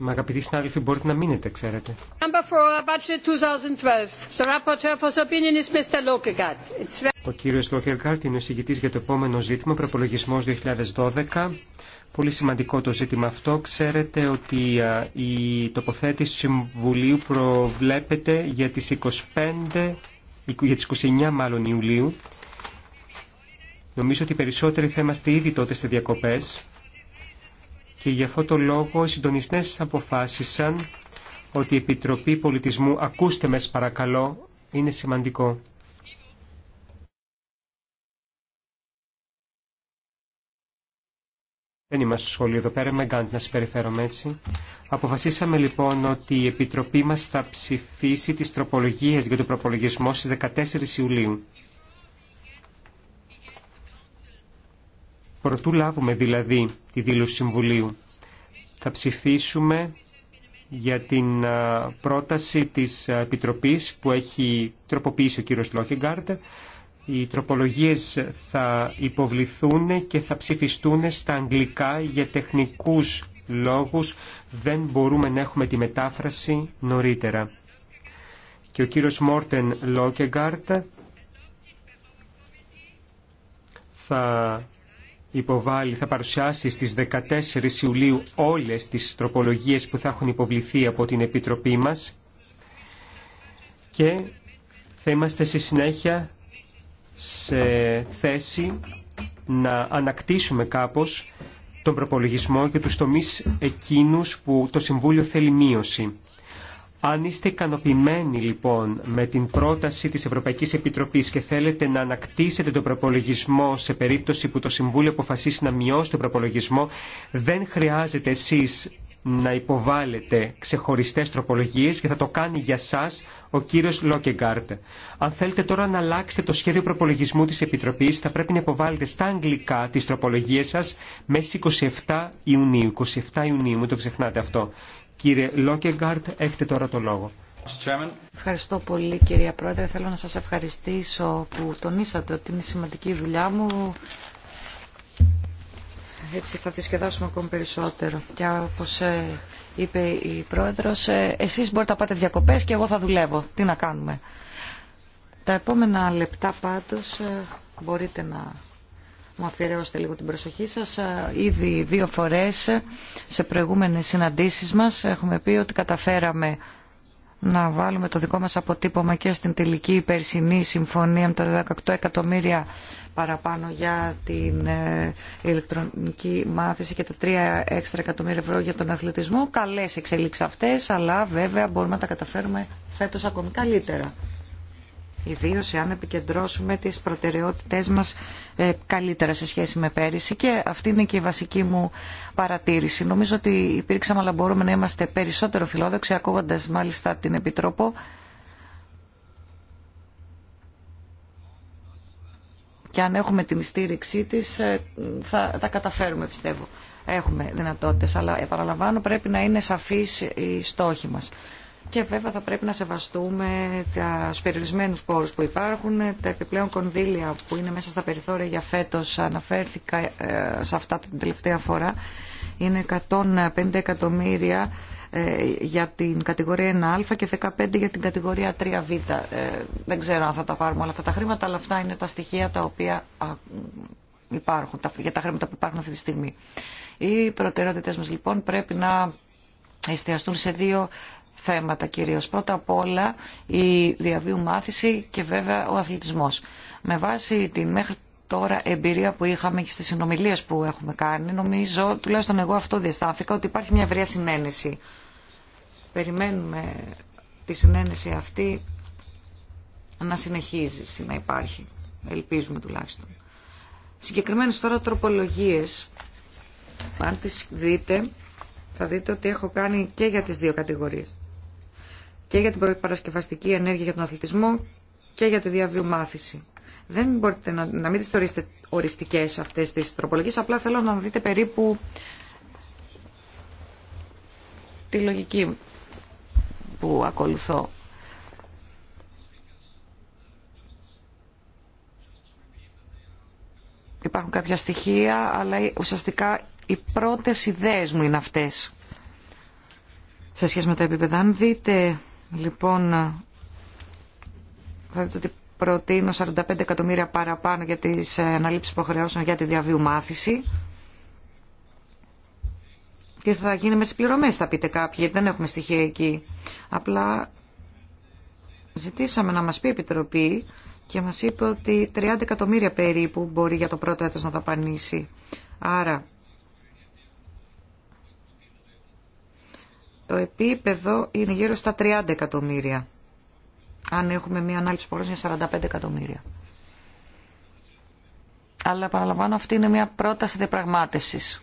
Μα αγαπητοί συνάδελφοι, μπορείτε να μείνετε, ξέρετε. Ο κύριος Λόχεργκάρτ είναι ο συγγητής για το επόμενο ζήτημα, προπολογισμός 2012. Πολύ σημαντικό το ζήτημα αυτό. Ξέρετε ότι η τοποθέτηση του Συμβουλίου προβλέπεται για τις 25, για τις 29 μάλλον Ιουλίου. Νομίζω ότι περισσότεροι θα είμαστε ήδη τότε σε διακοπές και γι' αυτό το λόγο οι συντονιστές αποφάσισαν ότι η Επιτροπή Πολιτισμού, ακούστε με παρακαλώ, είναι σημαντικό. Δεν είμαστε στο σχολείο εδώ πέρα, με να συμπεριφέρομαι έτσι. Αποφασίσαμε λοιπόν ότι η Επιτροπή μας θα ψηφίσει τις τροπολογίες για τον προπολογισμό στις 14 Ιουλίου. Προτού λάβουμε δηλαδή τη δήλωση Συμβουλίου, θα ψηφίσουμε για την πρόταση της Επιτροπής που έχει τροποποιήσει ο κύριος Λόχεγκάρντ. Οι τροπολογίες θα υποβληθούν και θα ψηφιστούν στα αγγλικά για τεχνικούς λόγους. Δεν μπορούμε να έχουμε τη μετάφραση νωρίτερα. Και ο κύριος Μόρτεν Λόκεγκάρτ θα υποβάλει, θα παρουσιάσει στις 14 Ιουλίου όλες τις τροπολογίες που θα έχουν υποβληθεί από την Επιτροπή μας και θα είμαστε στη συνέχεια σε θέση να ανακτήσουμε κάπως τον προπολογισμό και τους τομείς εκείνους που το Συμβούλιο θέλει μείωση. Αν είστε ικανοποιημένοι λοιπόν με την πρόταση της Ευρωπαϊκής Επιτροπής και θέλετε να ανακτήσετε τον προπολογισμό σε περίπτωση που το Συμβούλιο αποφασίσει να μειώσει τον προπολογισμό, δεν χρειάζεται εσείς να υποβάλλετε ξεχωριστές τροπολογίες και θα το κάνει για σας ο κύριος Λόκεγκάρτ. Αν θέλετε τώρα να αλλάξετε το σχέδιο προπολογισμού της Επιτροπής, θα πρέπει να υποβάλλετε στα αγγλικά τις τροπολογίες σας μέσα 27 Ιουνίου. 27 Ιουνίου, μην το ξεχνάτε αυτό. Κύριε Λόκεγκαρτ, έχετε τώρα το λόγο. Ευχαριστώ πολύ κυρία Πρόεδρε. Θέλω να σας ευχαριστήσω που τονίσατε ότι είναι σημαντική η δουλειά μου. Έτσι θα τη σκεδάσουμε ακόμη περισσότερο. Και όπως ε, είπε η Πρόεδρος, ε, εσείς μπορείτε να πάτε διακοπές και εγώ θα δουλεύω. Τι να κάνουμε. Τα επόμενα λεπτά πάντως ε, μπορείτε να μου αφιερώσετε λίγο την προσοχή σας. Ε, ήδη δύο φορές σε προηγούμενες συναντήσεις μας έχουμε πει ότι καταφέραμε να βάλουμε το δικό μας αποτύπωμα και στην τελική περσινή συμφωνία με τα 18 εκατομμύρια παραπάνω για την ε, ηλεκτρονική μάθηση και τα 3 έξτρα εκατομμύρια ευρώ για τον αθλητισμό. Καλές εξελίξεις αυτές, αλλά βέβαια μπορούμε να τα καταφέρουμε φέτος ακόμη καλύτερα ιδίως αν επικεντρώσουμε τις προτεραιότητές μας ε, καλύτερα σε σχέση με πέρυσι και αυτή είναι και η βασική μου παρατήρηση. Νομίζω ότι υπήρξαμε αλλά μπορούμε να είμαστε περισσότερο φιλόδοξοι ακούγοντας μάλιστα την Επιτρόπο και αν έχουμε την στήριξή της ε, θα τα καταφέρουμε πιστεύω. Έχουμε δυνατότητες, αλλά επαναλαμβάνω πρέπει να είναι σαφείς οι στόχοι μας και βέβαια θα πρέπει να σεβαστούμε του περιορισμένου πόρου που υπάρχουν, τα επιπλέον κονδύλια που είναι μέσα στα περιθώρια για φέτο. Αναφέρθηκα ε, σε αυτά την τελευταία φορά. Είναι 150 εκατομμύρια ε, για την κατηγορία 1α και 15 για την κατηγορία 3β. Ε, δεν ξέρω αν θα τα πάρουμε όλα αυτά τα χρήματα, αλλά αυτά είναι τα στοιχεία τα οποία υπάρχουν, για τα χρήματα που υπάρχουν αυτή τη στιγμή. Οι προτεραιότητες μας λοιπόν πρέπει να εστιαστούν σε δύο θέματα κυρίως. Πρώτα απ' όλα η διαβίου μάθηση και βέβαια ο αθλητισμός. Με βάση την μέχρι τώρα εμπειρία που είχαμε και στις συνομιλίες που έχουμε κάνει, νομίζω, τουλάχιστον εγώ αυτό διαστάθηκα ότι υπάρχει μια ευρεία συνένεση. Περιμένουμε τη συνένεση αυτή να συνεχίζει, να υπάρχει. Ελπίζουμε τουλάχιστον. Συγκεκριμένε τώρα τροπολογίες, αν τις δείτε, θα δείτε ότι έχω κάνει και για τις δύο κατηγορίες και για την προπαρασκευαστική ενέργεια για τον αθλητισμό και για τη διαβίου μάθηση. Δεν μπορείτε να, να μην τις θεωρήσετε οριστικές αυτές τις τροπολογίες, απλά θέλω να δείτε περίπου τη λογική που ακολουθώ. Υπάρχουν κάποια στοιχεία, αλλά ουσιαστικά οι πρώτες ιδέες μου είναι αυτές. Σε σχέση με τα επίπεδα, αν δείτε Λοιπόν, θα δείτε ότι προτείνω 45 εκατομμύρια παραπάνω για τις ε, αναλήψεις υποχρεώσεων για τη διαβίου μάθηση. και θα γίνει με τις πληρωμές θα πείτε κάποιοι, γιατί δεν έχουμε στοιχεία εκεί. Απλά ζητήσαμε να μας πει η Επιτροπή και μας είπε ότι 30 εκατομμύρια περίπου μπορεί για το πρώτο έτος να δαπανίσει. Άρα Το επίπεδο είναι γύρω στα 30 εκατομμύρια. Αν έχουμε μία ανάλυση πόρων για 45 εκατομμύρια. Αλλά επαναλαμβάνω, αυτή είναι μία πρόταση διαπραγμάτευση.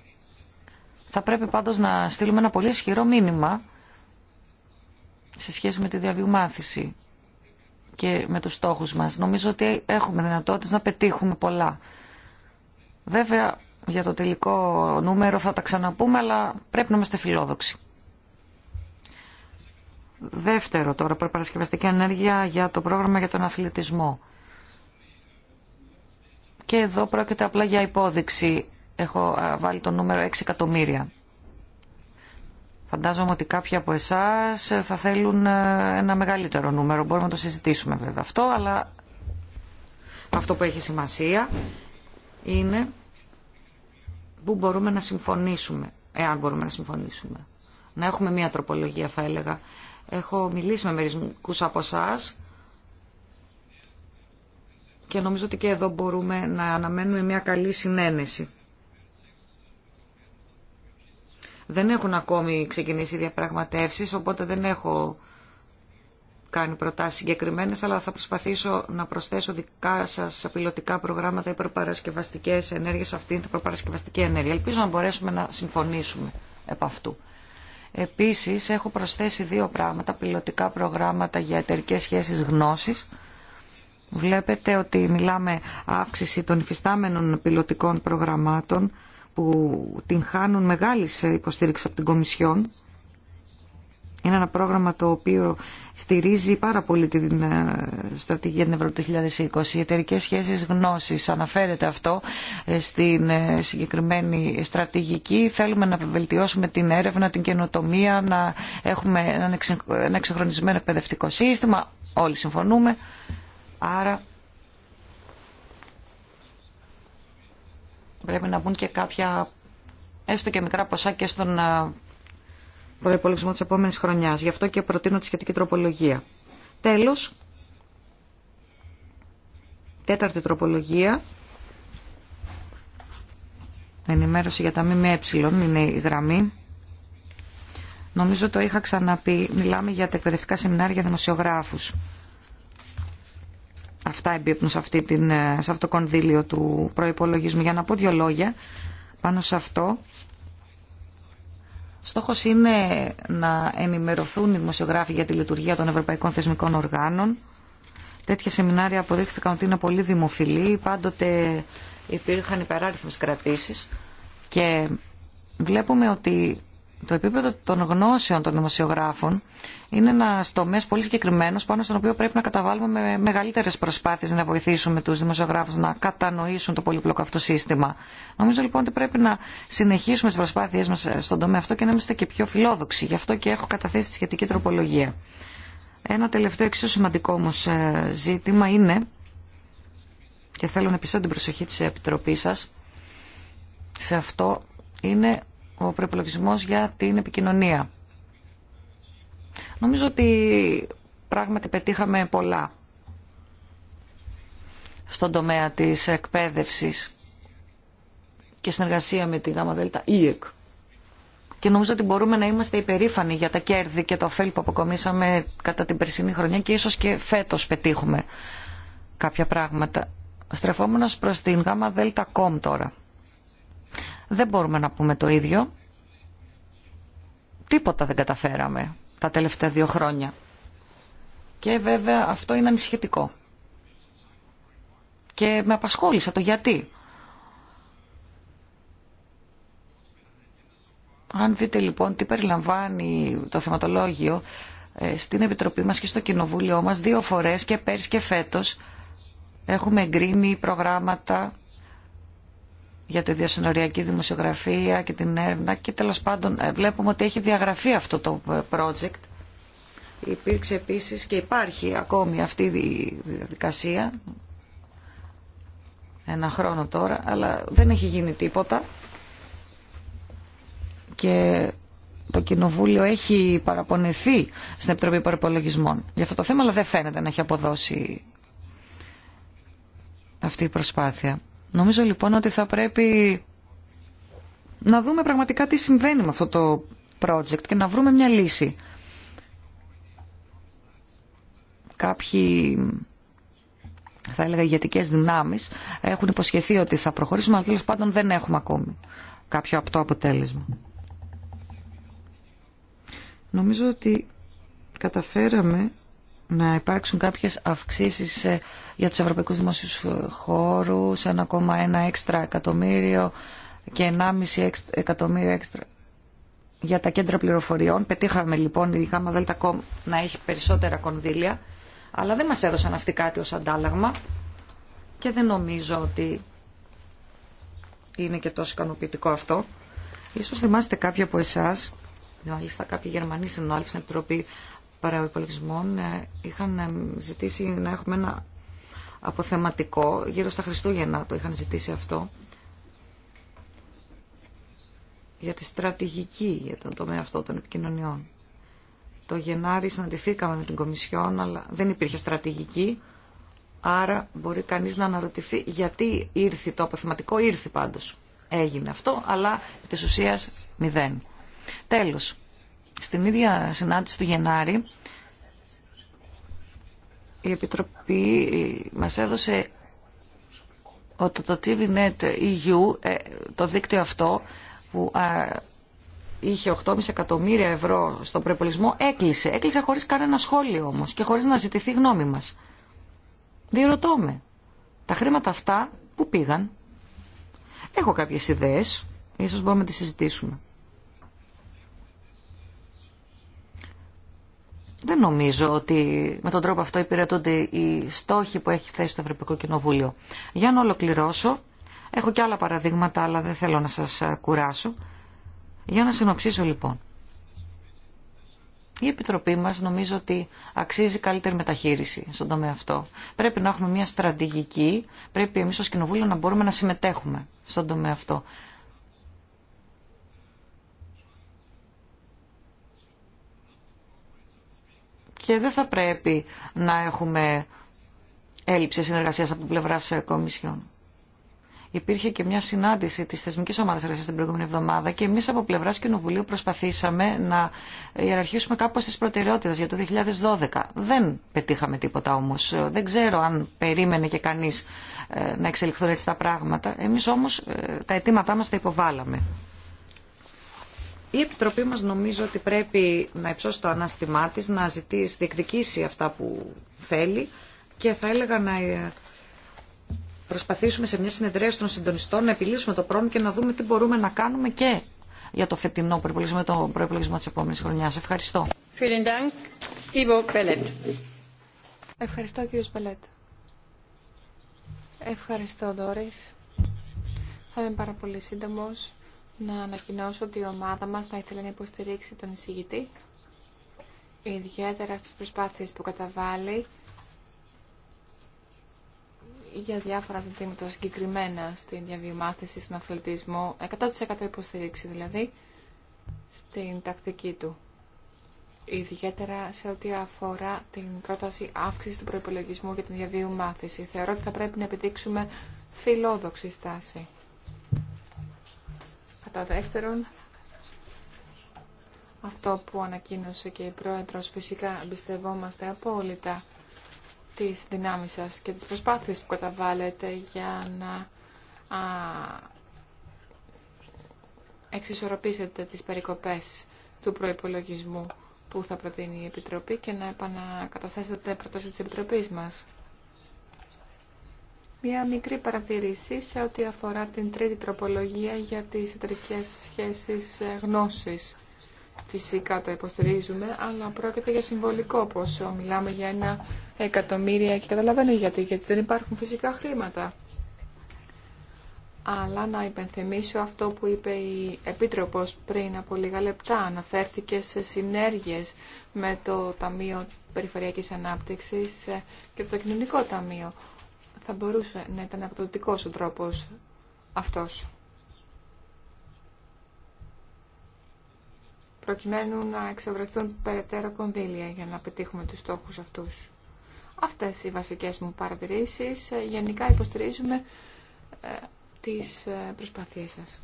Θα πρέπει πάντως να στείλουμε ένα πολύ ισχυρό μήνυμα σε σχέση με τη διαβίου και με τους στόχους μας. Νομίζω ότι έχουμε δυνατότητες να πετύχουμε πολλά. Βέβαια, για το τελικό νούμερο θα τα ξαναπούμε, αλλά πρέπει να είμαστε φιλόδοξοι. Δεύτερο τώρα, προπαρασκευαστική ενέργεια για το πρόγραμμα για τον αθλητισμό. Και εδώ πρόκειται απλά για υπόδειξη. Έχω βάλει το νούμερο 6 εκατομμύρια. Φαντάζομαι ότι κάποιοι από εσά θα θέλουν ε, ένα μεγαλύτερο νούμερο. Μπορούμε να το συζητήσουμε βέβαια αυτό, αλλά αυτό που έχει σημασία είναι που μπορούμε να συμφωνήσουμε, εάν μπορούμε να συμφωνήσουμε. Να έχουμε μία τροπολογία θα έλεγα Έχω μιλήσει με μερικούς από εσά και νομίζω ότι και εδώ μπορούμε να αναμένουμε μια καλή συνένεση. Δεν έχουν ακόμη ξεκινήσει οι διαπραγματεύσεις, οπότε δεν έχω κάνει προτάσεις συγκεκριμένες, αλλά θα προσπαθήσω να προσθέσω δικά σας πιλωτικά προγράμματα ή προπαρασκευαστικές ενέργειες σε αυτήν την προπαρασκευαστική ενέργεια. Ελπίζω να μπορέσουμε να συμφωνήσουμε επ' αυτού. Επίσης, έχω προσθέσει δύο πράγματα, πιλωτικά προγράμματα για εταιρικές σχέσεις γνώσης. Βλέπετε ότι μιλάμε αύξηση των υφιστάμενων πιλωτικών προγραμμάτων που την χάνουν μεγάλης υποστήριξη από την Κομισιόν είναι ένα πρόγραμμα το οποίο στηρίζει πάρα πολύ την ε, στρατηγική για την Ευρώπη 2020. Οι εταιρικέ σχέσει γνώση αναφέρεται αυτό ε, στην ε, συγκεκριμένη στρατηγική. Θέλουμε να βελτιώσουμε την έρευνα, την καινοτομία, να έχουμε ένα εξεχρονισμένο εκπαιδευτικό σύστημα. Όλοι συμφωνούμε. Άρα πρέπει να μπουν και κάποια έστω και μικρά ποσά και στον προπολογισμό τη επόμενη χρονιά. Γι' αυτό και προτείνω τη σχετική τροπολογία. Τέλο, τέταρτη τροπολογία. Ενημέρωση για τα ΜΜΕ είναι η γραμμή. Νομίζω το είχα ξαναπεί. Μιλάμε για τα εκπαιδευτικά σεμινάρια δημοσιογράφου. Αυτά εμπίπτουν σε, αυτή την, ε, σε αυτό το κονδύλιο του προπολογισμού. Για να πω δύο λόγια πάνω σε αυτό Στόχος είναι να ενημερωθούν οι δημοσιογράφοι για τη λειτουργία των ευρωπαϊκών θεσμικών οργάνων. Τέτοια σεμινάρια αποδείχθηκαν ότι είναι πολύ δημοφιλή. Πάντοτε υπήρχαν υπεράριθμες κρατήσεις και βλέπουμε ότι το επίπεδο των γνώσεων των δημοσιογράφων είναι ένα τομέα πολύ συγκεκριμένο πάνω στον οποίο πρέπει να καταβάλουμε με μεγαλύτερε προσπάθειε να βοηθήσουμε του δημοσιογράφου να κατανοήσουν το πολύπλοκο αυτό σύστημα. Νομίζω λοιπόν ότι πρέπει να συνεχίσουμε τι προσπάθειέ μα στον τομέα αυτό και να είμαστε και πιο φιλόδοξοι. Γι' αυτό και έχω καταθέσει τη σχετική τροπολογία. Ένα τελευταίο εξίσου σημαντικό όμω ε, ζήτημα είναι, και θέλω να επιστρέψω την προσοχή τη Επιτροπή σα σε αυτό, είναι ο προπολογισμό για την επικοινωνία. Νομίζω ότι πράγματι πετύχαμε πολλά στον τομέα της εκπαίδευσης και συνεργασία με τη ΓΔ ΙΕΚ. Και νομίζω ότι μπορούμε να είμαστε υπερήφανοι για τα κέρδη και το ωφέλη που αποκομίσαμε κατά την περσινή χρονιά και ίσως και φέτος πετύχουμε κάποια πράγματα. Στρεφόμενος προς την ΓΔ ΚΟΜ τώρα δεν μπορούμε να πούμε το ίδιο. Τίποτα δεν καταφέραμε τα τελευταία δύο χρόνια. Και βέβαια αυτό είναι ανησυχητικό. Και με απασχόλησα το γιατί. Αν δείτε λοιπόν τι περιλαμβάνει το θεματολόγιο ε, στην Επιτροπή μας και στο Κοινοβούλιο μας δύο φορές και πέρσι και φέτος έχουμε εγκρίνει προγράμματα για τη διασυνοριακή δημοσιογραφία και την έρευνα και τέλος πάντων ε, βλέπουμε ότι έχει διαγραφεί αυτό το ε, project. Υπήρξε επίσης και υπάρχει ακόμη αυτή η διαδικασία ένα χρόνο τώρα, αλλά δεν έχει γίνει τίποτα και το Κοινοβούλιο έχει παραπονεθεί στην Επιτροπή Παραπολογισμών για αυτό το θέμα, αλλά δεν φαίνεται να έχει αποδώσει αυτή η προσπάθεια. Νομίζω λοιπόν ότι θα πρέπει να δούμε πραγματικά τι συμβαίνει με αυτό το project και να βρούμε μια λύση. Κάποιοι θα έλεγα ηγετικέ δυνάμει έχουν υποσχεθεί ότι θα προχωρήσουμε, αλλά τέλο πάντων δεν έχουμε ακόμη κάποιο απτό αποτέλεσμα. Νομίζω ότι καταφέραμε να υπάρξουν κάποιες αυξήσεις ε, για τους ευρωπαϊκούς δημόσιους χώρους, 1,1 έξτρα εκατομμύριο και 1,5 εκατομμύριο έξτρα για τα κέντρα πληροφοριών. Πετύχαμε λοιπόν η ΓΑΜΑ να έχει περισσότερα κονδύλια, αλλά δεν μας έδωσαν αυτοί κάτι ως αντάλλαγμα και δεν νομίζω ότι είναι και τόσο ικανοποιητικό αυτό. Ίσως θυμάστε κάποιοι από εσάς, μάλιστα κάποιοι Γερμανοί συνάδελφοι στην Επιτροπή παραοικολογισμών ε, είχαν ε, ζητήσει να έχουμε ένα αποθεματικό γύρω στα Χριστούγεννα το είχαν ζητήσει αυτό για τη στρατηγική για τον τομέα αυτό των επικοινωνιών. Το Γενάρη συναντηθήκαμε με την Κομισιόν, αλλά δεν υπήρχε στρατηγική, άρα μπορεί κανείς να αναρωτηθεί γιατί ήρθε το αποθεματικό, ήρθε πάντως. Έγινε αυτό, αλλά της ουσίας μηδέν. Τέλος, στην ίδια συνάντηση του Γενάρη, η Επιτροπή μας έδωσε ότι το TVNet EU, ε, το δίκτυο αυτό, που είχε 8,5 εκατομμύρια ευρώ στον προπολισμό, έκλεισε. Έκλεισε χωρίς κανένα σχόλιο όμως και χωρίς να ζητηθεί γνώμη μας. Διερωτώ με. Τα χρήματα αυτά που πήγαν. Έχω κάποιες ιδέες, ίσως μπορούμε να τις συζητήσουμε. Δεν νομίζω ότι με τον τρόπο αυτό υπηρετούνται οι στόχοι που έχει θέσει το Ευρωπαϊκό Κοινοβούλιο. Για να ολοκληρώσω, έχω και άλλα παραδείγματα, αλλά δεν θέλω να σας ε, κουράσω. Για να συνοψίσω λοιπόν. Η Επιτροπή μας νομίζω ότι αξίζει καλύτερη μεταχείριση στον τομέα αυτό. Πρέπει να έχουμε μια στρατηγική, πρέπει εμείς ως Κοινοβούλιο να μπορούμε να συμμετέχουμε στον τομέα αυτό. και δεν θα πρέπει να έχουμε έλλειψη συνεργασίας από πλευράς ε, κομισιών. Υπήρχε και μια συνάντηση τη θεσμική ομάδα εργασία την προηγούμενη εβδομάδα και εμεί από πλευρά Κοινοβουλίου προσπαθήσαμε να ιεραρχήσουμε κάπω τι προτεραιότητε για το 2012. Δεν πετύχαμε τίποτα όμω. Ε, δεν ξέρω αν περίμενε και κανεί ε, να εξελιχθούν έτσι τα πράγματα. Εμεί όμω τα αιτήματά μα τα υποβάλαμε. Η Επιτροπή μας νομίζω ότι πρέπει να υψώσει το ανάστημά τη να ζητήσει, διεκδικήσει αυτά που θέλει και θα έλεγα να ε, προσπαθήσουμε σε μια συνεδρία των συντονιστών να επιλύσουμε το πρόβλημα και να δούμε τι μπορούμε να κάνουμε και για το φετινό προϋπολογισμό, το προϋπολογισμό της επόμενης χρονιάς. Ευχαριστώ. Ευχαριστώ κύριε Σπελέτ. Ευχαριστώ Ντόρις. Θα είμαι πάρα πολύ σύντομος να ανακοινώσω ότι η ομάδα μας θα ήθελε να υποστηρίξει τον εισηγητή, ιδιαίτερα στις προσπάθειες που καταβάλει για διάφορα ζητήματα συγκεκριμένα στην διαβιομάθηση, στον αθλητισμό, 100% υποστηρίξη δηλαδή, στην τακτική του. Ιδιαίτερα σε ό,τι αφορά την πρόταση αύξηση του προπολογισμού για την διαβίου μάθηση. Θεωρώ ότι θα πρέπει να επιδείξουμε φιλόδοξη στάση. Κατά δεύτερον, αυτό που ανακοίνωσε και η Πρόεδρος, φυσικά εμπιστευόμαστε απόλυτα τις δυνάμεις σας και τις προσπάθειες που καταβάλλετε για να εξισορροπήσετε τις περικοπές του προϋπολογισμού που θα προτείνει η Επιτροπή και να επανακαταθέσετε προτάσεις της Επιτροπής μας. Μία μικρή παρατηρήση σε ό,τι αφορά την τρίτη τροπολογία για τις εταιρικές σχέσεις γνώσης. Φυσικά το υποστηρίζουμε, αλλά πρόκειται για συμβολικό ποσό. Μιλάμε για ένα εκατομμύριο και καταλαβαίνω γιατί, γιατί δεν υπάρχουν φυσικά χρήματα. Αλλά να υπενθυμίσω αυτό που είπε η Επίτροπος πριν από λίγα λεπτά. Αναφέρθηκε σε συνέργειες με το Ταμείο Περιφερειακής Ανάπτυξης και το Κοινωνικό Ταμείο θα μπορούσε να ήταν αποδοτικός ο τρόπος αυτός. προκειμένου να εξευρεθούν περαιτέρω κονδύλια για να πετύχουμε τους στόχους αυτούς. Αυτές οι βασικές μου παρατηρήσεις. Ε, γενικά υποστηρίζουμε ε, τις ε, προσπάθειές σας.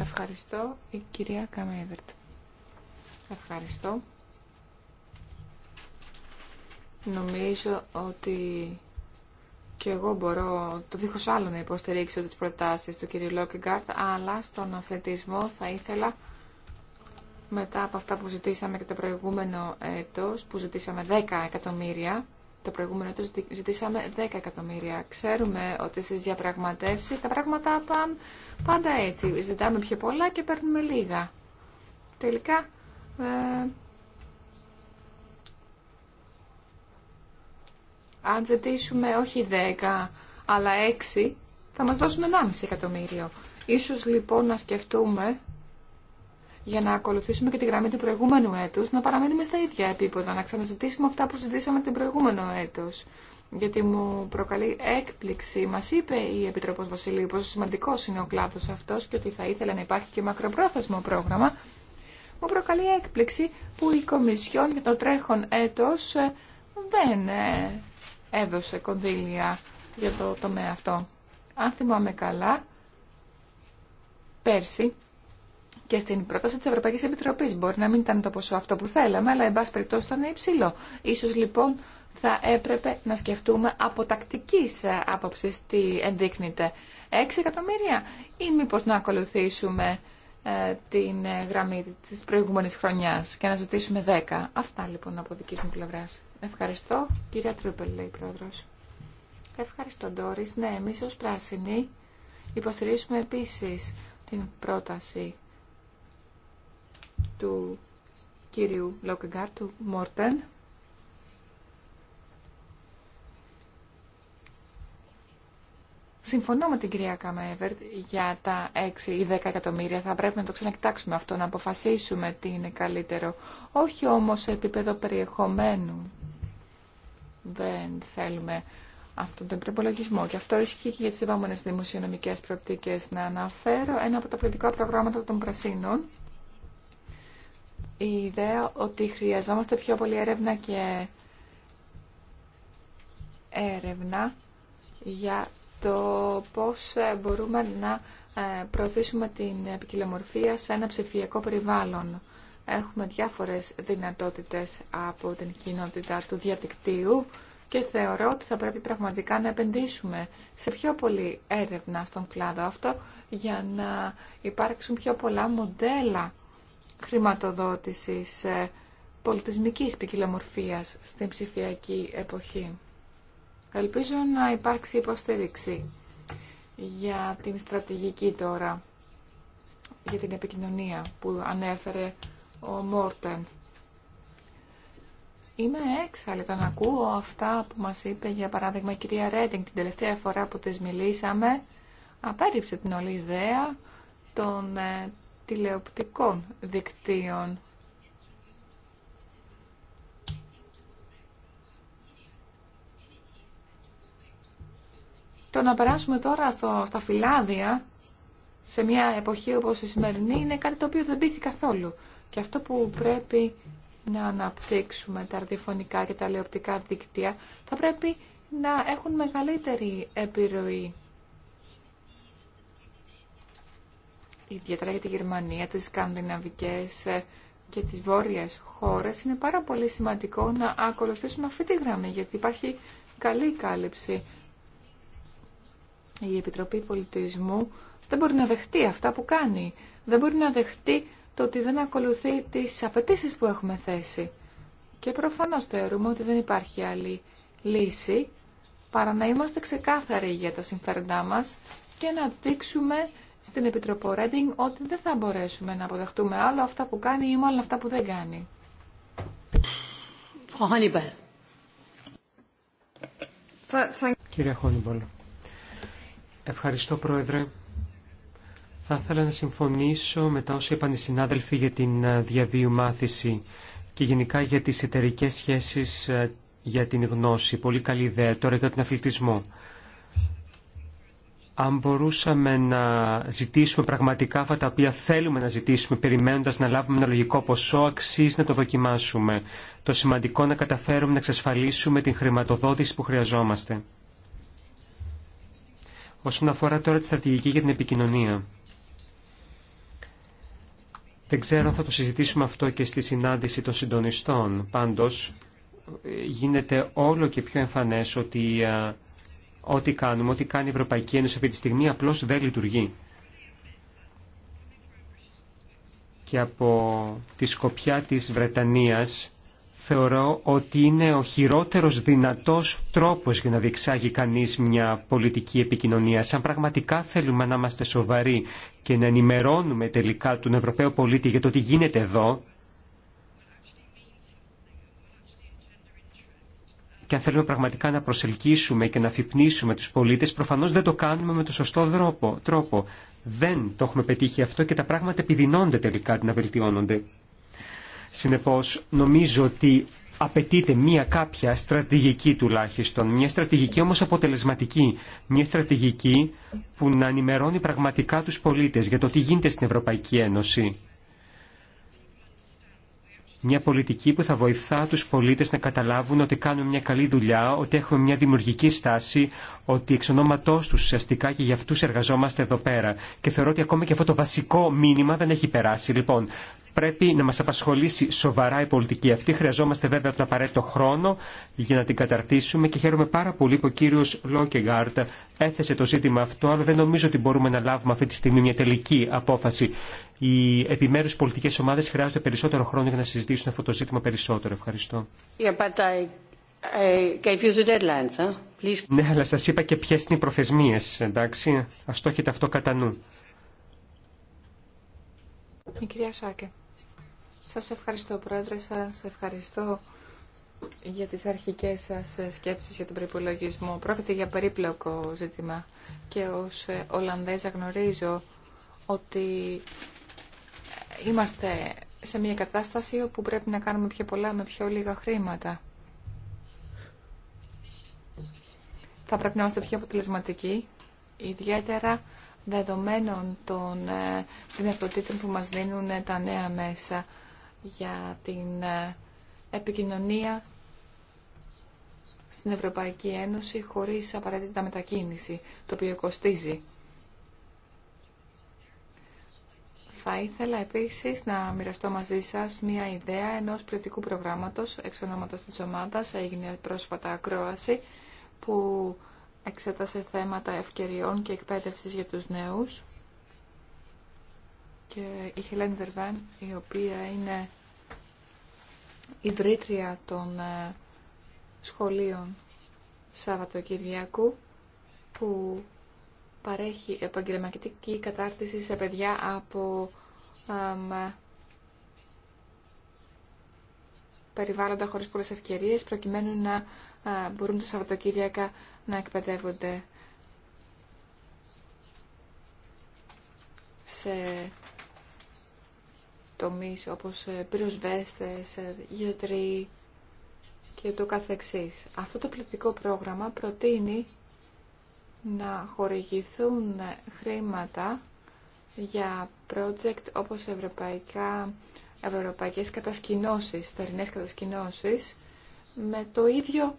Ευχαριστώ. Η κυρία Καμέβερτ. Ευχαριστώ. Νομίζω ότι και εγώ μπορώ το δίχω άλλο να υποστηρίξω τι προτάσεις του κ. Λόκεγκαρτ, αλλά στον αθλητισμό θα ήθελα μετά από αυτά που ζητήσαμε και το προηγούμενο έτος, που ζητήσαμε 10 εκατομμύρια, το προηγούμενο έτος ζητήσαμε 10 εκατομμύρια. Ξέρουμε ότι στι διαπραγματεύσει τα πράγματα πάντα έτσι. Ζητάμε πιο πολλά και παίρνουμε λίγα. Τελικά ε, Αν ζητήσουμε όχι 10 αλλά 6 θα μας δώσουν 1,5 εκατομμύριο. Ίσως λοιπόν να σκεφτούμε για να ακολουθήσουμε και τη γραμμή του προηγούμενου έτους, να παραμείνουμε στα ίδια επίπεδα, να ξαναζητήσουμε αυτά που ζητήσαμε την προηγούμενο έτος. Γιατί μου προκαλεί έκπληξη. Μα είπε η Επιτροπό Βασιλείου πόσο σημαντικό είναι ο κλάδο αυτό και ότι θα ήθελε να υπάρχει και μακροπρόθεσμο πρόγραμμα. Μου προκαλεί έκπληξη που η Κομισιόν για το τρέχον έτος ε, δεν ε, έδωσε κονδύλια για το τομέα αυτό. Αν θυμάμαι καλά, πέρσι και στην πρόταση της Ευρωπαϊκής Επιτροπής μπορεί να μην ήταν το ποσό αυτό που θέλαμε, αλλά εν πάση περιπτώσει ήταν υψηλό. Ίσως λοιπόν θα έπρεπε να σκεφτούμε από τακτικής ε, άποψης τι ενδείκνυται. 6 εκατομμύρια ή μήπως να ακολουθήσουμε ε, την ε, γραμμή της προηγούμενης χρονιάς και να ζητήσουμε 10. Αυτά λοιπόν από δικής μου πλευράς. Ευχαριστώ, κυρία Τρούπελ, λέει η πρόεδρο. Ευχαριστώ, Ντόρις. Ναι, εμεί ω πράσινοι υποστηρίζουμε επίσης την πρόταση του κύριου Λόκεγκάρ, του Μόρτεν, Συμφωνώ με την κυρία καμαέβερτ για τα 6 ή 10 εκατομμύρια. Θα πρέπει να το ξανακοιτάξουμε αυτό, να αποφασίσουμε τι είναι καλύτερο. Όχι όμως σε επίπεδο περιεχομένου δεν θέλουμε αυτόν τον προπολογισμό. Και αυτό ισχύει και για τι επόμενε δημοσιονομικέ προοπτικέ. Να αναφέρω ένα από τα πολιτικά προγράμματα των Πρασίνων. Η ιδέα ότι χρειαζόμαστε πιο πολύ έρευνα και έρευνα για το πώς μπορούμε να ε, προωθήσουμε την επικοινομορφία σε ένα ψηφιακό περιβάλλον. Έχουμε διάφορες δυνατότητες από την κοινότητα του διαδικτύου και θεωρώ ότι θα πρέπει πραγματικά να επενδύσουμε σε πιο πολύ έρευνα στον κλάδο αυτό για να υπάρξουν πιο πολλά μοντέλα χρηματοδότησης ε, πολιτισμικής ποικιλομορφία στην ψηφιακή εποχή. Ελπίζω να υπάρξει υποστήριξη για την στρατηγική τώρα, για την επικοινωνία που ανέφερε ο Μόρτεν. Είμαι έξαλλη τον ακούω αυτά που μας είπε για παράδειγμα η κυρία Ρέντινγκ την τελευταία φορά που της μιλήσαμε απέριψε την όλη ιδέα των ε, τηλεοπτικών δικτύων. Το να περάσουμε τώρα στο, στα φυλάδια σε μια εποχή όπως η σημερινή είναι κάτι το οποίο δεν πείθει καθόλου. Και αυτό που πρέπει να αναπτύξουμε τα αρδιοφωνικά και τα λεοπτικά δίκτυα θα πρέπει να έχουν μεγαλύτερη επιρροή. Ιδιαίτερα για τη Γερμανία, τις σκανδιναβικές ε, και τις βόρειες χώρες είναι πάρα πολύ σημαντικό να ακολουθήσουμε αυτή τη γραμμή γιατί υπάρχει καλή κάλυψη. Η Επιτροπή Πολιτισμού δεν μπορεί να δεχτεί αυτά που κάνει. Δεν μπορεί να δεχτεί το ότι δεν ακολουθεί τις απαιτήσει που έχουμε θέσει. Και προφανώς θεωρούμε ότι δεν υπάρχει άλλη λύση παρά να είμαστε ξεκάθαροι για τα συμφέροντά μας και να δείξουμε στην Επιτροπή Ρέντινγκ ότι δεν θα μπορέσουμε να αποδεχτούμε άλλο αυτά που κάνει ή μάλλον αυτά που δεν κάνει. Κύριε Χόνιμπολ, ευχαριστώ Πρόεδρε. Θα ήθελα να συμφωνήσω με τα όσα είπαν οι συνάδελφοι για την ε, διαβίου μάθηση και γενικά για τις εταιρικέ σχέσεις ε, για την γνώση. Πολύ καλή ιδέα τώρα για τον αθλητισμό. Αν μπορούσαμε να ζητήσουμε πραγματικά αυτά τα οποία θέλουμε να ζητήσουμε, περιμένοντας να λάβουμε ένα λογικό ποσό, αξίζει να το δοκιμάσουμε. Το σημαντικό να καταφέρουμε να εξασφαλίσουμε την χρηματοδότηση που χρειαζόμαστε. Όσον αφορά τώρα τη στρατηγική για την επικοινωνία. Δεν ξέρω αν θα το συζητήσουμε αυτό και στη συνάντηση των συντονιστών. Πάντως, γίνεται όλο και πιο εμφανές ότι ε, ό,τι κάνουμε, ό,τι κάνει η Ευρωπαϊκή Ένωση αυτή τη στιγμή απλώς δεν λειτουργεί. Και από τη σκοπιά της Βρετανίας θεωρώ ότι είναι ο χειρότερος δυνατός τρόπος για να διεξάγει κανείς μια πολιτική επικοινωνία. Αν πραγματικά θέλουμε να είμαστε σοβαροί και να ενημερώνουμε τελικά τον Ευρωπαίο πολίτη για το τι γίνεται εδώ, και αν θέλουμε πραγματικά να προσελκύσουμε και να αφυπνίσουμε τους πολίτες, προφανώς δεν το κάνουμε με το σωστό τρόπο. Δεν το έχουμε πετύχει αυτό και τα πράγματα επιδεινώνται τελικά, να βελτιώνονται. Συνεπώς, νομίζω ότι απαιτείται μία κάποια στρατηγική τουλάχιστον, μία στρατηγική όμως αποτελεσματική, μία στρατηγική που να ενημερώνει πραγματικά τους πολίτες για το τι γίνεται στην Ευρωπαϊκή Ένωση. Μια πολιτική που θα βοηθά τους πολίτες να καταλάβουν ότι κάνουμε μια καλή δουλειά, ότι έχουμε μια δημιουργική στάση, ότι εξ ονόματό του ουσιαστικά και για αυτού εργαζόμαστε εδώ πέρα. Και θεωρώ ότι ακόμα και αυτό το βασικό μήνυμα δεν έχει περάσει. Λοιπόν, πρέπει να μα απασχολήσει σοβαρά η πολιτική αυτή. Χρειαζόμαστε βέβαια τον απαραίτητο χρόνο για να την καταρτήσουμε και χαίρομαι πάρα πολύ που ο κύριο Λόκεγκάρτ έθεσε το ζήτημα αυτό, αλλά δεν νομίζω ότι μπορούμε να λάβουμε αυτή τη στιγμή μια τελική απόφαση. Οι επιμέρου πολιτικέ ομάδε χρειάζονται περισσότερο χρόνο για να συζητήσουν αυτό το ζήτημα περισσότερο. Ευχαριστώ. Ε, ναι, αλλά σας είπα και ποιες είναι οι προθεσμίες, εντάξει. Ας το έχετε αυτό κατά νου. Η κυρία Σάκε, σας ευχαριστώ πρόεδρε, σας ευχαριστώ για τις αρχικές σας σκέψεις για τον προπολογισμό. Πρόκειται για περίπλοκο ζήτημα και ως Ολλανδέζα γνωρίζω ότι είμαστε σε μια κατάσταση όπου πρέπει να κάνουμε πιο πολλά με πιο λίγα χρήματα. θα πρέπει να είμαστε πιο αποτελεσματικοί, ιδιαίτερα δεδομένων των ε, δυνατοτήτων που μας δίνουν ε, τα νέα μέσα για την ε, επικοινωνία στην Ευρωπαϊκή Ένωση χωρίς απαραίτητα μετακίνηση, το οποίο κοστίζει. Θα ήθελα επίσης να μοιραστώ μαζί σας μία ιδέα ενός πληροτικού προγράμματος εξ ονόματος της ομάδας. Έγινε πρόσφατα ακρόαση που εξέτασε θέματα ευκαιριών και εκπαίδευσης για τους νέους και η Χιλέν Δερβέν, η οποία είναι ιδρύτρια των ε, σχολείων Κυριακού, που παρέχει επαγγελματική κατάρτιση σε παιδιά από περιβάλλοντα χωρίς πολλές ευκαιρίες προκειμένου να ε, μπορούν τα Σαββατοκύριακα να εκπαιδεύονται σε τομείς όπως ε, πυροσβέστες, ε, γιατροί και το καθεξής. Αυτό το πληθυντικό πρόγραμμα προτείνει να χορηγηθούν χρήματα για project όπως ευρωπαϊκά ευρωπαϊκές κατασκηνώσεις, θερινές κατασκηνώσεις, με το ίδιο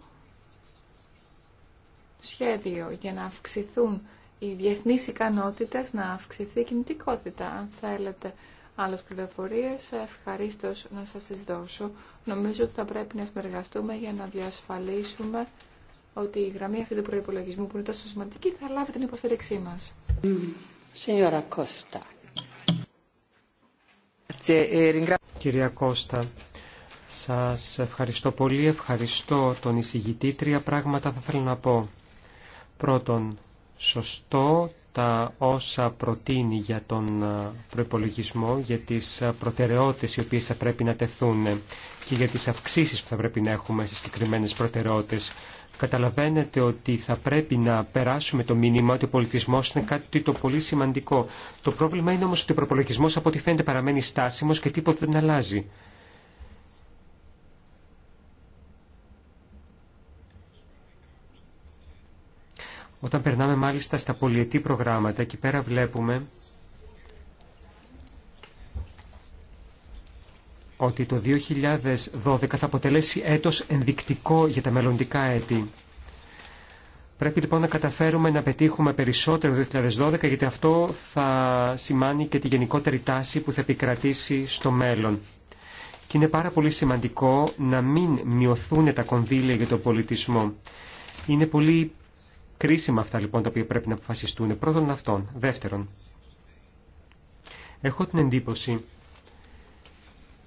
σχέδιο για να αυξηθούν οι διεθνείς ικανότητες, να αυξηθεί η κινητικότητα. Αν θέλετε άλλες πληροφορίες, ευχαρίστω να σας τις δώσω. Νομίζω ότι θα πρέπει να συνεργαστούμε για να διασφαλίσουμε ότι η γραμμή αυτή του προϋπολογισμού που είναι τόσο σημαντική θα λάβει την υποστήριξή μας. Κυρία Κώστα, σας ευχαριστώ πολύ, ευχαριστώ τον εισηγητή. Τρία πράγματα θα θέλω να πω. Πρώτον, σωστό τα όσα προτείνει για τον ε, προϋπολογισμό, για τις ε, προτεραιότητες οι οποίες θα πρέπει να τεθούν και για τις αυξήσεις που θα πρέπει να έχουμε στις συγκεκριμένες προτεραιότητες καταλαβαίνετε ότι θα πρέπει να περάσουμε το μήνυμα ότι ο πολιτισμό είναι κάτι το πολύ σημαντικό. Το πρόβλημα είναι όμω ότι ο προπολογισμό από ό,τι φαίνεται παραμένει στάσιμο και τίποτα δεν αλλάζει. Όταν περνάμε μάλιστα στα πολιετή προγράμματα, εκεί πέρα βλέπουμε ότι το 2012 θα αποτελέσει έτος ενδεικτικό για τα μελλοντικά έτη. Πρέπει λοιπόν να καταφέρουμε να πετύχουμε περισσότερο το 2012 γιατί αυτό θα σημάνει και τη γενικότερη τάση που θα επικρατήσει στο μέλλον. Και είναι πάρα πολύ σημαντικό να μην μειωθούν τα κονδύλια για τον πολιτισμό. Είναι πολύ κρίσιμα αυτά λοιπόν τα οποία πρέπει να αποφασιστούν. Πρώτον αυτόν. Δεύτερον, έχω την εντύπωση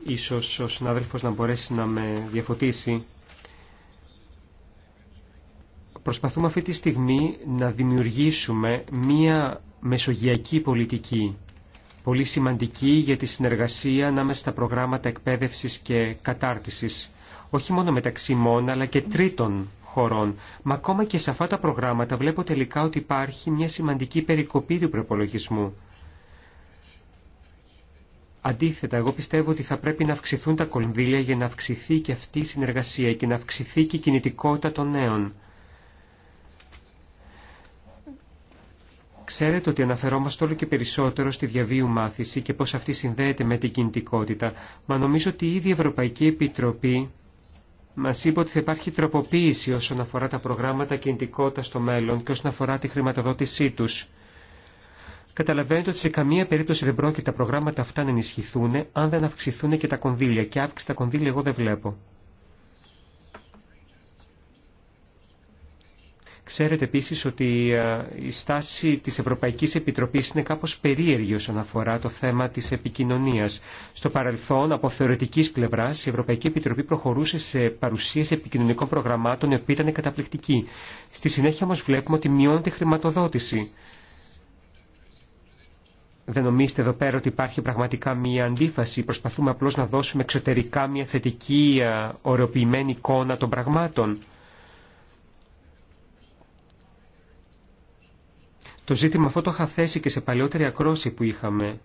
Ίσως ο συνάδελφος να μπορέσει να με διαφωτίσει. Προσπαθούμε αυτή τη στιγμή να δημιουργήσουμε μία μεσογειακή πολιτική, πολύ σημαντική για τη συνεργασία ανάμεσα στα προγράμματα εκπαίδευσης και κατάρτισης, όχι μόνο μεταξύ μόνα αλλά και τρίτων χωρών. Μα ακόμα και σε αυτά τα προγράμματα βλέπω τελικά ότι υπάρχει μια σημαντική περικοπή του προπολογισμού. Αντίθετα, εγώ πιστεύω ότι θα πρέπει να αυξηθούν τα κονδύλια για να αυξηθεί και αυτή η συνεργασία και να αυξηθεί και η κινητικότητα των νέων. Ξέρετε ότι αναφερόμαστε όλο και περισσότερο στη διαβίου μάθηση και πώς αυτή συνδέεται με την κινητικότητα, μα νομίζω ότι η ίδια Ευρωπαϊκή Επιτροπή μας είπε ότι θα υπάρχει τροποποίηση όσον αφορά τα προγράμματα κινητικότητα στο μέλλον και όσον αφορά τη χρηματοδότησή τους καταλαβαίνετε ότι σε καμία περίπτωση δεν πρόκειται τα προγράμματα αυτά να ενισχυθούν αν δεν αυξηθούν και τα κονδύλια. Και αύξηση τα κονδύλια εγώ δεν βλέπω. Ξέρετε επίση ότι ε, η στάση τη Ευρωπαϊκή Επιτροπή είναι κάπω περίεργη όσον αφορά το θέμα τη επικοινωνία. Στο παρελθόν, από θεωρητική πλευρά, η Ευρωπαϊκή Επιτροπή προχωρούσε σε παρουσίες επικοινωνικών προγραμμάτων, η οποία ήταν καταπληκτική. Στη συνέχεια όμω βλέπουμε ότι μειώνεται χρηματοδότηση. Δεν νομίζετε εδώ πέρα ότι υπάρχει πραγματικά μία αντίφαση. Προσπαθούμε απλώς να δώσουμε εξωτερικά μία θετική, ε, ωρεοποιημένη εικόνα των πραγμάτων. Το ζήτημα αυτό το είχα θέσει και σε παλαιότερη ακρόση που είχαμε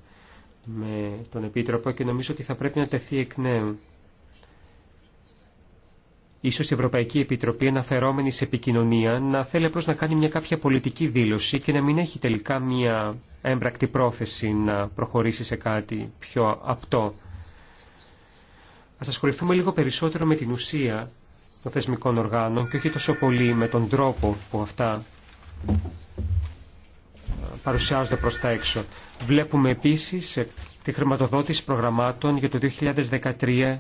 με τον Επίτροπο και νομίζω ότι θα πρέπει να τεθεί εκ νέου. Ίσως η Ευρωπαϊκή Επιτροπή, αναφερόμενη σε επικοινωνία, να θέλει απλώ να κάνει μια κάποια πολιτική δήλωση και να μην έχει τελικά μια έμπρακτη πρόθεση να προχωρήσει σε κάτι πιο απτό. Ας ασχοληθούμε λίγο περισσότερο με την ουσία των θεσμικών οργάνων και όχι τόσο πολύ με τον τρόπο που αυτά ε, παρουσιάζονται προς τα έξω. Βλέπουμε επίσης ε, τη χρηματοδότηση προγραμμάτων για το 2013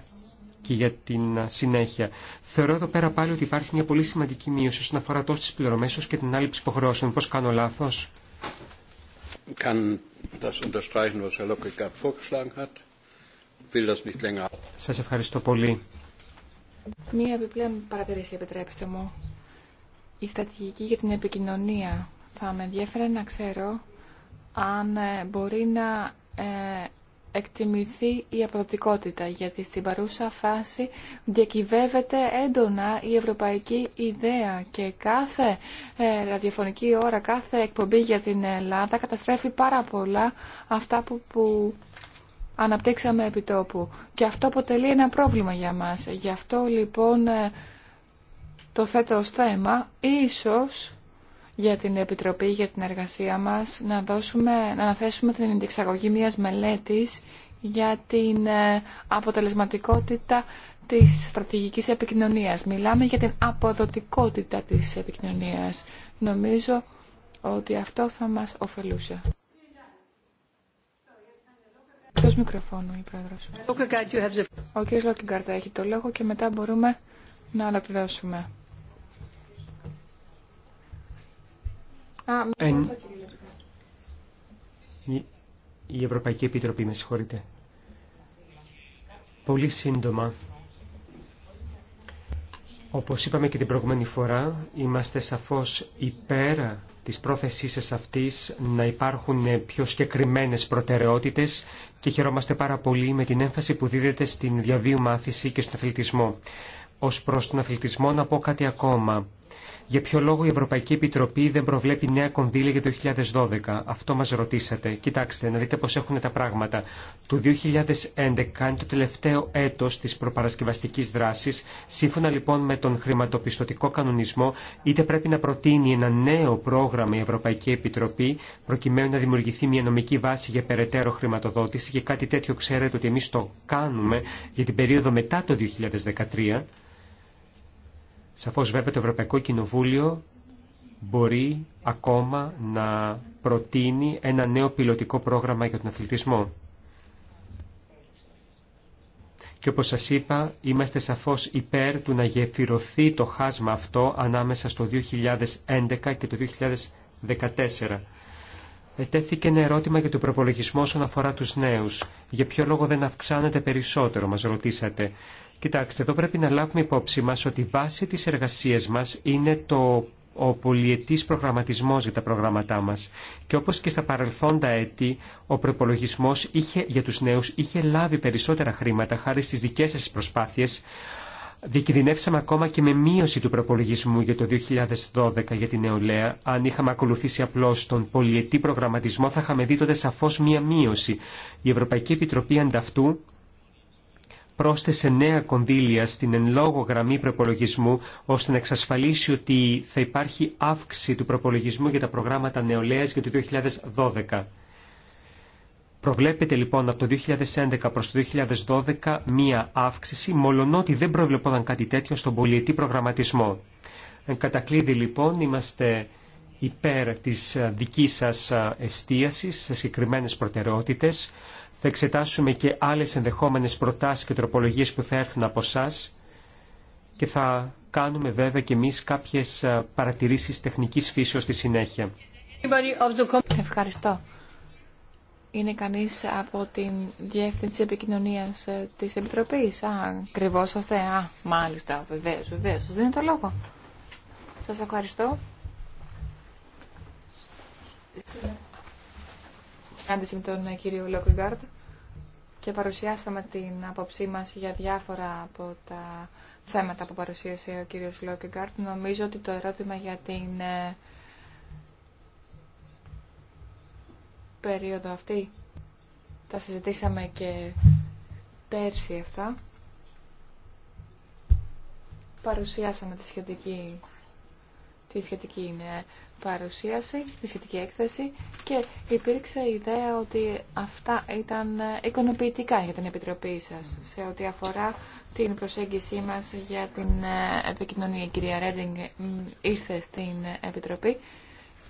και για την συνέχεια. Θεωρώ εδώ πέρα πάλι ότι υπάρχει μια πολύ σημαντική μείωση όσον αφορά τόσο τις πληρωμές και την άλλη υποχρεώσεων. Πώ κάνω λάθος. Σας ευχαριστώ πολύ. Μία επιπλέον παρατηρήση επιτρέψτε μου. Η στρατηγική για την επικοινωνία. Θα με ενδιαφέρει να ξέρω αν ε, μπορεί να ε, εκτιμηθεί η αποδοτικότητα, γιατί στην παρούσα φάση διακυβεύεται έντονα η ευρωπαϊκή ιδέα και κάθε ε, ραδιοφωνική ώρα, κάθε εκπομπή για την Ελλάδα καταστρέφει πάρα πολλά αυτά που, που αναπτύξαμε επί τόπου. Και αυτό αποτελεί ένα πρόβλημα για μας. Γι' αυτό λοιπόν ε, το θέτω ως θέμα, ίσως για την Επιτροπή, για την εργασία μας, να, δώσουμε, να αναθέσουμε την εξαγωγή μιας μελέτης για την ε, αποτελεσματικότητα της στρατηγικής επικοινωνίας. Μιλάμε για την αποδοτικότητα της επικοινωνίας. Νομίζω ότι αυτό θα μας ωφελούσε. Ποιος μικροφώνου, η Πρόεδρος. Ο κ. Λόκιγκαρτ έχει το λόγο και μετά μπορούμε να ολοκληρώσουμε. Η Ευρωπαϊκή Επιτροπή, με συγχωρείτε. Πολύ σύντομα. Όπως είπαμε και την προηγούμενη φορά, είμαστε σαφώς υπέρ της πρόθεσής σας αυτής να υπάρχουν πιο συγκεκριμένε προτεραιότητες και χαιρόμαστε πάρα πολύ με την έμφαση που δίδεται στην διαβίου μάθηση και στον αθλητισμό. Ως προς τον αθλητισμό να πω κάτι ακόμα για ποιο λόγο η Ευρωπαϊκή Επιτροπή δεν προβλέπει νέα κονδύλια για το 2012. Αυτό μας ρωτήσατε. Κοιτάξτε, να δείτε πώς έχουν τα πράγματα. Το 2011 είναι το τελευταίο έτος της προπαρασκευαστικής δράσης. Σύμφωνα λοιπόν με τον χρηματοπιστωτικό κανονισμό, είτε πρέπει να προτείνει ένα νέο πρόγραμμα η Ευρωπαϊκή Επιτροπή, προκειμένου να δημιουργηθεί μια νομική βάση για περαιτέρω χρηματοδότηση και κάτι τέτοιο ξέρετε ότι εμείς το κάνουμε για την περίοδο μετά το 2013 Σαφώς βέβαια το Ευρωπαϊκό Κοινοβούλιο μπορεί ακόμα να προτείνει ένα νέο πιλωτικό πρόγραμμα για τον αθλητισμό. Και όπως σας είπα, είμαστε σαφώς υπέρ του να γεφυρωθεί το χάσμα αυτό ανάμεσα στο 2011 και το 2014. Ετέθηκε ένα ερώτημα για τον προπολογισμό όσον αφορά τους νέους. Για ποιο λόγο δεν αυξάνεται περισσότερο, μας ρωτήσατε. Κοιτάξτε, εδώ πρέπει να λάβουμε υπόψη μας ότι η βάση της εργασίας μας είναι το ο πολιετής προγραμματισμός για τα προγράμματά μας. Και όπως και στα παρελθόντα έτη, ο προπολογισμό για τους νέους είχε λάβει περισσότερα χρήματα χάρη στις δικές σας προσπάθειες. Διακινδυνεύσαμε ακόμα και με μείωση του προπολογισμού για το 2012 για την νεολαία. Αν είχαμε ακολουθήσει απλώς τον πολιετή προγραμματισμό, θα είχαμε δει τότε σαφώ μία μείωση. Η Ευρωπαϊκή Επιτροπή ανταυτού πρόσθεσε νέα κονδύλια στην εν λόγω γραμμή προπολογισμού ώστε να εξασφαλίσει ότι θα υπάρχει αύξηση του προπολογισμού για τα προγράμματα νεολαίας για το 2012. Προβλέπεται λοιπόν από το 2011 προς το 2012 μία αύξηση, μολονότι δεν προβλεπόταν κάτι τέτοιο στον πολιετή προγραμματισμό. Εν κατακλείδη λοιπόν είμαστε υπέρ της δικής σας ε, εστίασης σε συγκεκριμένες προτεραιότητες. Θα εξετάσουμε και άλλες ενδεχόμενες προτάσεις και τροπολογίες που θα έρθουν από εσά και θα κάνουμε βέβαια και εμείς κάποιες ε, παρατηρήσεις τεχνικής φύσεως στη συνέχεια. Ευχαριστώ. Είναι κανείς από την Διεύθυνση Επικοινωνίας ε, της Επιτροπής. Α, κρυβόσαστε. Α, μάλιστα, βεβαίως, βεβαίως. Σας δίνω το λόγο. Σας ευχαριστώ συνάντηση με τον ε, κύριο Λόκουγκάρτ και παρουσιάσαμε την άποψή μας για διάφορα από τα θέματα που παρουσίασε ο κύριος Λόκεγκάρτ. Νομίζω ότι το ερώτημα για την ε, περίοδο αυτή τα συζητήσαμε και πέρσι αυτά. Παρουσιάσαμε τη σχετική τη σχετική παρουσίαση, τη σχετική έκθεση και υπήρξε η ιδέα ότι αυτά ήταν εικονοποιητικά για την Επιτροπή σας σε ό,τι αφορά την προσέγγιση μας για την ε, επικοινωνία. Η κυρία Ρέντινγκ ήρθε στην Επιτροπή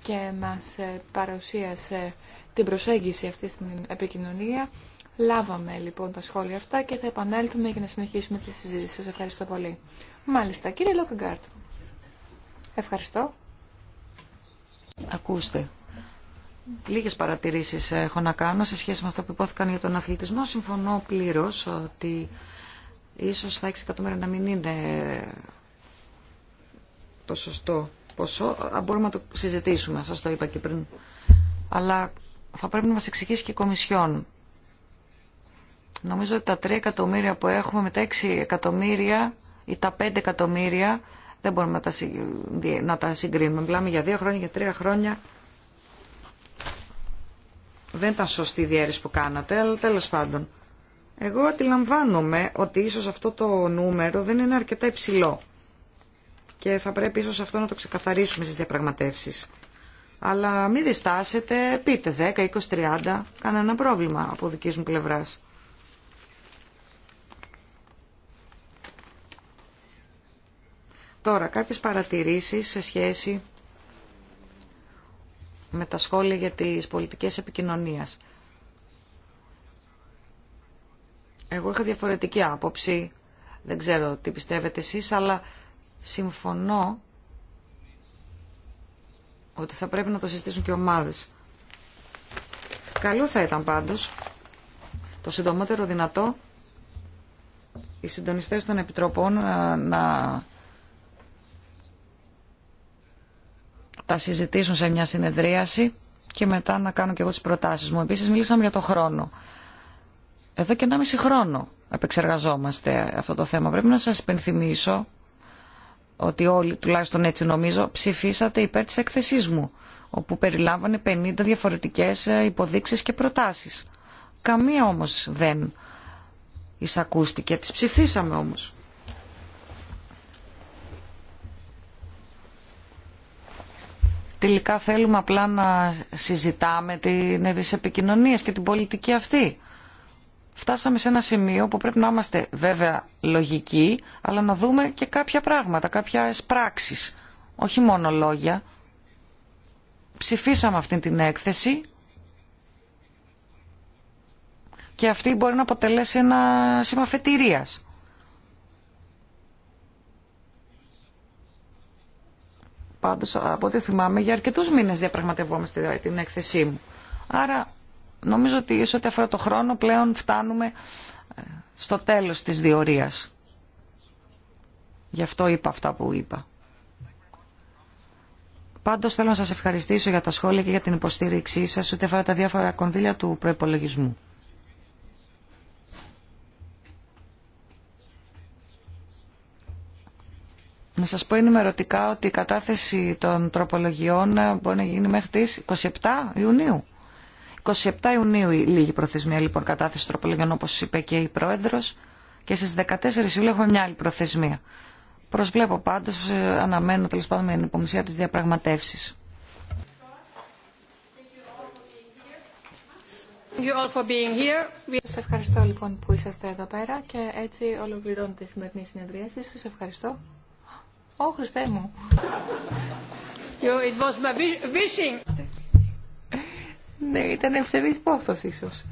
και μας ε, παρουσίασε την προσέγγιση αυτή στην επικοινωνία. Λάβαμε λοιπόν τα σχόλια αυτά και θα επανέλθουμε για να συνεχίσουμε τη συζήτηση. Σας ευχαριστώ πολύ. Μάλιστα, κύριε Λόκεγκάρτ. Ευχαριστώ. Ακούστε. Λίγε παρατηρήσει έχω να κάνω σε σχέση με αυτό που υπόθηκαν για τον αθλητισμό. Συμφωνώ πλήρω ότι ίσω τα 6 εκατομμύρια να μην είναι το σωστό ποσό. Μπορούμε να το συζητήσουμε, σα το είπα και πριν. Αλλά θα πρέπει να μα εξηγήσει και η Κομισιόν. Νομίζω ότι τα 3 εκατομμύρια που έχουμε με τα 6 εκατομμύρια ή τα 5 εκατομμύρια δεν μπορούμε να τα συγκρίνουμε. Μιλάμε για δύο χρόνια, για τρία χρόνια. Δεν ήταν σωστή η διαίρεση που κάνατε, αλλά τέλος πάντων. Εγώ αντιλαμβάνομαι ότι ίσως αυτό το νούμερο δεν είναι αρκετά υψηλό. Και θα πρέπει ίσως αυτό να το ξεκαθαρίσουμε στις διαπραγματεύσεις. Αλλά μην διστάσετε, πείτε 10, 20, 30, κανένα πρόβλημα από δική μου πλευράς. Τώρα, κάποιες παρατηρήσεις σε σχέση με τα σχόλια για τις πολιτικές επικοινωνίας. Εγώ είχα διαφορετική άποψη, δεν ξέρω τι πιστεύετε εσείς, αλλά συμφωνώ ότι θα πρέπει να το συστήσουν και ομάδες. Καλό θα ήταν πάντως, το συντομότερο δυνατό, οι συντονιστές των επιτροπών ε, να τα συζητήσουν σε μια συνεδρίαση και μετά να κάνω και εγώ τις προτάσεις μου. Επίσης μίλησαμε για το χρόνο. Εδώ και 1,5 χρόνο επεξεργαζόμαστε αυτό το θέμα. Πρέπει να σας υπενθυμίσω ότι όλοι, τουλάχιστον έτσι νομίζω, ψηφίσατε υπέρ της έκθεσής μου, όπου περιλάμβανε 50 διαφορετικές ε, υποδείξεις και προτάσεις. Καμία όμως δεν εισακούστηκε, τις ψηφίσαμε όμως. Τελικά θέλουμε απλά να συζητάμε την επικοινωνία και την πολιτική αυτή. Φτάσαμε σε ένα σημείο που πρέπει να είμαστε βέβαια λογικοί, αλλά να δούμε και κάποια πράγματα, κάποια πράξεις, όχι μόνο λόγια. Ψηφίσαμε αυτή την έκθεση και αυτή μπορεί να αποτελέσει ένα σημαφετηρίας. πάντως από ό,τι θυμάμαι για αρκετούς μήνες διαπραγματευόμαστε την έκθεσή μου. Άρα νομίζω ότι σε ό,τι αφορά το χρόνο πλέον φτάνουμε ε, στο τέλος της διορίας. Γι' αυτό είπα αυτά που είπα. Πάντω θέλω να σα ευχαριστήσω για τα σχόλια και για την υποστήριξή σα ό,τι αφορά τα διάφορα κονδύλια του προπολογισμού. Να σας πω ενημερωτικά ότι η κατάθεση των τροπολογιών ε, μπορεί να γίνει μέχρι τις 27 Ιουνίου. 27 Ιουνίου η λίγη προθεσμία λοιπόν κατάθεση τροπολογιών όπως είπε και η Πρόεδρος και στις 14 Ιουλίου έχουμε μια άλλη προθεσμία. Προσβλέπω πάντως, ε, αναμένω τέλος πάντων με της της διαπραγματεύσεις. You all for being here. Σας ευχαριστώ λοιπόν που είσαστε εδώ πέρα και έτσι ολοκληρώνεται η σημερινή συνεδρίαση. Σας ευχαριστώ. Ω, Χριστέ μου. It was my wishing. Ναι, ήταν ευσεβής πόθος ίσως.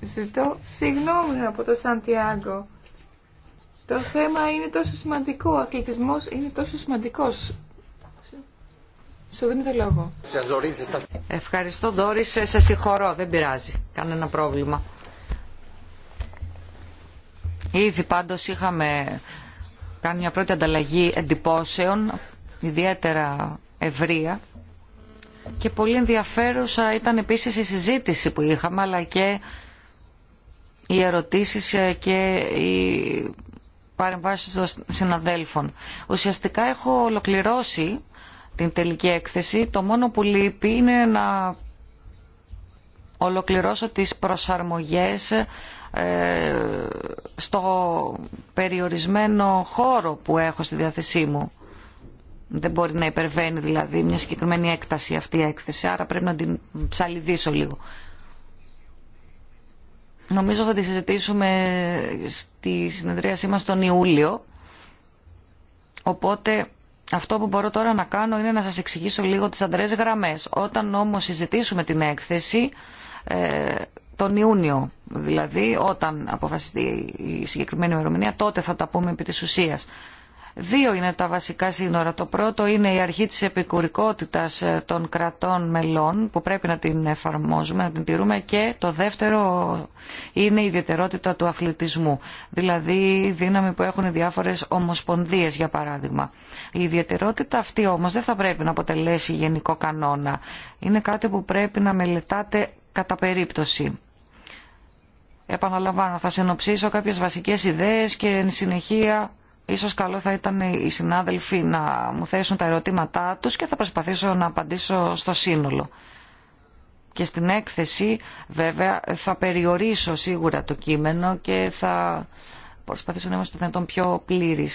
Ζητώ συγγνώμη από το Σαντιάγκο. Το θέμα είναι τόσο σημαντικό. Ο αθλητισμός είναι τόσο σημαντικός. Σου δίνει το λόγο. Ευχαριστώ, Δόρη. Σε συγχωρώ. Δεν πειράζει. Κανένα πρόβλημα. Ήδη πάντως είχαμε κάνει μια πρώτη ανταλλαγή εντυπώσεων, ιδιαίτερα ευρεία. Και πολύ ενδιαφέρουσα ήταν επίσης η συζήτηση που είχαμε, αλλά και οι ερωτήσεις ε, και οι παρεμβάσεις των συναδέλφων. Ουσιαστικά έχω ολοκληρώσει την τελική έκθεση. Το μόνο που λείπει είναι να ολοκληρώσω τις προσαρμογές ε, στο περιορισμένο χώρο που έχω στη διάθεσή μου. Δεν μπορεί να υπερβαίνει δηλαδή μια συγκεκριμένη έκταση αυτή η έκθεση, άρα πρέπει να την ψαλιδίσω λίγο. Νομίζω θα τη συζητήσουμε στη συνεδρίασή μας τον Ιούλιο, οπότε αυτό που μπορώ τώρα να κάνω είναι να σας εξηγήσω λίγο τις αντρές γραμμές. Όταν όμως συζητήσουμε την έκθεση ε, τον Ιούνιο. Δηλαδή, όταν αποφασιστεί η συγκεκριμένη ημερομηνία, τότε θα τα πούμε επί της ουσίας. Δύο είναι τα βασικά σύνορα. Το πρώτο είναι η αρχή της επικουρικότητας ε, των κρατών μελών που πρέπει να την εφαρμόζουμε, να την τηρούμε και το δεύτερο είναι η ιδιαιτερότητα του αθλητισμού. Δηλαδή η δύναμη που έχουν οι διάφορες ομοσπονδίες για παράδειγμα. Η ιδιαιτερότητα αυτή όμως δεν θα πρέπει να αποτελέσει γενικό κανόνα. Είναι κάτι που πρέπει να μελετάτε κατά περίπτωση. Επαναλαμβάνω, θα συνοψίσω κάποιες βασικές ιδέες και εν συνεχεία ίσως καλό θα ήταν οι συνάδελφοι να μου θέσουν τα ερωτήματά τους και θα προσπαθήσω να απαντήσω στο σύνολο. Και στην έκθεση βέβαια θα περιορίσω σίγουρα το κείμενο και θα προσπαθήσω να είμαστε δυνατόν πιο πλήρη.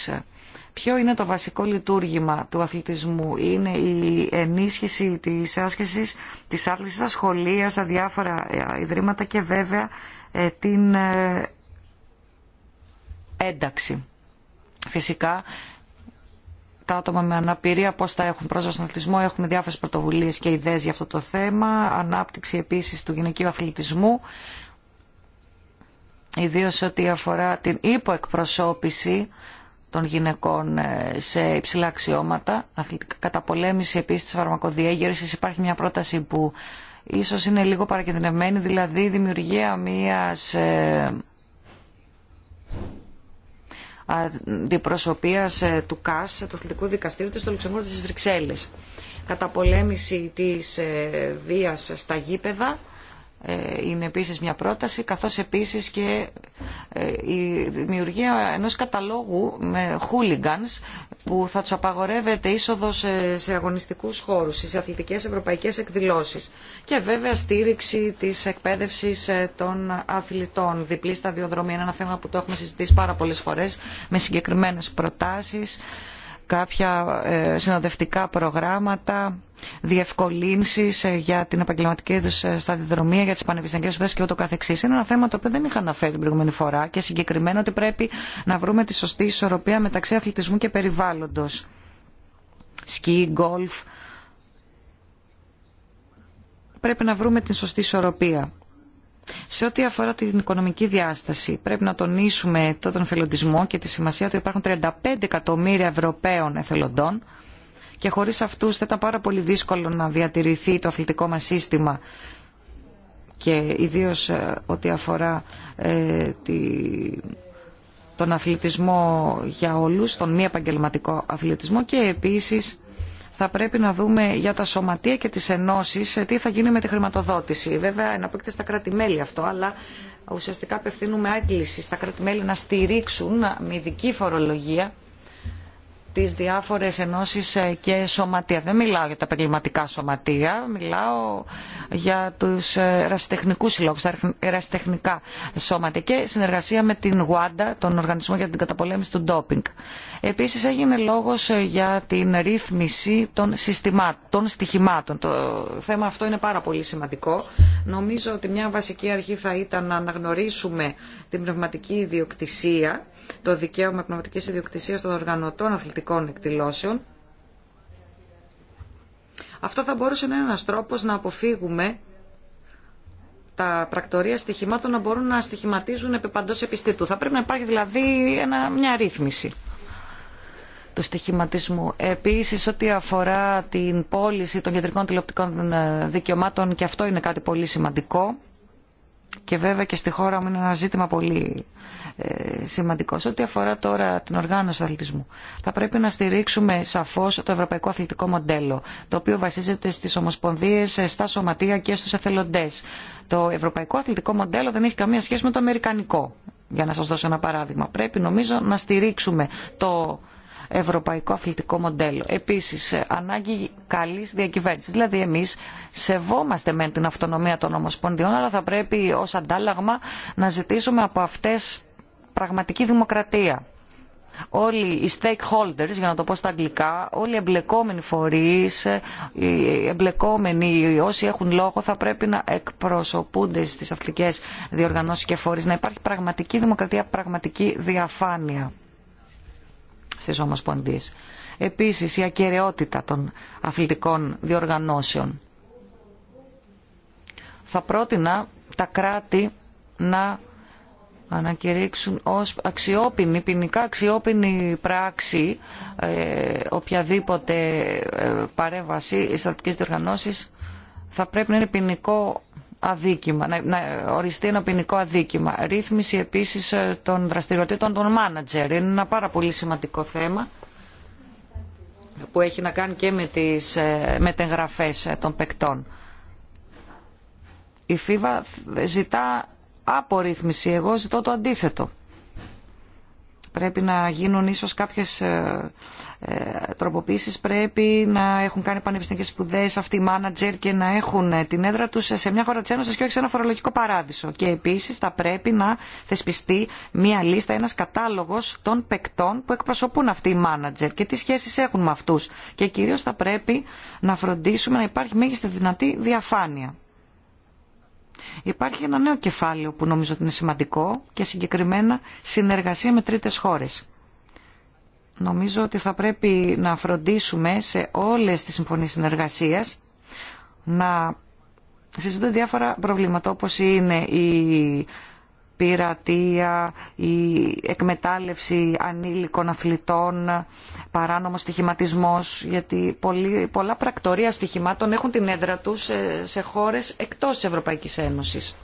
Ποιο είναι το βασικό λειτουργήμα του αθλητισμού. Είναι η ενίσχυση τη άσκηση τη άθληση στα σχολεία, στα διάφορα ε, ιδρύματα και βέβαια ε, την ε, ένταξη. Φυσικά τα άτομα με αναπηρία πώς θα έχουν πρόσβαση στον αθλητισμό. Έχουμε διάφορες πρωτοβουλίες και ιδέες για αυτό το θέμα. Ανάπτυξη επίσης του γυναικείου αθλητισμού ιδίως ό,τι αφορά την υποεκπροσώπηση των γυναικών ε, σε υψηλά αξιώματα, καταπολέμηση επίσης της φαρμακοδιέγερσης. Υπάρχει μια πρόταση που ίσως είναι λίγο παρακινδυνευμένη, δηλαδή η δημιουργία μιας ε, αντιπροσωπείας ε, του ΚΑΣ, του Αθλητικού Δικαστήριου, του στο Λουξεμβούργο της Βρυξέλλες. Καταπολέμηση της βίας στα γήπεδα ε, είναι επίσης μια πρόταση, καθώς επίσης και ε, η δημιουργία ενός καταλόγου με hooligans που θα τους απαγορεύεται είσοδος σε αγωνιστικούς χώρους, σε αθλητικές ευρωπαϊκές εκδηλώσεις και βέβαια στήριξη της εκπαίδευσης ε, των αθλητών, διπλή σταδιοδρομή, είναι ένα θέμα που το έχουμε συζητήσει πάρα πολλές φορές με συγκεκριμένες προτάσεις κάποια ε, συνοδευτικά προγράμματα, διευκολύνσεις ε, για την επαγγελματική του ε, σταδιοδρομία, για τις πανεπιστημιακές σπουδές και ούτω καθεξής. Είναι ένα θέμα το οποίο δεν είχα αναφέρει την προηγούμενη φορά και συγκεκριμένα ότι πρέπει να βρούμε τη σωστή ισορροπία μεταξύ αθλητισμού και περιβάλλοντος. Σκι, γκολφ. Πρέπει να βρούμε την σωστή ισορροπία. Σε ό,τι αφορά την οικονομική διάσταση, πρέπει να τονίσουμε τον εθελοντισμό και τη σημασία ότι υπάρχουν 35 εκατομμύρια Ευρωπαίων εθελοντών και χωρίς αυτούς θα ήταν πάρα πολύ δύσκολο να διατηρηθεί το αθλητικό μας σύστημα και ιδίως ε, ό,τι αφορά ε, τον αθλητισμό για όλους, τον μη επαγγελματικό αθλητισμό και επίσης θα πρέπει να δούμε για τα σωματεία και τις ενώσεις ε, τι θα γίνει με τη χρηματοδότηση. Βέβαια, εναπόκειται στα κράτη-μέλη αυτό, αλλά ουσιαστικά απευθύνουμε άγκληση στα κράτη-μέλη να στηρίξουν με ειδική φορολογία τις διάφορες ενώσεις ε, και σωματεία. Δεν μιλάω για τα επαγγελματικά σωματεία, μιλάω για τους ε, ερασιτεχνικούς συλλόγους, τα ερασιτεχνικά σώματα και συνεργασία με την WADA, τον Οργανισμό για την Καταπολέμηση του Ντόπινγκ. Επίσης έγινε λόγος ε, για την ρύθμιση των, των στοιχημάτων. Το θέμα αυτό είναι πάρα πολύ σημαντικό. Νομίζω ότι μια βασική αρχή θα ήταν να αναγνωρίσουμε την πνευματική ιδιοκτησία, το δικαίωμα πνευματικής ιδιοκτησίας των οργανωτών αθλητικών εκδηλώσεων. Αυτό θα μπορούσε να είναι ένας τρόπος να αποφύγουμε τα πρακτορία στοιχημάτων να μπορούν να στοιχηματίζουν επί παντός επιστήτου. Θα πρέπει να υπάρχει δηλαδή μια ρύθμιση του στοιχηματισμού. Επίσης, ό,τι αφορά την πώληση των κεντρικών τηλεοπτικών ε, δικαιωμάτων, και αυτό είναι κάτι πολύ σημαντικό. Και βέβαια και στη χώρα μου είναι ένα ζήτημα πολύ ε, σημαντικό. Σε ό,τι αφορά τώρα την οργάνωση του αθλητισμού, θα πρέπει να στηρίξουμε σαφώ το ευρωπαϊκό αθλητικό μοντέλο, το οποίο βασίζεται στι ομοσπονδίε, ε, στα σωματεία και στου εθελοντέ. Το ευρωπαϊκό αθλητικό μοντέλο δεν έχει καμία σχέση με το αμερικανικό. Για να σα δώσω ένα παράδειγμα. Πρέπει νομίζω να στηρίξουμε το ευρωπαϊκό αθλητικό μοντέλο. Επίση, ανάγκη καλή διακυβέρνηση. Δηλαδή, εμείς σεβόμαστε με την αυτονομία των ομοσπονδιών, αλλά θα πρέπει ω αντάλλαγμα να ζητήσουμε από αυτέ πραγματική δημοκρατία όλοι οι stakeholders για να το πω στα αγγλικά όλοι οι εμπλεκόμενοι φορείς οι εμπλεκόμενοι όσοι έχουν λόγο θα πρέπει να εκπροσωπούνται στις αθλητικές διοργανώσεις και φορείς να υπάρχει πραγματική δημοκρατία πραγματική διαφάνεια. Επίση, Επίσης η ακαιρεότητα των αθλητικών διοργανώσεων. Θα πρότεινα τα κράτη να ανακηρύξουν ως αξιόπινη, ποινικά αξιόπινη πράξη ε, οποιαδήποτε ε, παρέμβαση στις διοργανώσεις θα πρέπει να είναι ποινικό αδίκημα, να, οριστεί ένα ποινικό αδίκημα. Ρύθμιση επίσης ε, των δραστηριοτήτων των μάνατζερ είναι ένα πάρα πολύ σημαντικό θέμα που έχει να κάνει και με τις ε, μετεγγραφές ε, των παικτών. Η ΦΥΒΑ ζητά απορρίθμιση, εγώ ζητώ το αντίθετο πρέπει να γίνουν ίσως κάποιες ε, ε, τροποποίησεις, πρέπει να έχουν κάνει πανεπιστημιακές σπουδές αυτοί οι μάνατζερ και να έχουν ε, την έδρα τους σε μια χώρα της Ένωσης και όχι σε ένα φορολογικό παράδεισο. Και επίσης θα πρέπει να θεσπιστεί μια λίστα, ένας κατάλογος των παικτών που εκπροσωπούν αυτοί οι μάνατζερ και τι σχέσεις έχουν με αυτούς. Και κυρίως θα πρέπει να φροντίσουμε να υπάρχει μέγιστη δυνατή διαφάνεια. Υπάρχει ένα νέο κεφάλαιο που νομίζω ότι είναι σημαντικό και συγκεκριμένα συνεργασία με τρίτες χώρες. Νομίζω ότι θα πρέπει να φροντίσουμε σε όλες τις συμφωνίες συνεργασίας να συζητούν διάφορα προβλήματα όπως είναι η πειρατεία, η εκμετάλλευση ανήλικων αθλητών, παράνομος στοιχηματισμός, γιατί πολλά πρακτορία στοιχημάτων έχουν την έδρα τους σε χώρες εκτός της Ευρωπαϊκής Ένωσης.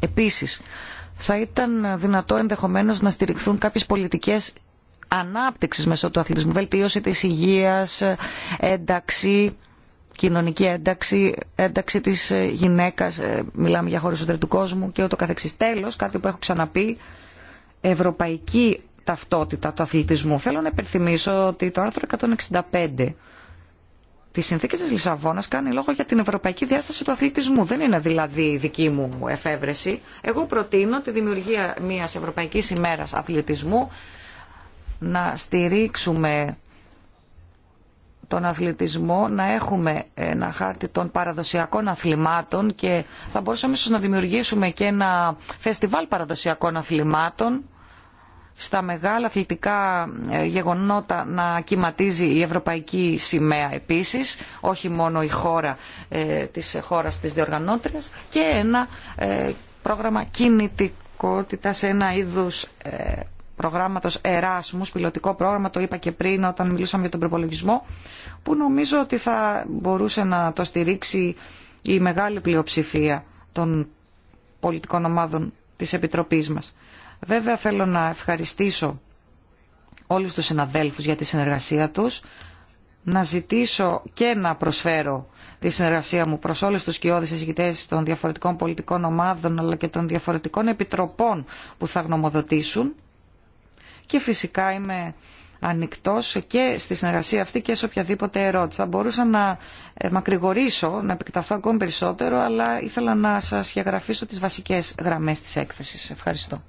Επίσης, θα ήταν δυνατό ενδεχομένως να στηριχθούν κάποιες πολιτικές ανάπτυξης μέσω του αθλητισμού, βελτίωση της υγείας, ένταξη κοινωνική ένταξη, ένταξη της ε, γυναίκας, ε, μιλάμε για χώρες του κόσμου και ούτω καθεξής. Τέλος, κάτι που έχω ξαναπεί, ευρωπαϊκή ταυτότητα του αθλητισμού. Θέλω να υπενθυμίσω ότι το άρθρο 165 Τη συνθήκη της Λισαβόνας κάνει λόγο για την ευρωπαϊκή διάσταση του αθλητισμού. Δεν είναι δηλαδή δική μου εφεύρεση. Εγώ προτείνω τη δημιουργία μιας Ευρωπαϊκής ημέρας αθλητισμού να στηρίξουμε τον αθλητισμό να έχουμε ένα χάρτη των παραδοσιακών αθλημάτων και θα μπορούσαμε ίσως να δημιουργήσουμε και ένα φεστιβάλ παραδοσιακών αθλημάτων στα μεγάλα αθλητικά ε, γεγονότα να κυματίζει η ευρωπαϊκή σημαία επίσης, όχι μόνο η χώρα ε, της χώρας της διοργανώτριας και ένα ε, πρόγραμμα κινητικότητα σε ένα είδους ε, Προγράμματο Εράσμου, πιλωτικό πρόγραμμα, το είπα και πριν όταν μιλήσαμε για τον προπολογισμό, που νομίζω ότι θα μπορούσε να το στηρίξει η μεγάλη πλειοψηφία των πολιτικών ομάδων της Επιτροπής μας. Βέβαια θέλω να ευχαριστήσω όλους τους συναδέλφους για τη συνεργασία τους, να ζητήσω και να προσφέρω τη συνεργασία μου προς όλους τους κοιόδες εισηγητές των διαφορετικών πολιτικών ομάδων αλλά και των διαφορετικών επιτροπών που θα γνωμοδοτήσουν και φυσικά είμαι ανοιχτός και στη συνεργασία αυτή και σε οποιαδήποτε ερώτηση. Θα μπορούσα να ε, μακρηγορήσω, να επεκταθώ ακόμη περισσότερο, αλλά ήθελα να σας διαγραφήσω τις βασικές γραμμές της έκθεσης. Ευχαριστώ.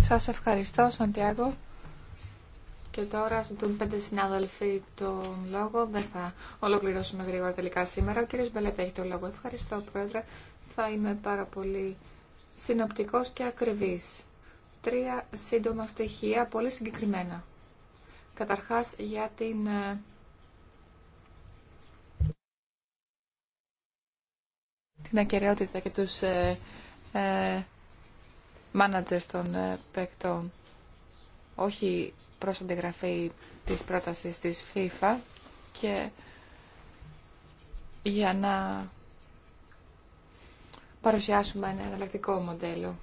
Σας ευχαριστώ, Σαντιάκο. Και τώρα ζητούν πέντε συνάδελφοι τον λόγο. Δεν θα ολοκληρώσουμε γρήγορα τελικά σήμερα. Ο κύριος Μπελέτα έχει τον λόγο. Ευχαριστώ, Πρόεδρε. Θα είμαι πάρα πολύ συνοπτικός και ακριβής τρία σύντομα στοιχεία, πολύ συγκεκριμένα. Καταρχάς για την ε, την και τους ε, μάνατζερ των ε, παίκτων. Όχι προς αντιγραφή της πρότασης της FIFA και για να παρουσιάσουμε ένα εναλλακτικό μοντέλο.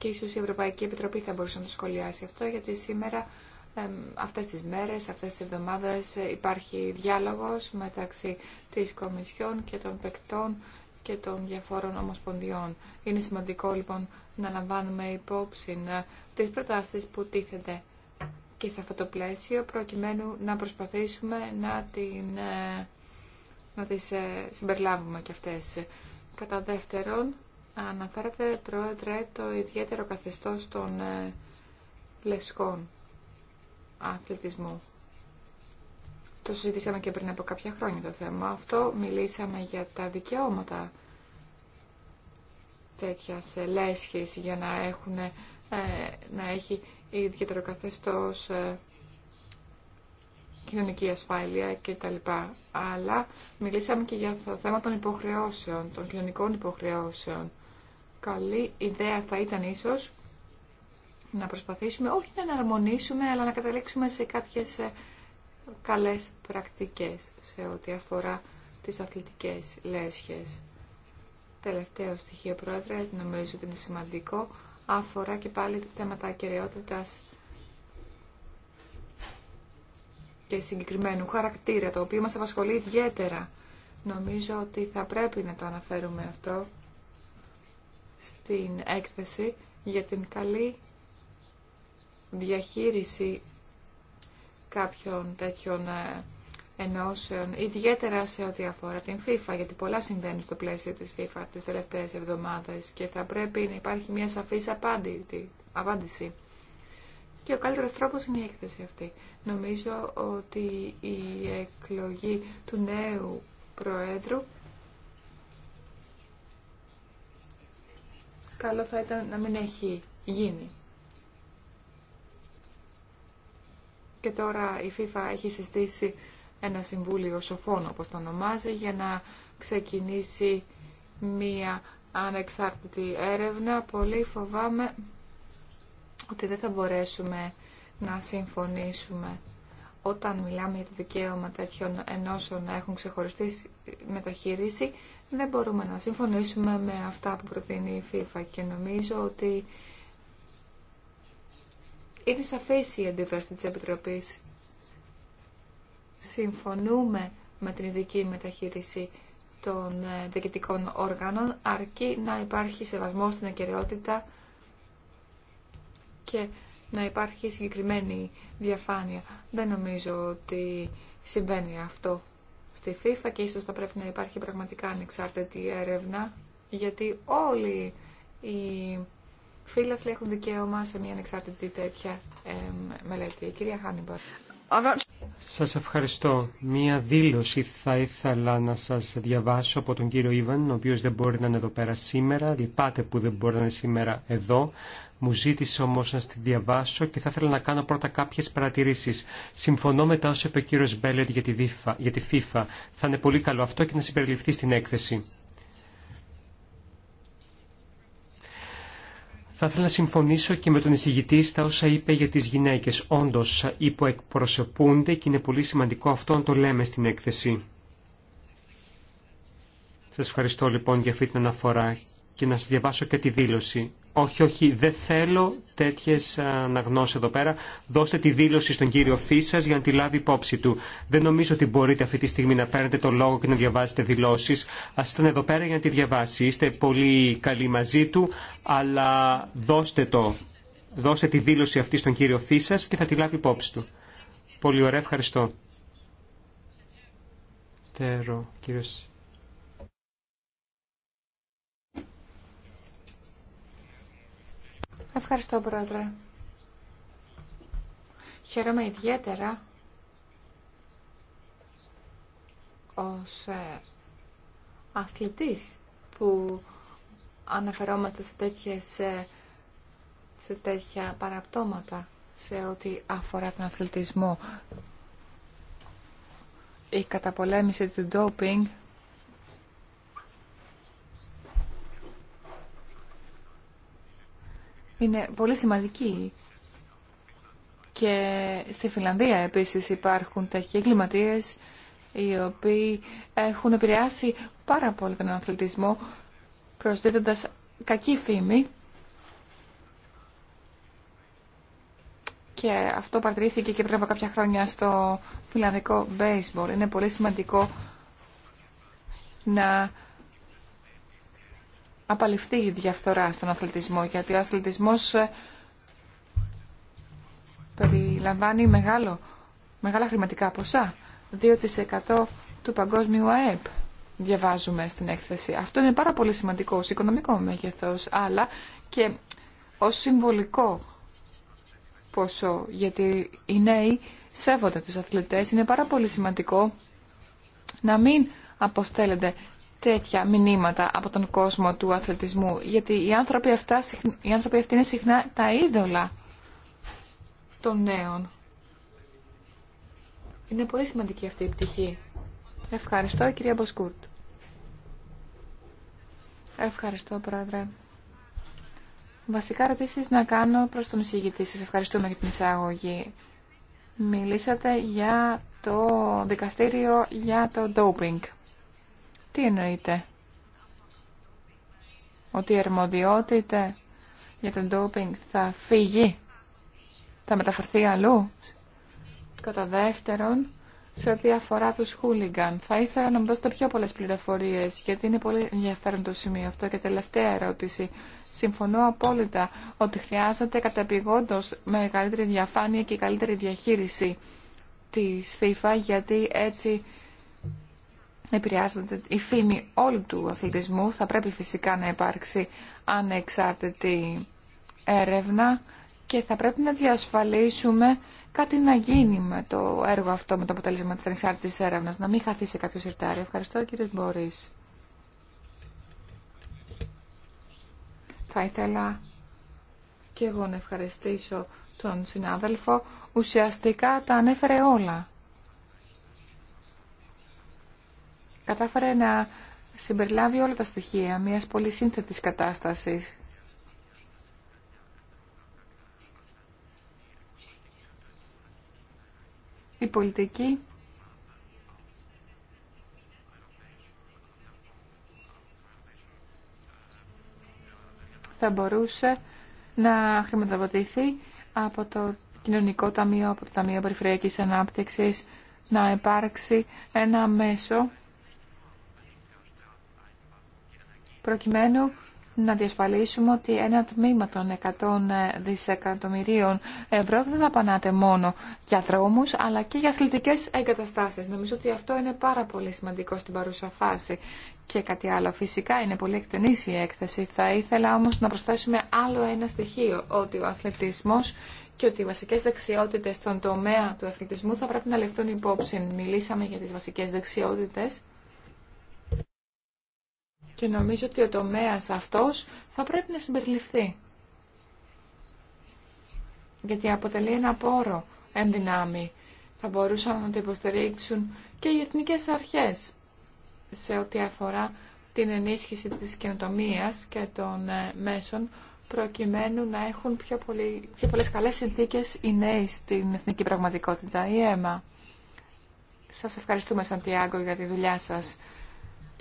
και ίσως η Ευρωπαϊκή Επιτροπή θα μπορούσε να το σχολιάσει αυτό γιατί σήμερα αυτές τις μέρες, αυτές τις εβδομάδες ε, υπάρχει διάλογος μεταξύ της Κομισιόν και των παικτών και των διαφόρων ομοσπονδιών. Είναι σημαντικό λοιπόν να λαμβάνουμε υπόψη ε, τις προτάσεις που τίθενται και σε αυτό το πλαίσιο προκειμένου να προσπαθήσουμε να, την, ε, να τις συμπεριλάβουμε και αυτές. Κατά δεύτερον, Αναφέρατε, Πρόεδρε, το ιδιαίτερο καθεστώς των ε, λεσκών αθλητισμού. Το συζητήσαμε και πριν από κάποια χρόνια το θέμα αυτό. Μιλήσαμε για τα δικαιώματα τέτοια ε, λέσχης για να, έχουν, ε, να έχει ιδιαίτερο καθεστώς κοινωνική ασφάλεια κτλ. Αλλά μιλήσαμε και για το θέμα των υποχρεώσεων, των κοινωνικών υποχρεώσεων καλή ιδέα θα ήταν ίσως να προσπαθήσουμε όχι να εναρμονίσουμε, αλλά να καταλήξουμε σε κάποιες ε, καλές πρακτικές σε ό,τι αφορά τις αθλητικές λέσχες. Τελευταίο στοιχείο, Πρόεδρε, νομίζω ότι είναι σημαντικό, αφορά και πάλι τα θέματα ακεραιότητας και συγκεκριμένου χαρακτήρα, το οποίο μας απασχολεί ιδιαίτερα. Νομίζω ότι θα πρέπει να το αναφέρουμε αυτό στην έκθεση για την καλή διαχείριση κάποιων τέτοιων ε, ενώσεων, ιδιαίτερα σε ό,τι αφορά την FIFA, γιατί πολλά συμβαίνουν στο πλαίσιο της FIFA τις τελευταίες εβδομάδες και θα πρέπει να υπάρχει μια σαφής απάντηση. Και ο καλύτερος τρόπος είναι η έκθεση αυτή. Νομίζω ότι η εκλογή του νέου Προέδρου καλό θα ήταν να μην έχει γίνει. Και τώρα η FIFA έχει συστήσει ένα συμβούλιο σοφών, όπως το ονομάζει, για να ξεκινήσει μία ανεξάρτητη έρευνα. Πολύ φοβάμαι ότι δεν θα μπορέσουμε να συμφωνήσουμε όταν μιλάμε για το δικαίωμα τέτοιων ενώσεων να έχουν ξεχωριστή μεταχείριση δεν μπορούμε να συμφωνήσουμε με αυτά που προτείνει η FIFA και νομίζω ότι είναι σαφής η αντίδραση της Επιτροπής. Συμφωνούμε με την ειδική μεταχείριση των ε, διοικητικών όργανων αρκεί να υπάρχει σεβασμό στην ακαιρεότητα και να υπάρχει συγκεκριμένη διαφάνεια. Δεν νομίζω ότι συμβαίνει αυτό στη FIFA και ίσως θα πρέπει να υπάρχει πραγματικά ανεξάρτητη έρευνα γιατί όλοι οι φίλαθλοι έχουν δικαίωμα σε μια ανεξάρτητη τέτοια μελέτη. Κυρία Χάνιμπαρ. Σας ευχαριστώ. Μία δήλωση θα ήθελα να σας διαβάσω από τον κύριο Ιβάν, ο οποίος δεν μπορεί να είναι εδώ πέρα σήμερα, λυπάται που δεν μπορεί να είναι σήμερα εδώ, μου ζήτησε όμως να στη διαβάσω και θα ήθελα να κάνω πρώτα κάποιες παρατηρήσεις. Συμφωνώ μετά τα όσα είπε ο κύριος Μπέλετ για, τη FIFA. Θα είναι πολύ καλό αυτό και να συμπεριληφθεί στην έκθεση. Θα ήθελα να συμφωνήσω και με τον εισηγητή στα όσα είπε για τις γυναίκες. Όντως υποεκπροσωπούνται και είναι πολύ σημαντικό αυτό να το λέμε στην έκθεση. Σας ευχαριστώ λοιπόν για αυτή την αναφορά και να σας διαβάσω και τη δήλωση. Όχι, όχι, δεν θέλω τέτοιε αναγνώσει εδώ πέρα. Δώστε τη δήλωση στον κύριο Φίσα για να τη λάβει υπόψη του. Δεν νομίζω ότι μπορείτε αυτή τη στιγμή να παίρνετε το λόγο και να διαβάζετε δηλώσει. Α ήταν εδώ πέρα για να τη διαβάσει. Είστε πολύ καλοί μαζί του, αλλά δώστε το. Δώστε τη δήλωση αυτή στον κύριο Φίσα και θα τη λάβει υπόψη του. Πολύ ωραία, ευχαριστώ. Τέρο, κύριος Ευχαριστώ, Πρόεδρε. Χαίρομαι ιδιαίτερα ως ε, αθλητής που αναφερόμαστε σε, ε, σε τέτοια παραπτώματα σε ό,τι αφορά τον αθλητισμό. Η καταπολέμηση του ντόπινγκ είναι πολύ σημαντική. Και στη Φιλανδία επίσης υπάρχουν τέτοιοι εγκληματίες οι οποίοι έχουν επηρεάσει πάρα πολύ τον αθλητισμό προσδίδοντας κακή φήμη και αυτό παρατηρήθηκε και πριν από κάποια χρόνια στο φιλανδικό baseball. Είναι πολύ σημαντικό να απαλληφθεί η διαφθορά στον αθλητισμό, γιατί ο αθλητισμός ε, περιλαμβάνει μεγάλο, μεγάλα χρηματικά ποσά, 2% του παγκόσμιου ΑΕΠ διαβάζουμε στην έκθεση. Αυτό είναι πάρα πολύ σημαντικό ως οικονομικό μέγεθος, αλλά και ως συμβολικό ποσό, γιατί οι νέοι σέβονται τους αθλητές. Είναι πάρα πολύ σημαντικό να μην αποστέλλεται τέτοια μηνύματα από τον κόσμο του αθλητισμού, γιατί οι άνθρωποι, αυτά, οι άνθρωποι αυτοί είναι συχνά τα είδωλα των νέων. Είναι πολύ σημαντική αυτή η πτυχή. Ευχαριστώ, κυρία Μποσκούρτ. Ευχαριστώ, πρόεδρε. Βασικά ρωτήσεις να κάνω προς τον εισηγητή σας. Ευχαριστούμε για την εισαγωγή. Μιλήσατε για το δικαστήριο για το ντόπινγκ. Τι εννοείται. Ότι η αρμοδιότητα για τον ντόπινγκ θα φύγει, θα μεταφερθεί αλλού. Κατά δεύτερον, σε ό,τι αφορά τους χούλιγκαν, θα ήθελα να μου δώσετε πιο πολλές πληροφορίες, γιατί είναι πολύ ενδιαφέρον το σημείο αυτό. Και τελευταία ερώτηση. Συμφωνώ απόλυτα ότι χρειάζεται καταπηγόντως μεγαλύτερη διαφάνεια και καλύτερη διαχείριση της FIFA, γιατί έτσι επηρεάζεται η φήμη όλου του αθλητισμού. Θα πρέπει φυσικά να υπάρξει ανεξάρτητη έρευνα και θα πρέπει να διασφαλίσουμε κάτι να γίνει με το έργο αυτό, με το αποτέλεσμα της ανεξάρτητης έρευνας, να μην χαθεί σε κάποιο σιρτάρι. Ευχαριστώ κύριε Μπόρις Θα ήθελα και εγώ να ευχαριστήσω τον συνάδελφο. Ουσιαστικά τα ανέφερε όλα. κατάφερε να συμπεριλάβει όλα τα στοιχεία μιας πολύ σύνθετης κατάστασης. Η πολιτική θα μπορούσε να χρηματοδοτηθεί από το Κοινωνικό Ταμείο, από το Ταμείο Περιφερειακής Ανάπτυξης, να υπάρξει ένα μέσο προκειμένου να διασφαλίσουμε ότι ένα τμήμα των 100 δισεκατομμυρίων ευρώ δεν θα πανάτε μόνο για δρόμους, αλλά και για αθλητικές εγκαταστάσεις. Νομίζω ότι αυτό είναι πάρα πολύ σημαντικό στην παρούσα φάση. Και κάτι άλλο, φυσικά είναι πολύ εκτενής η έκθεση. Θα ήθελα όμως να προσθέσουμε άλλο ένα στοιχείο, ότι ο αθλητισμός και ότι οι βασικέ δεξιότητε στον τομέα του αθλητισμού θα πρέπει να λεφτούν υπόψη. Μιλήσαμε για τι βασικέ δεξιότητε και νομίζω ότι ο τομέας αυτός θα πρέπει να συμπεριληφθεί. Γιατί αποτελεί ένα πόρο εν δυνάμει. Θα μπορούσαν να το υποστηρίξουν και οι εθνικές αρχές σε ό,τι αφορά την ενίσχυση της καινοτομία και των ε, μέσων προκειμένου να έχουν πιο, πολύ, πιο πολλές καλές συνθήκες οι νέοι στην εθνική πραγματικότητα, η αίμα. Σας ευχαριστούμε, Σαντιάγκο, για τη δουλειά σας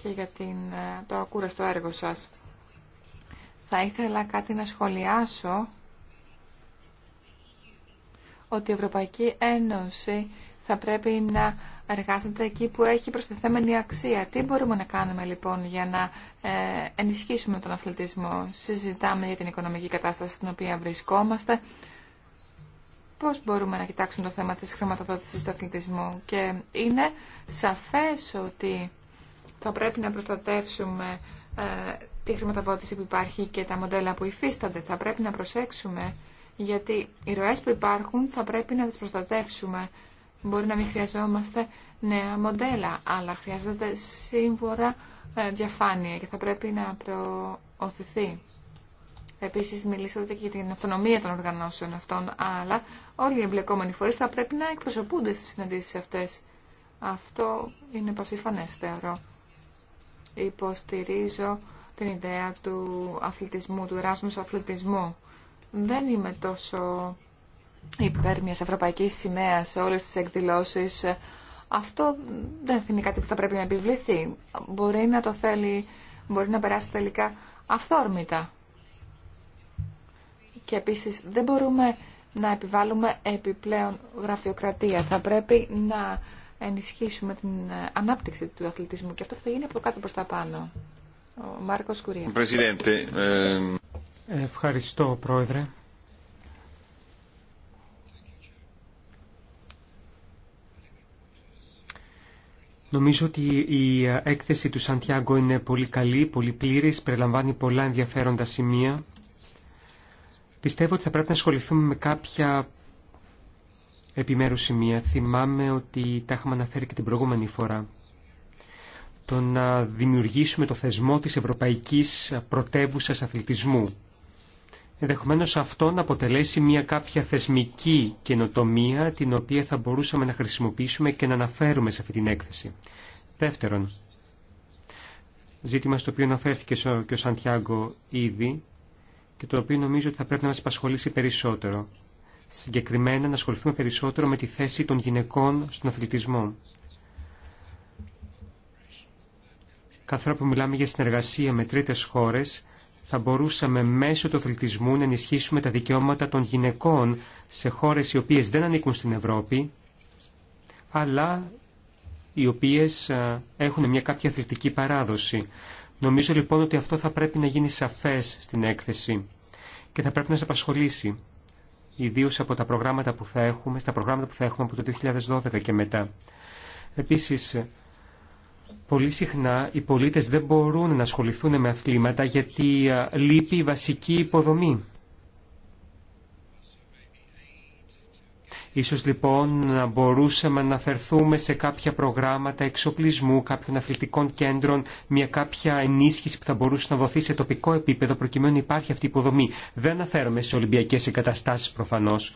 και για την, ε, το ακούραστο έργο σας. Θα ήθελα κάτι να σχολιάσω ότι η Ευρωπαϊκή Ένωση θα πρέπει να εργάζεται εκεί που έχει προσθεθέμενη αξία. Τι μπορούμε να κάνουμε λοιπόν για να ε, ενισχύσουμε τον αθλητισμό. Συζητάμε για την οικονομική κατάσταση στην οποία βρισκόμαστε. Πώς μπορούμε να κοιτάξουμε το θέμα της χρηματοδότησης του αθλητισμού. Και είναι σαφές ότι θα πρέπει να προστατεύσουμε ε, τη χρηματοδότηση που υπάρχει και τα μοντέλα που υφίστανται. Θα πρέπει να προσέξουμε γιατί οι ροές που υπάρχουν θα πρέπει να τις προστατεύσουμε. Μπορεί να μην χρειαζόμαστε νέα μοντέλα, αλλά χρειάζεται σύμβορα ε, διαφάνεια και θα πρέπει να προωθηθεί. Επίσης μιλήσατε και για την αυτονομία των οργανώσεων αυτών, αλλά όλοι οι εμπλεκόμενοι φορείς θα πρέπει να εκπροσωπούνται στις συναντήσει αυτές. Αυτό είναι πασιφανές, θεωρώ υποστηρίζω την ιδέα του αθλητισμού, του εράσμους αθλητισμού. Δεν είμαι τόσο υπέρ μιας ευρωπαϊκής σημαία σε όλες τις εκδηλώσεις. Αυτό δεν είναι κάτι που θα πρέπει να επιβληθεί. Μπορεί να το θέλει, μπορεί να περάσει τελικά αυθόρμητα. Και επίσης δεν μπορούμε να επιβάλλουμε επιπλέον γραφειοκρατία. Θα πρέπει να ενισχύσουμε την ε, ανάπτυξη του αθλητισμού και αυτό θα γίνει από κάτω προς τα πάνω. Ο Μάρκος Κουρία. Ε, Ευχαριστώ, Πρόεδρε. Νομίζω ότι η ε, έκθεση του Σαντιάγκο είναι πολύ καλή, πολύ πλήρης, περιλαμβάνει πολλά ενδιαφέροντα σημεία. Πιστεύω ότι θα πρέπει να ασχοληθούμε με κάποια επιμέρους σημεία. Θυμάμαι ότι τα είχαμε αναφέρει και την προηγούμενη φορά. Το να δημιουργήσουμε το θεσμό της Ευρωπαϊκής πρωτεύουσα Αθλητισμού. Ενδεχομένω αυτό να αποτελέσει μια κάποια θεσμική καινοτομία την οποία θα μπορούσαμε να χρησιμοποιήσουμε και να αναφέρουμε σε αυτή την έκθεση. Δεύτερον, ζήτημα στο οποίο αναφέρθηκε και ο Σαντιάγκο ήδη και το οποίο νομίζω ότι θα πρέπει να μας απασχολήσει περισσότερο συγκεκριμένα να ασχοληθούμε περισσότερο με τη θέση των γυναικών στον αθλητισμό. Κάθε φορά που μιλάμε για συνεργασία με τρίτες χώρες, θα μπορούσαμε μέσω του αθλητισμού να ενισχύσουμε τα δικαιώματα των γυναικών σε χώρες οι οποίες δεν ανήκουν στην Ευρώπη, αλλά οι οποίες έχουν μια κάποια αθλητική παράδοση. Νομίζω λοιπόν ότι αυτό θα πρέπει να γίνει σαφές στην έκθεση και θα πρέπει να σε απασχολήσει ιδίως από τα προγράμματα που θα έχουμε, στα προγράμματα που θα έχουμε από το 2012 και μετά. Επίσης, πολύ συχνά οι πολίτες δεν μπορούν να ασχοληθούν με αθλήματα γιατί λείπει η βασική υποδομή. Ίσως λοιπόν να μπορούσαμε να αναφερθούμε σε κάποια προγράμματα εξοπλισμού κάποιων αθλητικών κέντρων, μια κάποια ενίσχυση που θα μπορούσε να δοθεί σε τοπικό επίπεδο προκειμένου να υπάρχει αυτή η υποδομή. Δεν αναφέρομαι σε Ολυμπιακές εγκαταστάσεις προφανώς.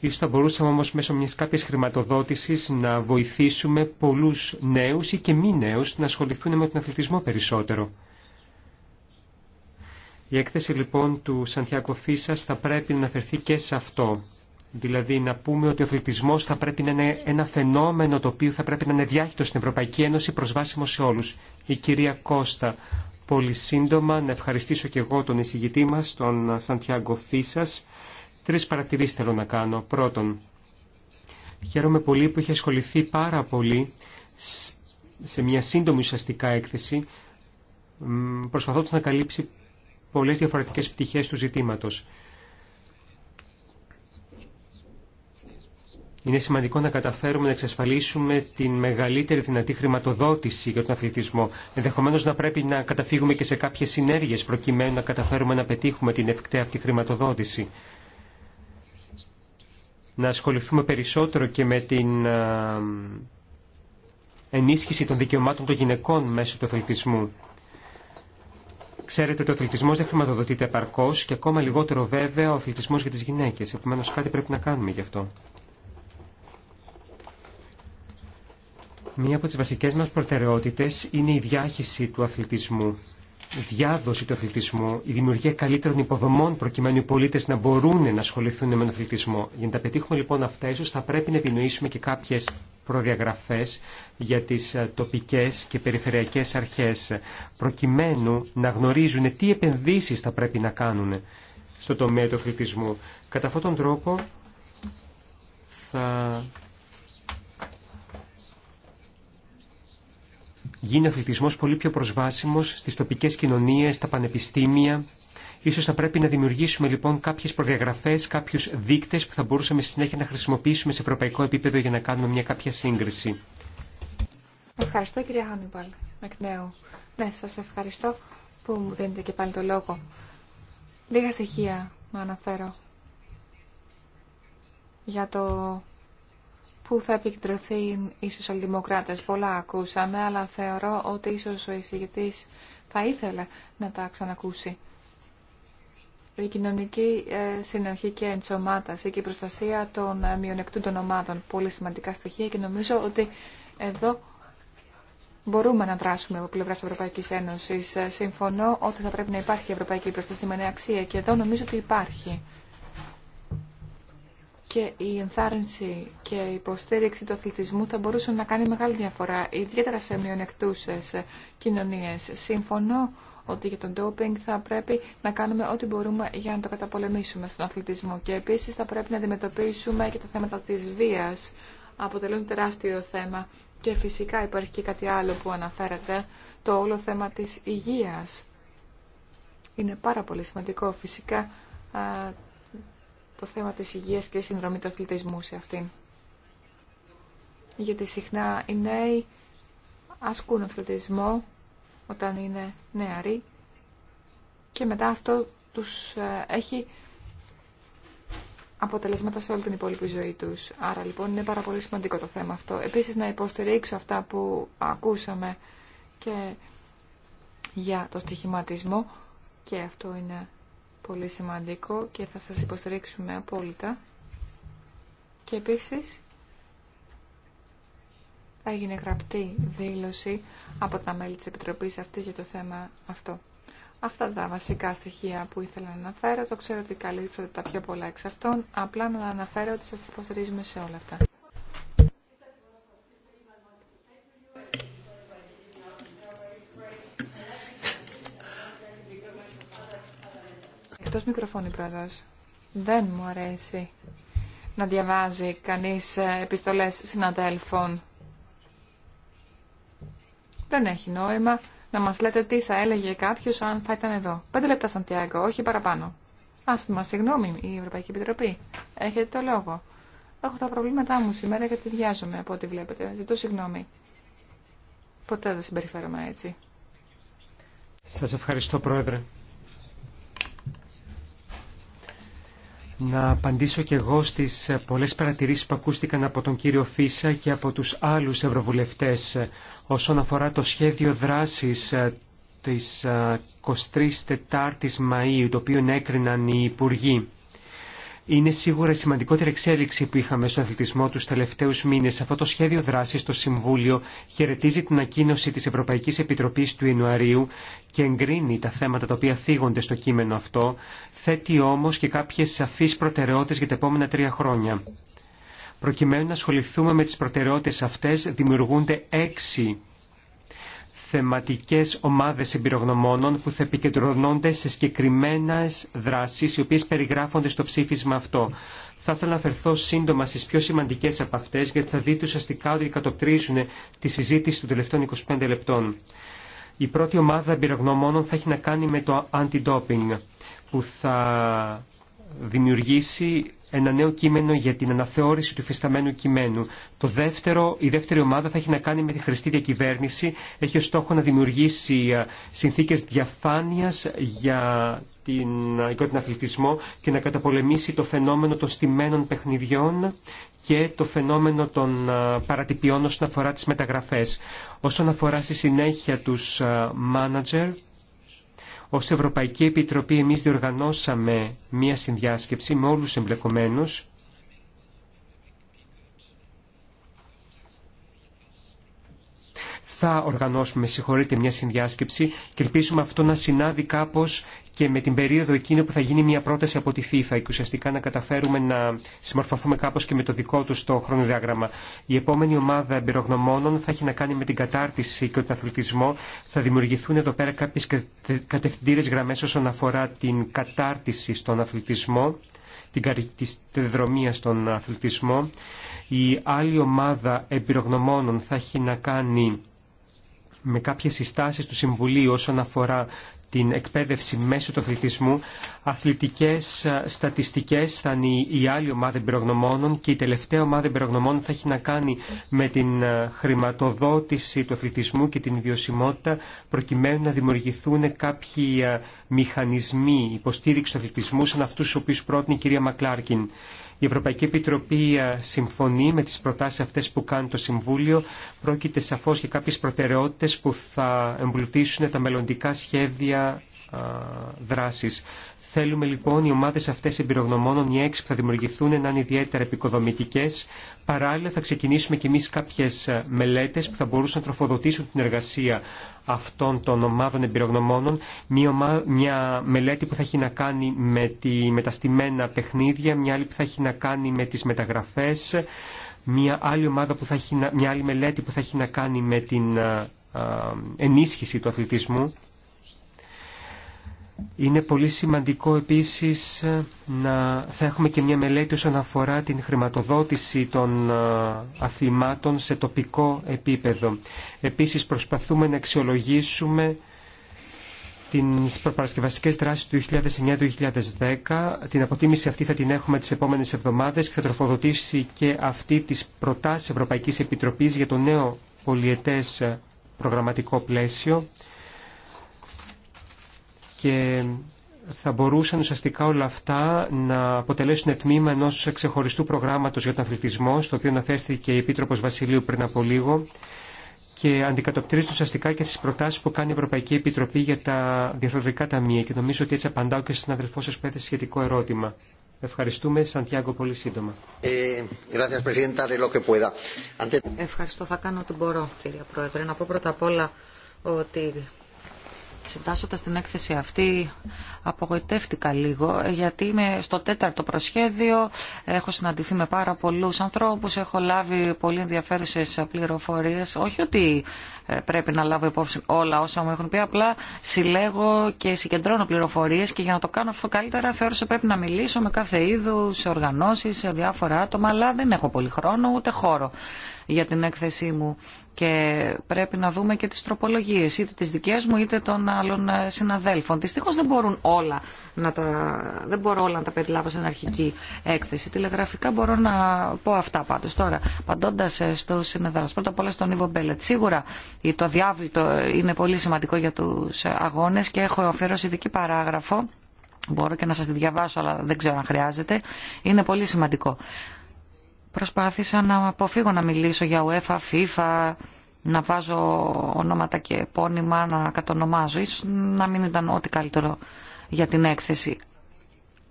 Ίσως θα μπορούσαμε όμως μέσω μιας κάποιας χρηματοδότησης να βοηθήσουμε πολλούς νέους ή και μη νέους να ασχοληθούν με τον αθλητισμό περισσότερο. Η έκθεση λοιπόν του Σαντιάκο Φίσας θα πρέπει να αναφερθεί και σε αυτό. Δηλαδή να πούμε ότι ο αθλητισμός θα πρέπει να είναι ένα φαινόμενο το οποίο θα πρέπει να είναι διάχυτο στην Ευρωπαϊκή Ένωση προσβάσιμο σε όλους. Η κυρία Κώστα, πολύ σύντομα να ευχαριστήσω και εγώ τον εισηγητή μας, τον Σαντιάγκο Φίσας. Τρεις παρατηρήσεις θέλω να κάνω. Πρώτον, χαίρομαι πολύ που είχε ασχοληθεί πάρα πολύ σε μια σύντομη ουσιαστικά έκθεση, προσπαθώντας να καλύψει πολλές διαφορετικές πτυχές του ζητήματος. Είναι σημαντικό να καταφέρουμε να εξασφαλίσουμε την μεγαλύτερη δυνατή χρηματοδότηση για τον αθλητισμό. Ενδεχομένω να πρέπει να καταφύγουμε και σε κάποιε συνέργειε προκειμένου να καταφέρουμε να πετύχουμε την ευκταία αυτή χρηματοδότηση. Να ασχοληθούμε περισσότερο και με την ενίσχυση των δικαιωμάτων των γυναικών μέσω του αθλητισμού. Ξέρετε ότι ο αθλητισμό δεν χρηματοδοτείται επαρκώ και ακόμα λιγότερο βέβαια ο αθλητισμό για τι γυναίκε. Επομένω κάτι πρέπει να κάνουμε γι' αυτό. Μία από τις βασικές μας προτεραιότητες είναι η διάχυση του αθλητισμού, η διάδοση του αθλητισμού, η δημιουργία καλύτερων υποδομών προκειμένου οι πολίτες να μπορούν να ασχοληθούν με τον αθλητισμό. Για να τα πετύχουμε λοιπόν αυτά, ίσως θα πρέπει να επινοήσουμε και κάποιες προδιαγραφές για τις ε, τοπικές και περιφερειακές αρχές, προκειμένου να γνωρίζουν τι επενδύσεις θα πρέπει να κάνουν στο τομέα του αθλητισμού. Κατά αυτόν τον τρόπο θα γίνει ο αθλητισμός πολύ πιο προσβάσιμος στις τοπικές κοινωνίες, στα πανεπιστήμια. Ίσως θα πρέπει να δημιουργήσουμε λοιπόν κάποιες προδιαγραφές, κάποιους δείκτες που θα μπορούσαμε στη συνέχεια να χρησιμοποιήσουμε σε ευρωπαϊκό επίπεδο για να κάνουμε μια κάποια σύγκριση. Ευχαριστώ κυρία Χάνιμπαλ, εκ νέου. Ναι, σα ευχαριστώ που μου δίνετε και πάλι το λόγο. Λίγα στοιχεία να αναφέρω για το που θα επικεντρωθεί οι σοσιαλδημοκράτες. Πολλά ακούσαμε, αλλά θεωρώ ότι ίσως ο εισηγητής θα ήθελε να τα ξανακούσει. Η κοινωνική ε, συνοχή και ενσωμάταση και η προστασία των ε, μειονεκτούντων ομάδων. Πολύ σημαντικά στοιχεία και νομίζω ότι εδώ μπορούμε να δράσουμε από πλευρά τη Ευρωπαϊκή Ένωση. Ε, συμφωνώ ότι θα πρέπει να υπάρχει ευρωπαϊκή Προστασία με νέα αξία και εδώ νομίζω ότι υπάρχει και η ενθάρρυνση και η υποστήριξη του αθλητισμού θα μπορούσαν να κάνει μεγάλη διαφορά, ιδιαίτερα σε μειονεκτούσες ε, κοινωνίες. Σύμφωνο ότι για τον ντόπινγκ θα πρέπει να κάνουμε ό,τι μπορούμε για να το καταπολεμήσουμε στον αθλητισμό και επίσης θα πρέπει να αντιμετωπίσουμε και τα θέματα της βίας. Αποτελούν τεράστιο θέμα και φυσικά υπάρχει και κάτι άλλο που αναφέρεται, το όλο θέμα της υγείας. Είναι πάρα πολύ σημαντικό φυσικά το θέμα της υγείας και συνδρομή του αθλητισμού σε αυτήν. Γιατί συχνά οι νέοι ασκούν αθλητισμό όταν είναι νεαροί και μετά αυτό τους ε, έχει αποτελέσματα σε όλη την υπόλοιπη ζωή τους. Άρα λοιπόν είναι πάρα πολύ σημαντικό το θέμα αυτό. Επίσης να υποστηρίξω αυτά που ακούσαμε και για το στοιχηματισμό και αυτό είναι πολύ σημαντικό και θα σας υποστηρίξουμε απόλυτα. Και επίσης έγινε γραπτή δήλωση από τα μέλη της Επιτροπής αυτή για το θέμα αυτό. Αυτά τα βασικά στοιχεία που ήθελα να αναφέρω, το ξέρω ότι καλύπτω τα πιο πολλά εξ αυτών, απλά να αναφέρω ότι σας υποστηρίζουμε σε όλα αυτά. Εκτός μικροφώνη, πρόεδρος. Δεν μου αρέσει να διαβάζει κανείς ε, επιστολές συναδέλφων. Δεν έχει νόημα να μας λέτε τι θα έλεγε κάποιος αν θα ήταν εδώ. Πέντε λεπτά, Σαντιάγκο, όχι παραπάνω. Ας πούμε, συγγνώμη, η Ευρωπαϊκή Επιτροπή. Έχετε το λόγο. Έχω τα προβλήματά μου σήμερα γιατί βιάζομαι από ό,τι βλέπετε. Ζητώ συγγνώμη. Ποτέ δεν συμπεριφέρομαι έτσι. Σας ευχαριστώ, Πρόεδρε. να απαντήσω και εγώ στις πολλές παρατηρήσεις που ακούστηκαν από τον κύριο Φίσα και από τους άλλους ευρωβουλευτές όσον αφορά το σχέδιο δράσης ε, της ε, 23 Τετάρτης Μαΐου, το οποίο έκριναν οι Υπουργοί είναι σίγουρα η σημαντικότερη εξέλιξη που είχαμε στον αθλητισμό του τελευταίου μήνε. Αυτό το σχέδιο δράση το Συμβούλιο χαιρετίζει την ακίνωση τη Ευρωπαϊκή Επιτροπή του Ιανουαρίου και εγκρίνει τα θέματα τα οποία θίγονται στο κείμενο αυτό, θέτει όμω και κάποιε σαφεί προτεραιότητε για τα επόμενα τρία χρόνια. Προκειμένου να ασχοληθούμε με τι προτεραιότητε αυτέ, δημιουργούνται έξι θεματικές ομάδες εμπειρογνωμόνων που θα επικεντρωνώνται σε συγκεκριμένες δράσεις οι οποίες περιγράφονται στο ψήφισμα αυτό. Θα ήθελα να αφαιρθώ σύντομα στις πιο σημαντικές από αυτές γιατί θα δείτε ουσιαστικά ότι κατοπτρίζουν τη συζήτηση των τελευταίων 25 λεπτών. Η πρώτη ομάδα εμπειρογνωμόνων θα έχει να κάνει με το anti-doping που θα δημιουργήσει ένα νέο κείμενο για την αναθεώρηση του φυσταμένου κειμένου. Το δεύτερο, η δεύτερη ομάδα θα έχει να κάνει με τη χρηστή διακυβέρνηση. Έχει ως στόχο να δημιουργήσει συνθήκες διαφάνειας για την οικότητα αθλητισμό και να καταπολεμήσει το φαινόμενο των στημένων παιχνιδιών και το φαινόμενο των παρατυπιών όσον αφορά τις μεταγραφές. Όσον αφορά στη συνέχεια τους μάνατζερ, ως Ευρωπαϊκή Επιτροπή εμείς διοργανώσαμε μία συνδιάσκεψη με όλους τους εμπλεκομένους θα οργανώσουμε, συγχωρείτε, μια συνδιάσκεψη και ελπίζουμε αυτό να συνάδει κάπω και με την περίοδο εκείνη που θα γίνει μια πρόταση από τη FIFA και ουσιαστικά να καταφέρουμε να συμμορφωθούμε κάπω και με το δικό του το χρονοδιάγραμμα. Η επόμενη ομάδα εμπειρογνωμόνων θα έχει να κάνει με την κατάρτιση και τον αθλητισμό. Θα δημιουργηθούν εδώ πέρα κάποιε κατευθυντήρε γραμμέ όσον αφορά την κατάρτιση στον αθλητισμό την καρδιδρομία στον αθλητισμό. Η άλλη ομάδα εμπειρογνωμόνων θα έχει να κάνει με κάποιες συστάσεις του Συμβουλίου όσον αφορά την εκπαίδευση μέσω του αθλητισμού, αθλητικές στατιστικές θα είναι η άλλη ομάδα εμπειρογνωμόνων και η τελευταία ομάδα εμπειρογνωμόνων θα έχει να κάνει με την χρηματοδότηση του αθλητισμού και την βιωσιμότητα προκειμένου να δημιουργηθούν κάποιοι μηχανισμοί υποστήριξη του αθλητισμού σαν αυτούς του οποίους πρότεινε η κυρία Μακλάρκιν. Η Ευρωπαϊκή Επιτροπή ε, συμφωνεί με τις προτάσεις αυτές που κάνει το Συμβούλιο. Πρόκειται σαφώς για κάποιες προτεραιότητες που θα εμπλουτίσουν τα μελλοντικά σχέδια ε, δράσης. Θέλουμε λοιπόν οι ομάδες αυτές εμπειρογνωμόνων, οι έξι που θα δημιουργηθούν, να είναι ιδιαίτερα επικοδομητικές. Παράλληλα θα ξεκινήσουμε κι εμείς κάποιες ε, μελέτες που θα μπορούσαν να τροφοδοτήσουν την εργασία αυτών των ομάδων εμπειρογνωμόνων. Μια, μια μελέτη που θα έχει να κάνει με, τη... με τα στημένα παιχνίδια, μια άλλη που θα έχει να κάνει με τις μεταγραφές, μια άλλη, ομάδα που θα έχει... μια άλλη μελέτη που θα έχει να κάνει με την ε, ε, ενίσχυση του αθλητισμού. Είναι πολύ σημαντικό επίσης ε, να θα έχουμε και μια μελέτη όσον αφορά την χρηματοδότηση των ε, αθλημάτων σε τοπικό επίπεδο. Επίσης προσπαθούμε να αξιολογήσουμε τις προπαρασκευαστικές δράσεις του 2009-2010. Την αποτίμηση αυτή θα την έχουμε τις επόμενες εβδομάδες και θα τροφοδοτήσει και αυτή τις προτάσεις Ευρωπαϊκής Επιτροπής για το νέο πολιετές ε, προγραμματικό πλαίσιο και θα μπορούσαν ουσιαστικά όλα αυτά να αποτελέσουν τμήμα ενός ξεχωριστού προγράμματος για τον αθλητισμό, στο οποίο αναφέρθηκε η Επίτροπος Βασιλείου πριν από λίγο και αντικατοπτρίζουν ουσιαστικά και στις προτάσεις που κάνει η Ευρωπαϊκή Επιτροπή για τα διαφορετικά ταμεία και νομίζω ότι έτσι απαντάω και στην αδελφό σας που έθεσε σχετικό ερώτημα. Ευχαριστούμε, Σαντιάγκο, πολύ σύντομα. Ε, Ευχαριστώ, θα κάνω ό,τι μπορώ, κύριε Πρόεδρε. Να πω πρώτα απ' όλα ότι συντάσσοντας την έκθεση αυτή απογοητεύτηκα λίγο γιατί είμαι στο τέταρτο προσχέδιο, έχω συναντηθεί με πάρα πολλούς ανθρώπους, έχω λάβει πολύ ενδιαφέρουσες πληροφορίες, όχι ότι ε, πρέπει να λάβω υπόψη όλα όσα μου έχουν πει, απλά συλλέγω και συγκεντρώνω πληροφορίες και για να το κάνω αυτό καλύτερα θεώρησα πρέπει να μιλήσω με κάθε είδους οργανώσεις, σε διάφορα άτομα, αλλά δεν έχω πολύ χρόνο ούτε χώρο για την έκθεσή μου και πρέπει να δούμε και τις τροπολογίες είτε τις δικές μου είτε των άλλων ε, συναδέλφων. Δυστυχώς δεν μπορούν όλα να τα, δεν μπορώ όλα να τα περιλάβω στην αρχική έκθεση. Τηλεγραφικά μπορώ να πω αυτά πάντως. Τώρα, παντώντας ε, στο συνεδράς, πρώτα απ' όλα στον Ιβο Μπέλετ. Σίγουρα το διάβλητο είναι πολύ σημαντικό για τους ε, αγώνες και έχω αφιερώσει ειδική παράγραφο Μπορώ και να σας τη διαβάσω, αλλά δεν ξέρω αν χρειάζεται. Είναι πολύ σημαντικό. Προσπάθησα να αποφύγω να μιλήσω για UEFA, FIFA, να βάζω ονόματα και επώνυμα, να κατονομάζω. να μην ήταν ό,τι καλύτερο για την έκθεση.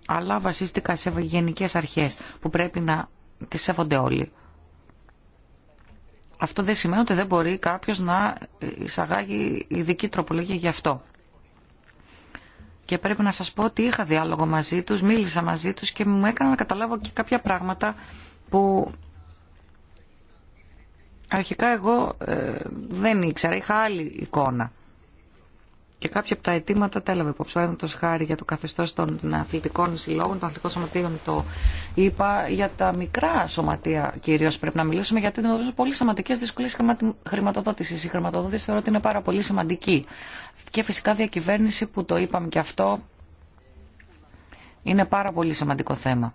Αλλά βασίστηκα σε γενικές αρχές που πρέπει να τις σέβονται όλοι. Αυτό δεν σημαίνει ότι δεν μπορεί κάποιος να εισαγάγει ειδική τροπολογία γι' αυτό. Και πρέπει να σας πω ότι είχα διάλογο μαζί τους, μίλησα μαζί τους και μου έκανα να καταλάβω και κάποια πράγματα που αρχικά εγώ ε, δεν ήξερα, είχα άλλη εικόνα. Και κάποια από τα αιτήματα τα έλαβε υπόψη. Παραδείγματο χάρη για το καθεστώ των αθλητικών συλλόγων, των αθλητικών σωματείων, το είπα. Για τα μικρά σωματεία κυρίω πρέπει να μιλήσουμε, γιατί είναι πολύ σημαντικέ δυσκολίε χρηματοδότηση. Η χρηματοδότηση θεωρώ ότι είναι πάρα πολύ σημαντική. Και φυσικά διακυβέρνηση, που το είπαμε και αυτό, είναι πάρα πολύ σημαντικό θέμα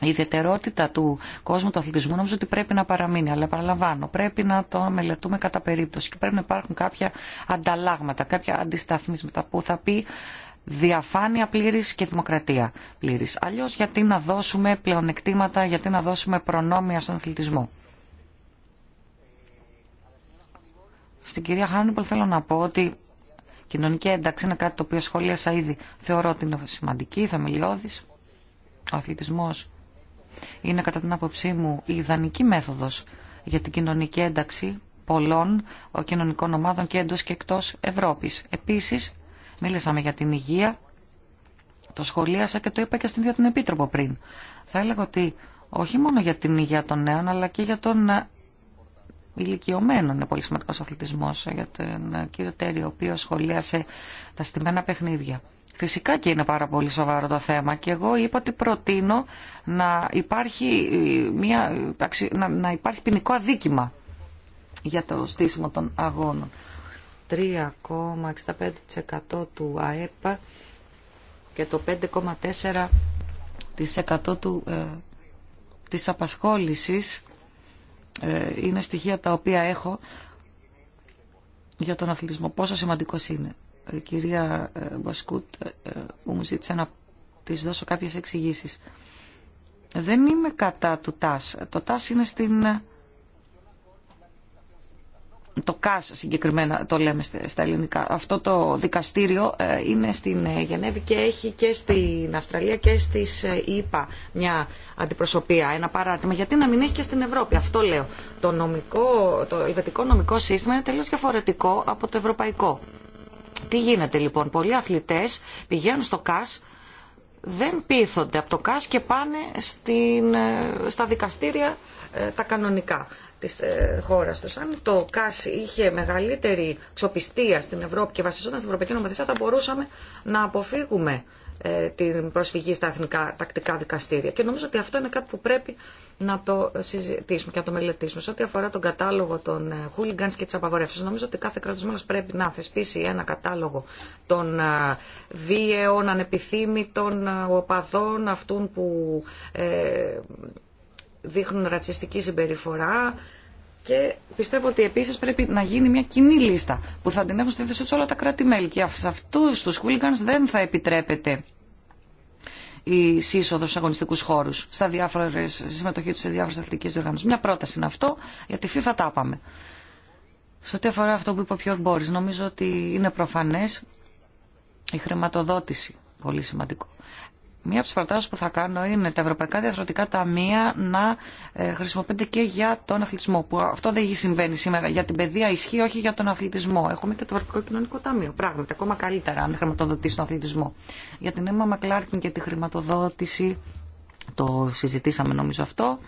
η ιδιαιτερότητα του κόσμου του αθλητισμού νομίζω ότι πρέπει να παραμείνει. Αλλά παραλαμβάνω, πρέπει να το μελετούμε κατά περίπτωση και πρέπει να υπάρχουν κάποια ανταλλάγματα, κάποια αντισταθμίσματα που θα πει διαφάνεια πλήρη και δημοκρατία πλήρη. Αλλιώ γιατί να δώσουμε πλεονεκτήματα, γιατί να δώσουμε προνόμια στον αθλητισμό. Στην κυρία Χάνιμπολ θέλω να πω ότι κοινωνική ένταξη είναι κάτι το οποίο σχολίασα ήδη. Θεωρώ ότι είναι σημαντική, θεμελιώδης. Ο αθλητισμός είναι κατά την άποψή μου η ιδανική μέθοδος για την κοινωνική ένταξη πολλών κοινωνικών ομάδων και εντός και εκτός Ευρώπης. Επίσης, μίλησαμε για την υγεία, το σχολίασα και το είπα και στην ίδια την Επίτροπο πριν. Θα έλεγα ότι όχι μόνο για την υγεία των νέων, αλλά και για τον ε, ηλικιωμένο, είναι πολύ σημαντικός αθλητισμό για τον ε, κύριο Τέρι, ο οποίος σχολίασε τα στημένα παιχνίδια. Φυσικά και είναι πάρα πολύ σοβαρό το θέμα και εγώ είπα ότι προτείνω να υπάρχει, ε, μια, να υπάρχει ποινικό αδίκημα για το στήσιμο των αγώνων. 3,65% του ΑΕΠ και το 5,4% του, ε, της απασχόλησης ε, είναι στοιχεία τα οποία έχω για τον αθλητισμό. Πόσο σημαντικός είναι η ε, κυρία ε, Μπασκούτ ε, που μου ζήτησε να της δώσω κάποιες εξηγήσεις. Δεν είμαι κατά του ΤΑΣ. Το ΤΑΣ είναι στην... Το ΚΑΣ συγκεκριμένα το λέμε στα ελληνικά. Αυτό το δικαστήριο είναι στην Γενέβη και έχει και στην Αυστραλία και στις ΙΠΑ μια αντιπροσωπεία, ένα παράρτημα. Γιατί να μην έχει και στην Ευρώπη, αυτό λέω. Το, νομικό, το ελβετικό νομικό σύστημα είναι τελείως διαφορετικό από το ευρωπαϊκό. Τι γίνεται λοιπόν, πολλοί αθλητές πηγαίνουν στο ΚΑΣ, δεν πείθονται από το ΚΑΣ και πάνε στην, ε, στα δικαστήρια ε, τα κανονικά της ε, χώρας τους. Αν το ΚΑΣ είχε μεγαλύτερη ξοπιστία στην Ευρώπη και βασιζόταν στην Ευρωπαϊκή Νομοθεσία θα μπορούσαμε να αποφύγουμε ε, την προσφυγή στα εθνικά τακτικά δικαστήρια. Και νομίζω ότι αυτό είναι κάτι που πρέπει να το συζητήσουμε και να το μελετήσουμε. Σε ό,τι αφορά τον κατάλογο των ε, χούλιγκαν και τι απαγορεύσει, νομίζω ότι κάθε κράτο πρέπει να θεσπίσει ένα κατάλογο των βίαιων, ανεπιθύμητων οπαδών, αυτών που δείχνουν ρατσιστική συμπεριφορά και πιστεύω ότι επίση πρέπει να γίνει μια κοινή λίστα που θα την έχουν στη θέση του όλα τα κράτη-μέλη. Και σε αυτού του χούλιγκαν δεν θα επιτρέπεται η σύσοδο στου αγωνιστικού χώρου, στα συμμετοχή του σε διάφορε αθλητικέ διοργανώσει. Μια πρόταση είναι αυτό, γιατί FIFA τα πάμε. Σε ό,τι αφορά αυτό που είπε ο Πιόρ Μπόρι, νομίζω ότι είναι προφανέ η χρηματοδότηση. Πολύ σημαντικό. Μία από τι προτάσει που θα κάνω είναι τα ευρωπαϊκά διαθροτικά ταμεία να ε, χρησιμοποιούνται και για τον αθλητισμό. Που αυτό δεν συμβαίνει σήμερα. Για την παιδεία ισχύει, όχι για τον αθλητισμό. Έχουμε και το Ευρωπαϊκό Κοινωνικό Ταμείο. Πράγματι, ακόμα καλύτερα αν χρηματοδοτήσει τον αθλητισμό. Για την Emma Μακλάρκιν και τη χρηματοδότηση, το συζητήσαμε νομίζω αυτό.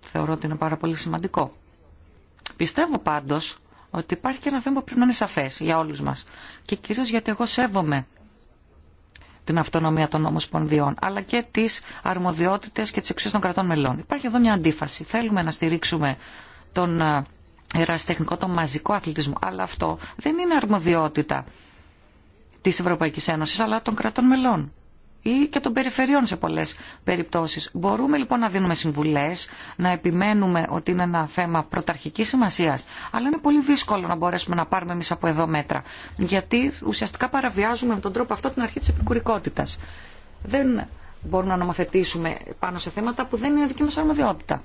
Θεωρώ ότι είναι πάρα πολύ σημαντικό. Πιστεύω πάντω ότι υπάρχει και ένα θέμα που πρέπει να είναι σαφέ για όλου μα Και κυρίω γιατί εγώ σέβομαι την αυτονομία των ομοσπονδιών, αλλά και τις αρμοδιότητες και τις εξουσίες των κρατών μελών. Υπάρχει εδώ μια αντίφαση. Θέλουμε να στηρίξουμε τον ε, ερασιτεχνικό, τον μαζικό αθλητισμό, αλλά αυτό δεν είναι αρμοδιότητα της Ευρωπαϊκής Ένωσης, αλλά των κρατών μελών ή και των περιφερειών σε πολλέ περιπτώσει. Μπορούμε λοιπόν να δίνουμε συμβουλές, να επιμένουμε ότι είναι ένα θέμα πρωταρχική σημασίας, αλλά είναι πολύ δύσκολο να μπορέσουμε να πάρουμε εμεί από εδώ μέτρα, γιατί ουσιαστικά παραβιάζουμε με τον τρόπο αυτό την αρχή της επικουρικότητα. Δεν μπορούμε να νομοθετήσουμε πάνω σε θέματα που δεν είναι δική μα αρμοδιότητα.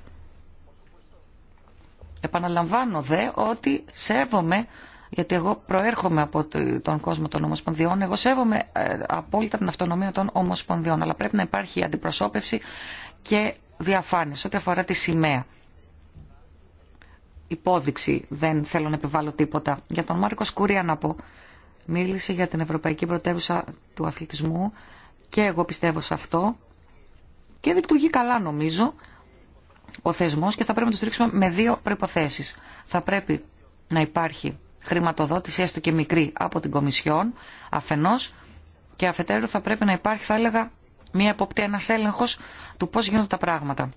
Επαναλαμβάνω δε ότι σέβομαι γιατί εγώ προέρχομαι από τον κόσμο των ομοσπονδιών, εγώ σέβομαι ε, απόλυτα την αυτονομία των ομοσπονδιών, αλλά πρέπει να υπάρχει αντιπροσώπευση και διαφάνεια ό,τι αφορά τη σημαία. Υπόδειξη, δεν θέλω να επιβάλλω τίποτα. Για τον Μάρκο Σκουρία να πω, μίλησε για την Ευρωπαϊκή Πρωτεύουσα του Αθλητισμού και εγώ πιστεύω σε αυτό και λειτουργεί καλά νομίζω ο θεσμός και θα πρέπει να το στηρίξουμε με δύο προϋποθέσεις. Θα πρέπει να υπάρχει χρηματοδότηση έστω και μικρή από την Κομισιόν αφενός και αφετέρου θα πρέπει να υπάρχει θα έλεγα μια εποπτεία, ένα έλεγχο του πώς γίνονται τα πράγματα.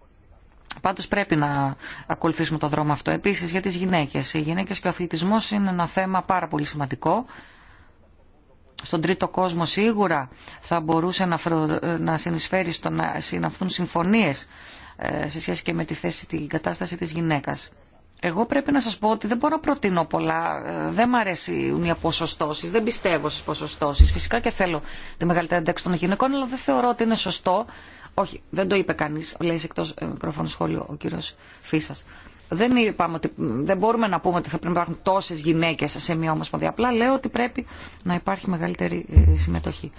Πάντως πρέπει να ακολουθήσουμε το δρόμο αυτό. Επίσης για τις γυναίκες. Οι γυναίκες και ο αθλητισμός είναι ένα θέμα πάρα πολύ σημαντικό. Στον τρίτο κόσμο σίγουρα θα μπορούσε να, να συνεισφέρει στο να συναυθούν συμφωνίες ε, σε σχέση και με τη θέση την κατάσταση της γυναίκας. Εγώ πρέπει να σας πω ότι δεν μπορώ να προτείνω πολλά. Ε, δεν μ' αρέσουν οι ποσοστώσει, δεν πιστεύω στις ποσοστώσει. Φυσικά και θέλω τη μεγαλύτερη ένταξη των γυναικών, αλλά δεν θεωρώ ότι είναι σωστό. Όχι, δεν το είπε κανεί, λέει εκτό ε, μικροφώνου σχόλιο ο κύριο Φίσα. Δεν, είπαμε ότι, δεν μπορούμε να πούμε ότι θα πρέπει να υπάρχουν τόσε γυναίκε σε μια ομοσπονδία. Απλά λέω ότι πρέπει να υπάρχει μεγαλύτερη ε, συμμετοχή.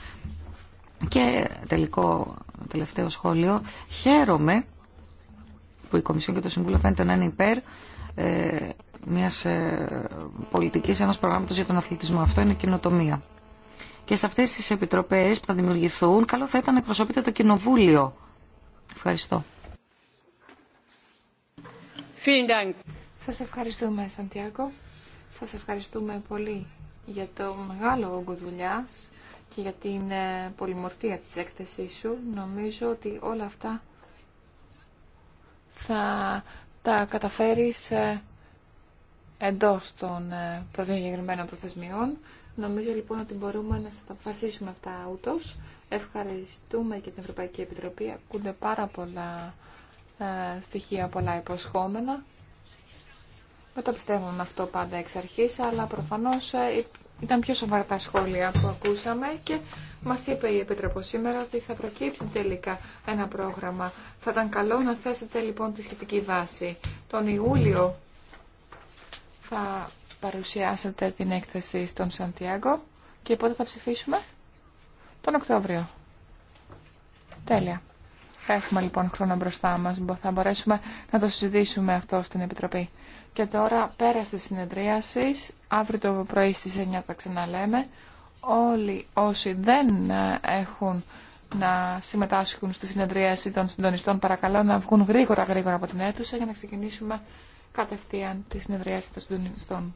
Και τελικό, τελευταίο σχόλιο. Χαίρομαι που η Κομισιόν και το Συμβούλιο φαίνεται να υπέρ ε, μιας ε, πολιτικής, ενός προγράμματος για τον αθλητισμό. Αυτό είναι κοινοτομία. Και σε αυτές τις επιτροπές που θα δημιουργηθούν, καλό θα ήταν να εκπροσωπείτε το Κοινοβούλιο. Ευχαριστώ. Σας ευχαριστούμε, Σαντιάκο. Σας ευχαριστούμε πολύ για το μεγάλο όγκο δουλειά και για την ε, πολυμορφία της έκθεσής σου. Νομίζω ότι όλα αυτά θα τα καταφέρεις εντός των ε, προδιαγεγραμμένων προθεσμιών. Νομίζω λοιπόν ότι μπορούμε να τα αποφασίσουμε αυτά ούτως. Ευχαριστούμε και την Ευρωπαϊκή Επιτροπή. Ακούνται πάρα πολλά ε, στοιχεία, πολλά υποσχόμενα. Δεν το πιστεύουμε αυτό πάντα εξ αρχής, αλλά προφανώς ε, ήταν πιο σοβαρά τα σχόλια που ακούσαμε και μας είπε η Επίτροπο σήμερα ότι θα προκύψει τελικά ένα πρόγραμμα. Θα ήταν καλό να θέσετε λοιπόν τη σχετική βάση. Τον Ιούλιο θα παρουσιάσετε την έκθεση στον Σαντιάγκο και πότε θα ψηφίσουμε. Τον Οκτώβριο. Τέλεια. Έχουμε λοιπόν χρόνο μπροστά μας. Θα μπορέσουμε να το συζητήσουμε αυτό στην Επιτροπή. Και τώρα πέρα στη συνεδρίασης, αύριο το πρωί στις 9 τα ξαναλέμε, όλοι όσοι δεν ε, έχουν να συμμετάσχουν στη συνεδρίαση των συντονιστών παρακαλώ να βγουν γρήγορα γρήγορα από την αίθουσα για να ξεκινήσουμε κατευθείαν τη συνεδρίαση των συντονιστών.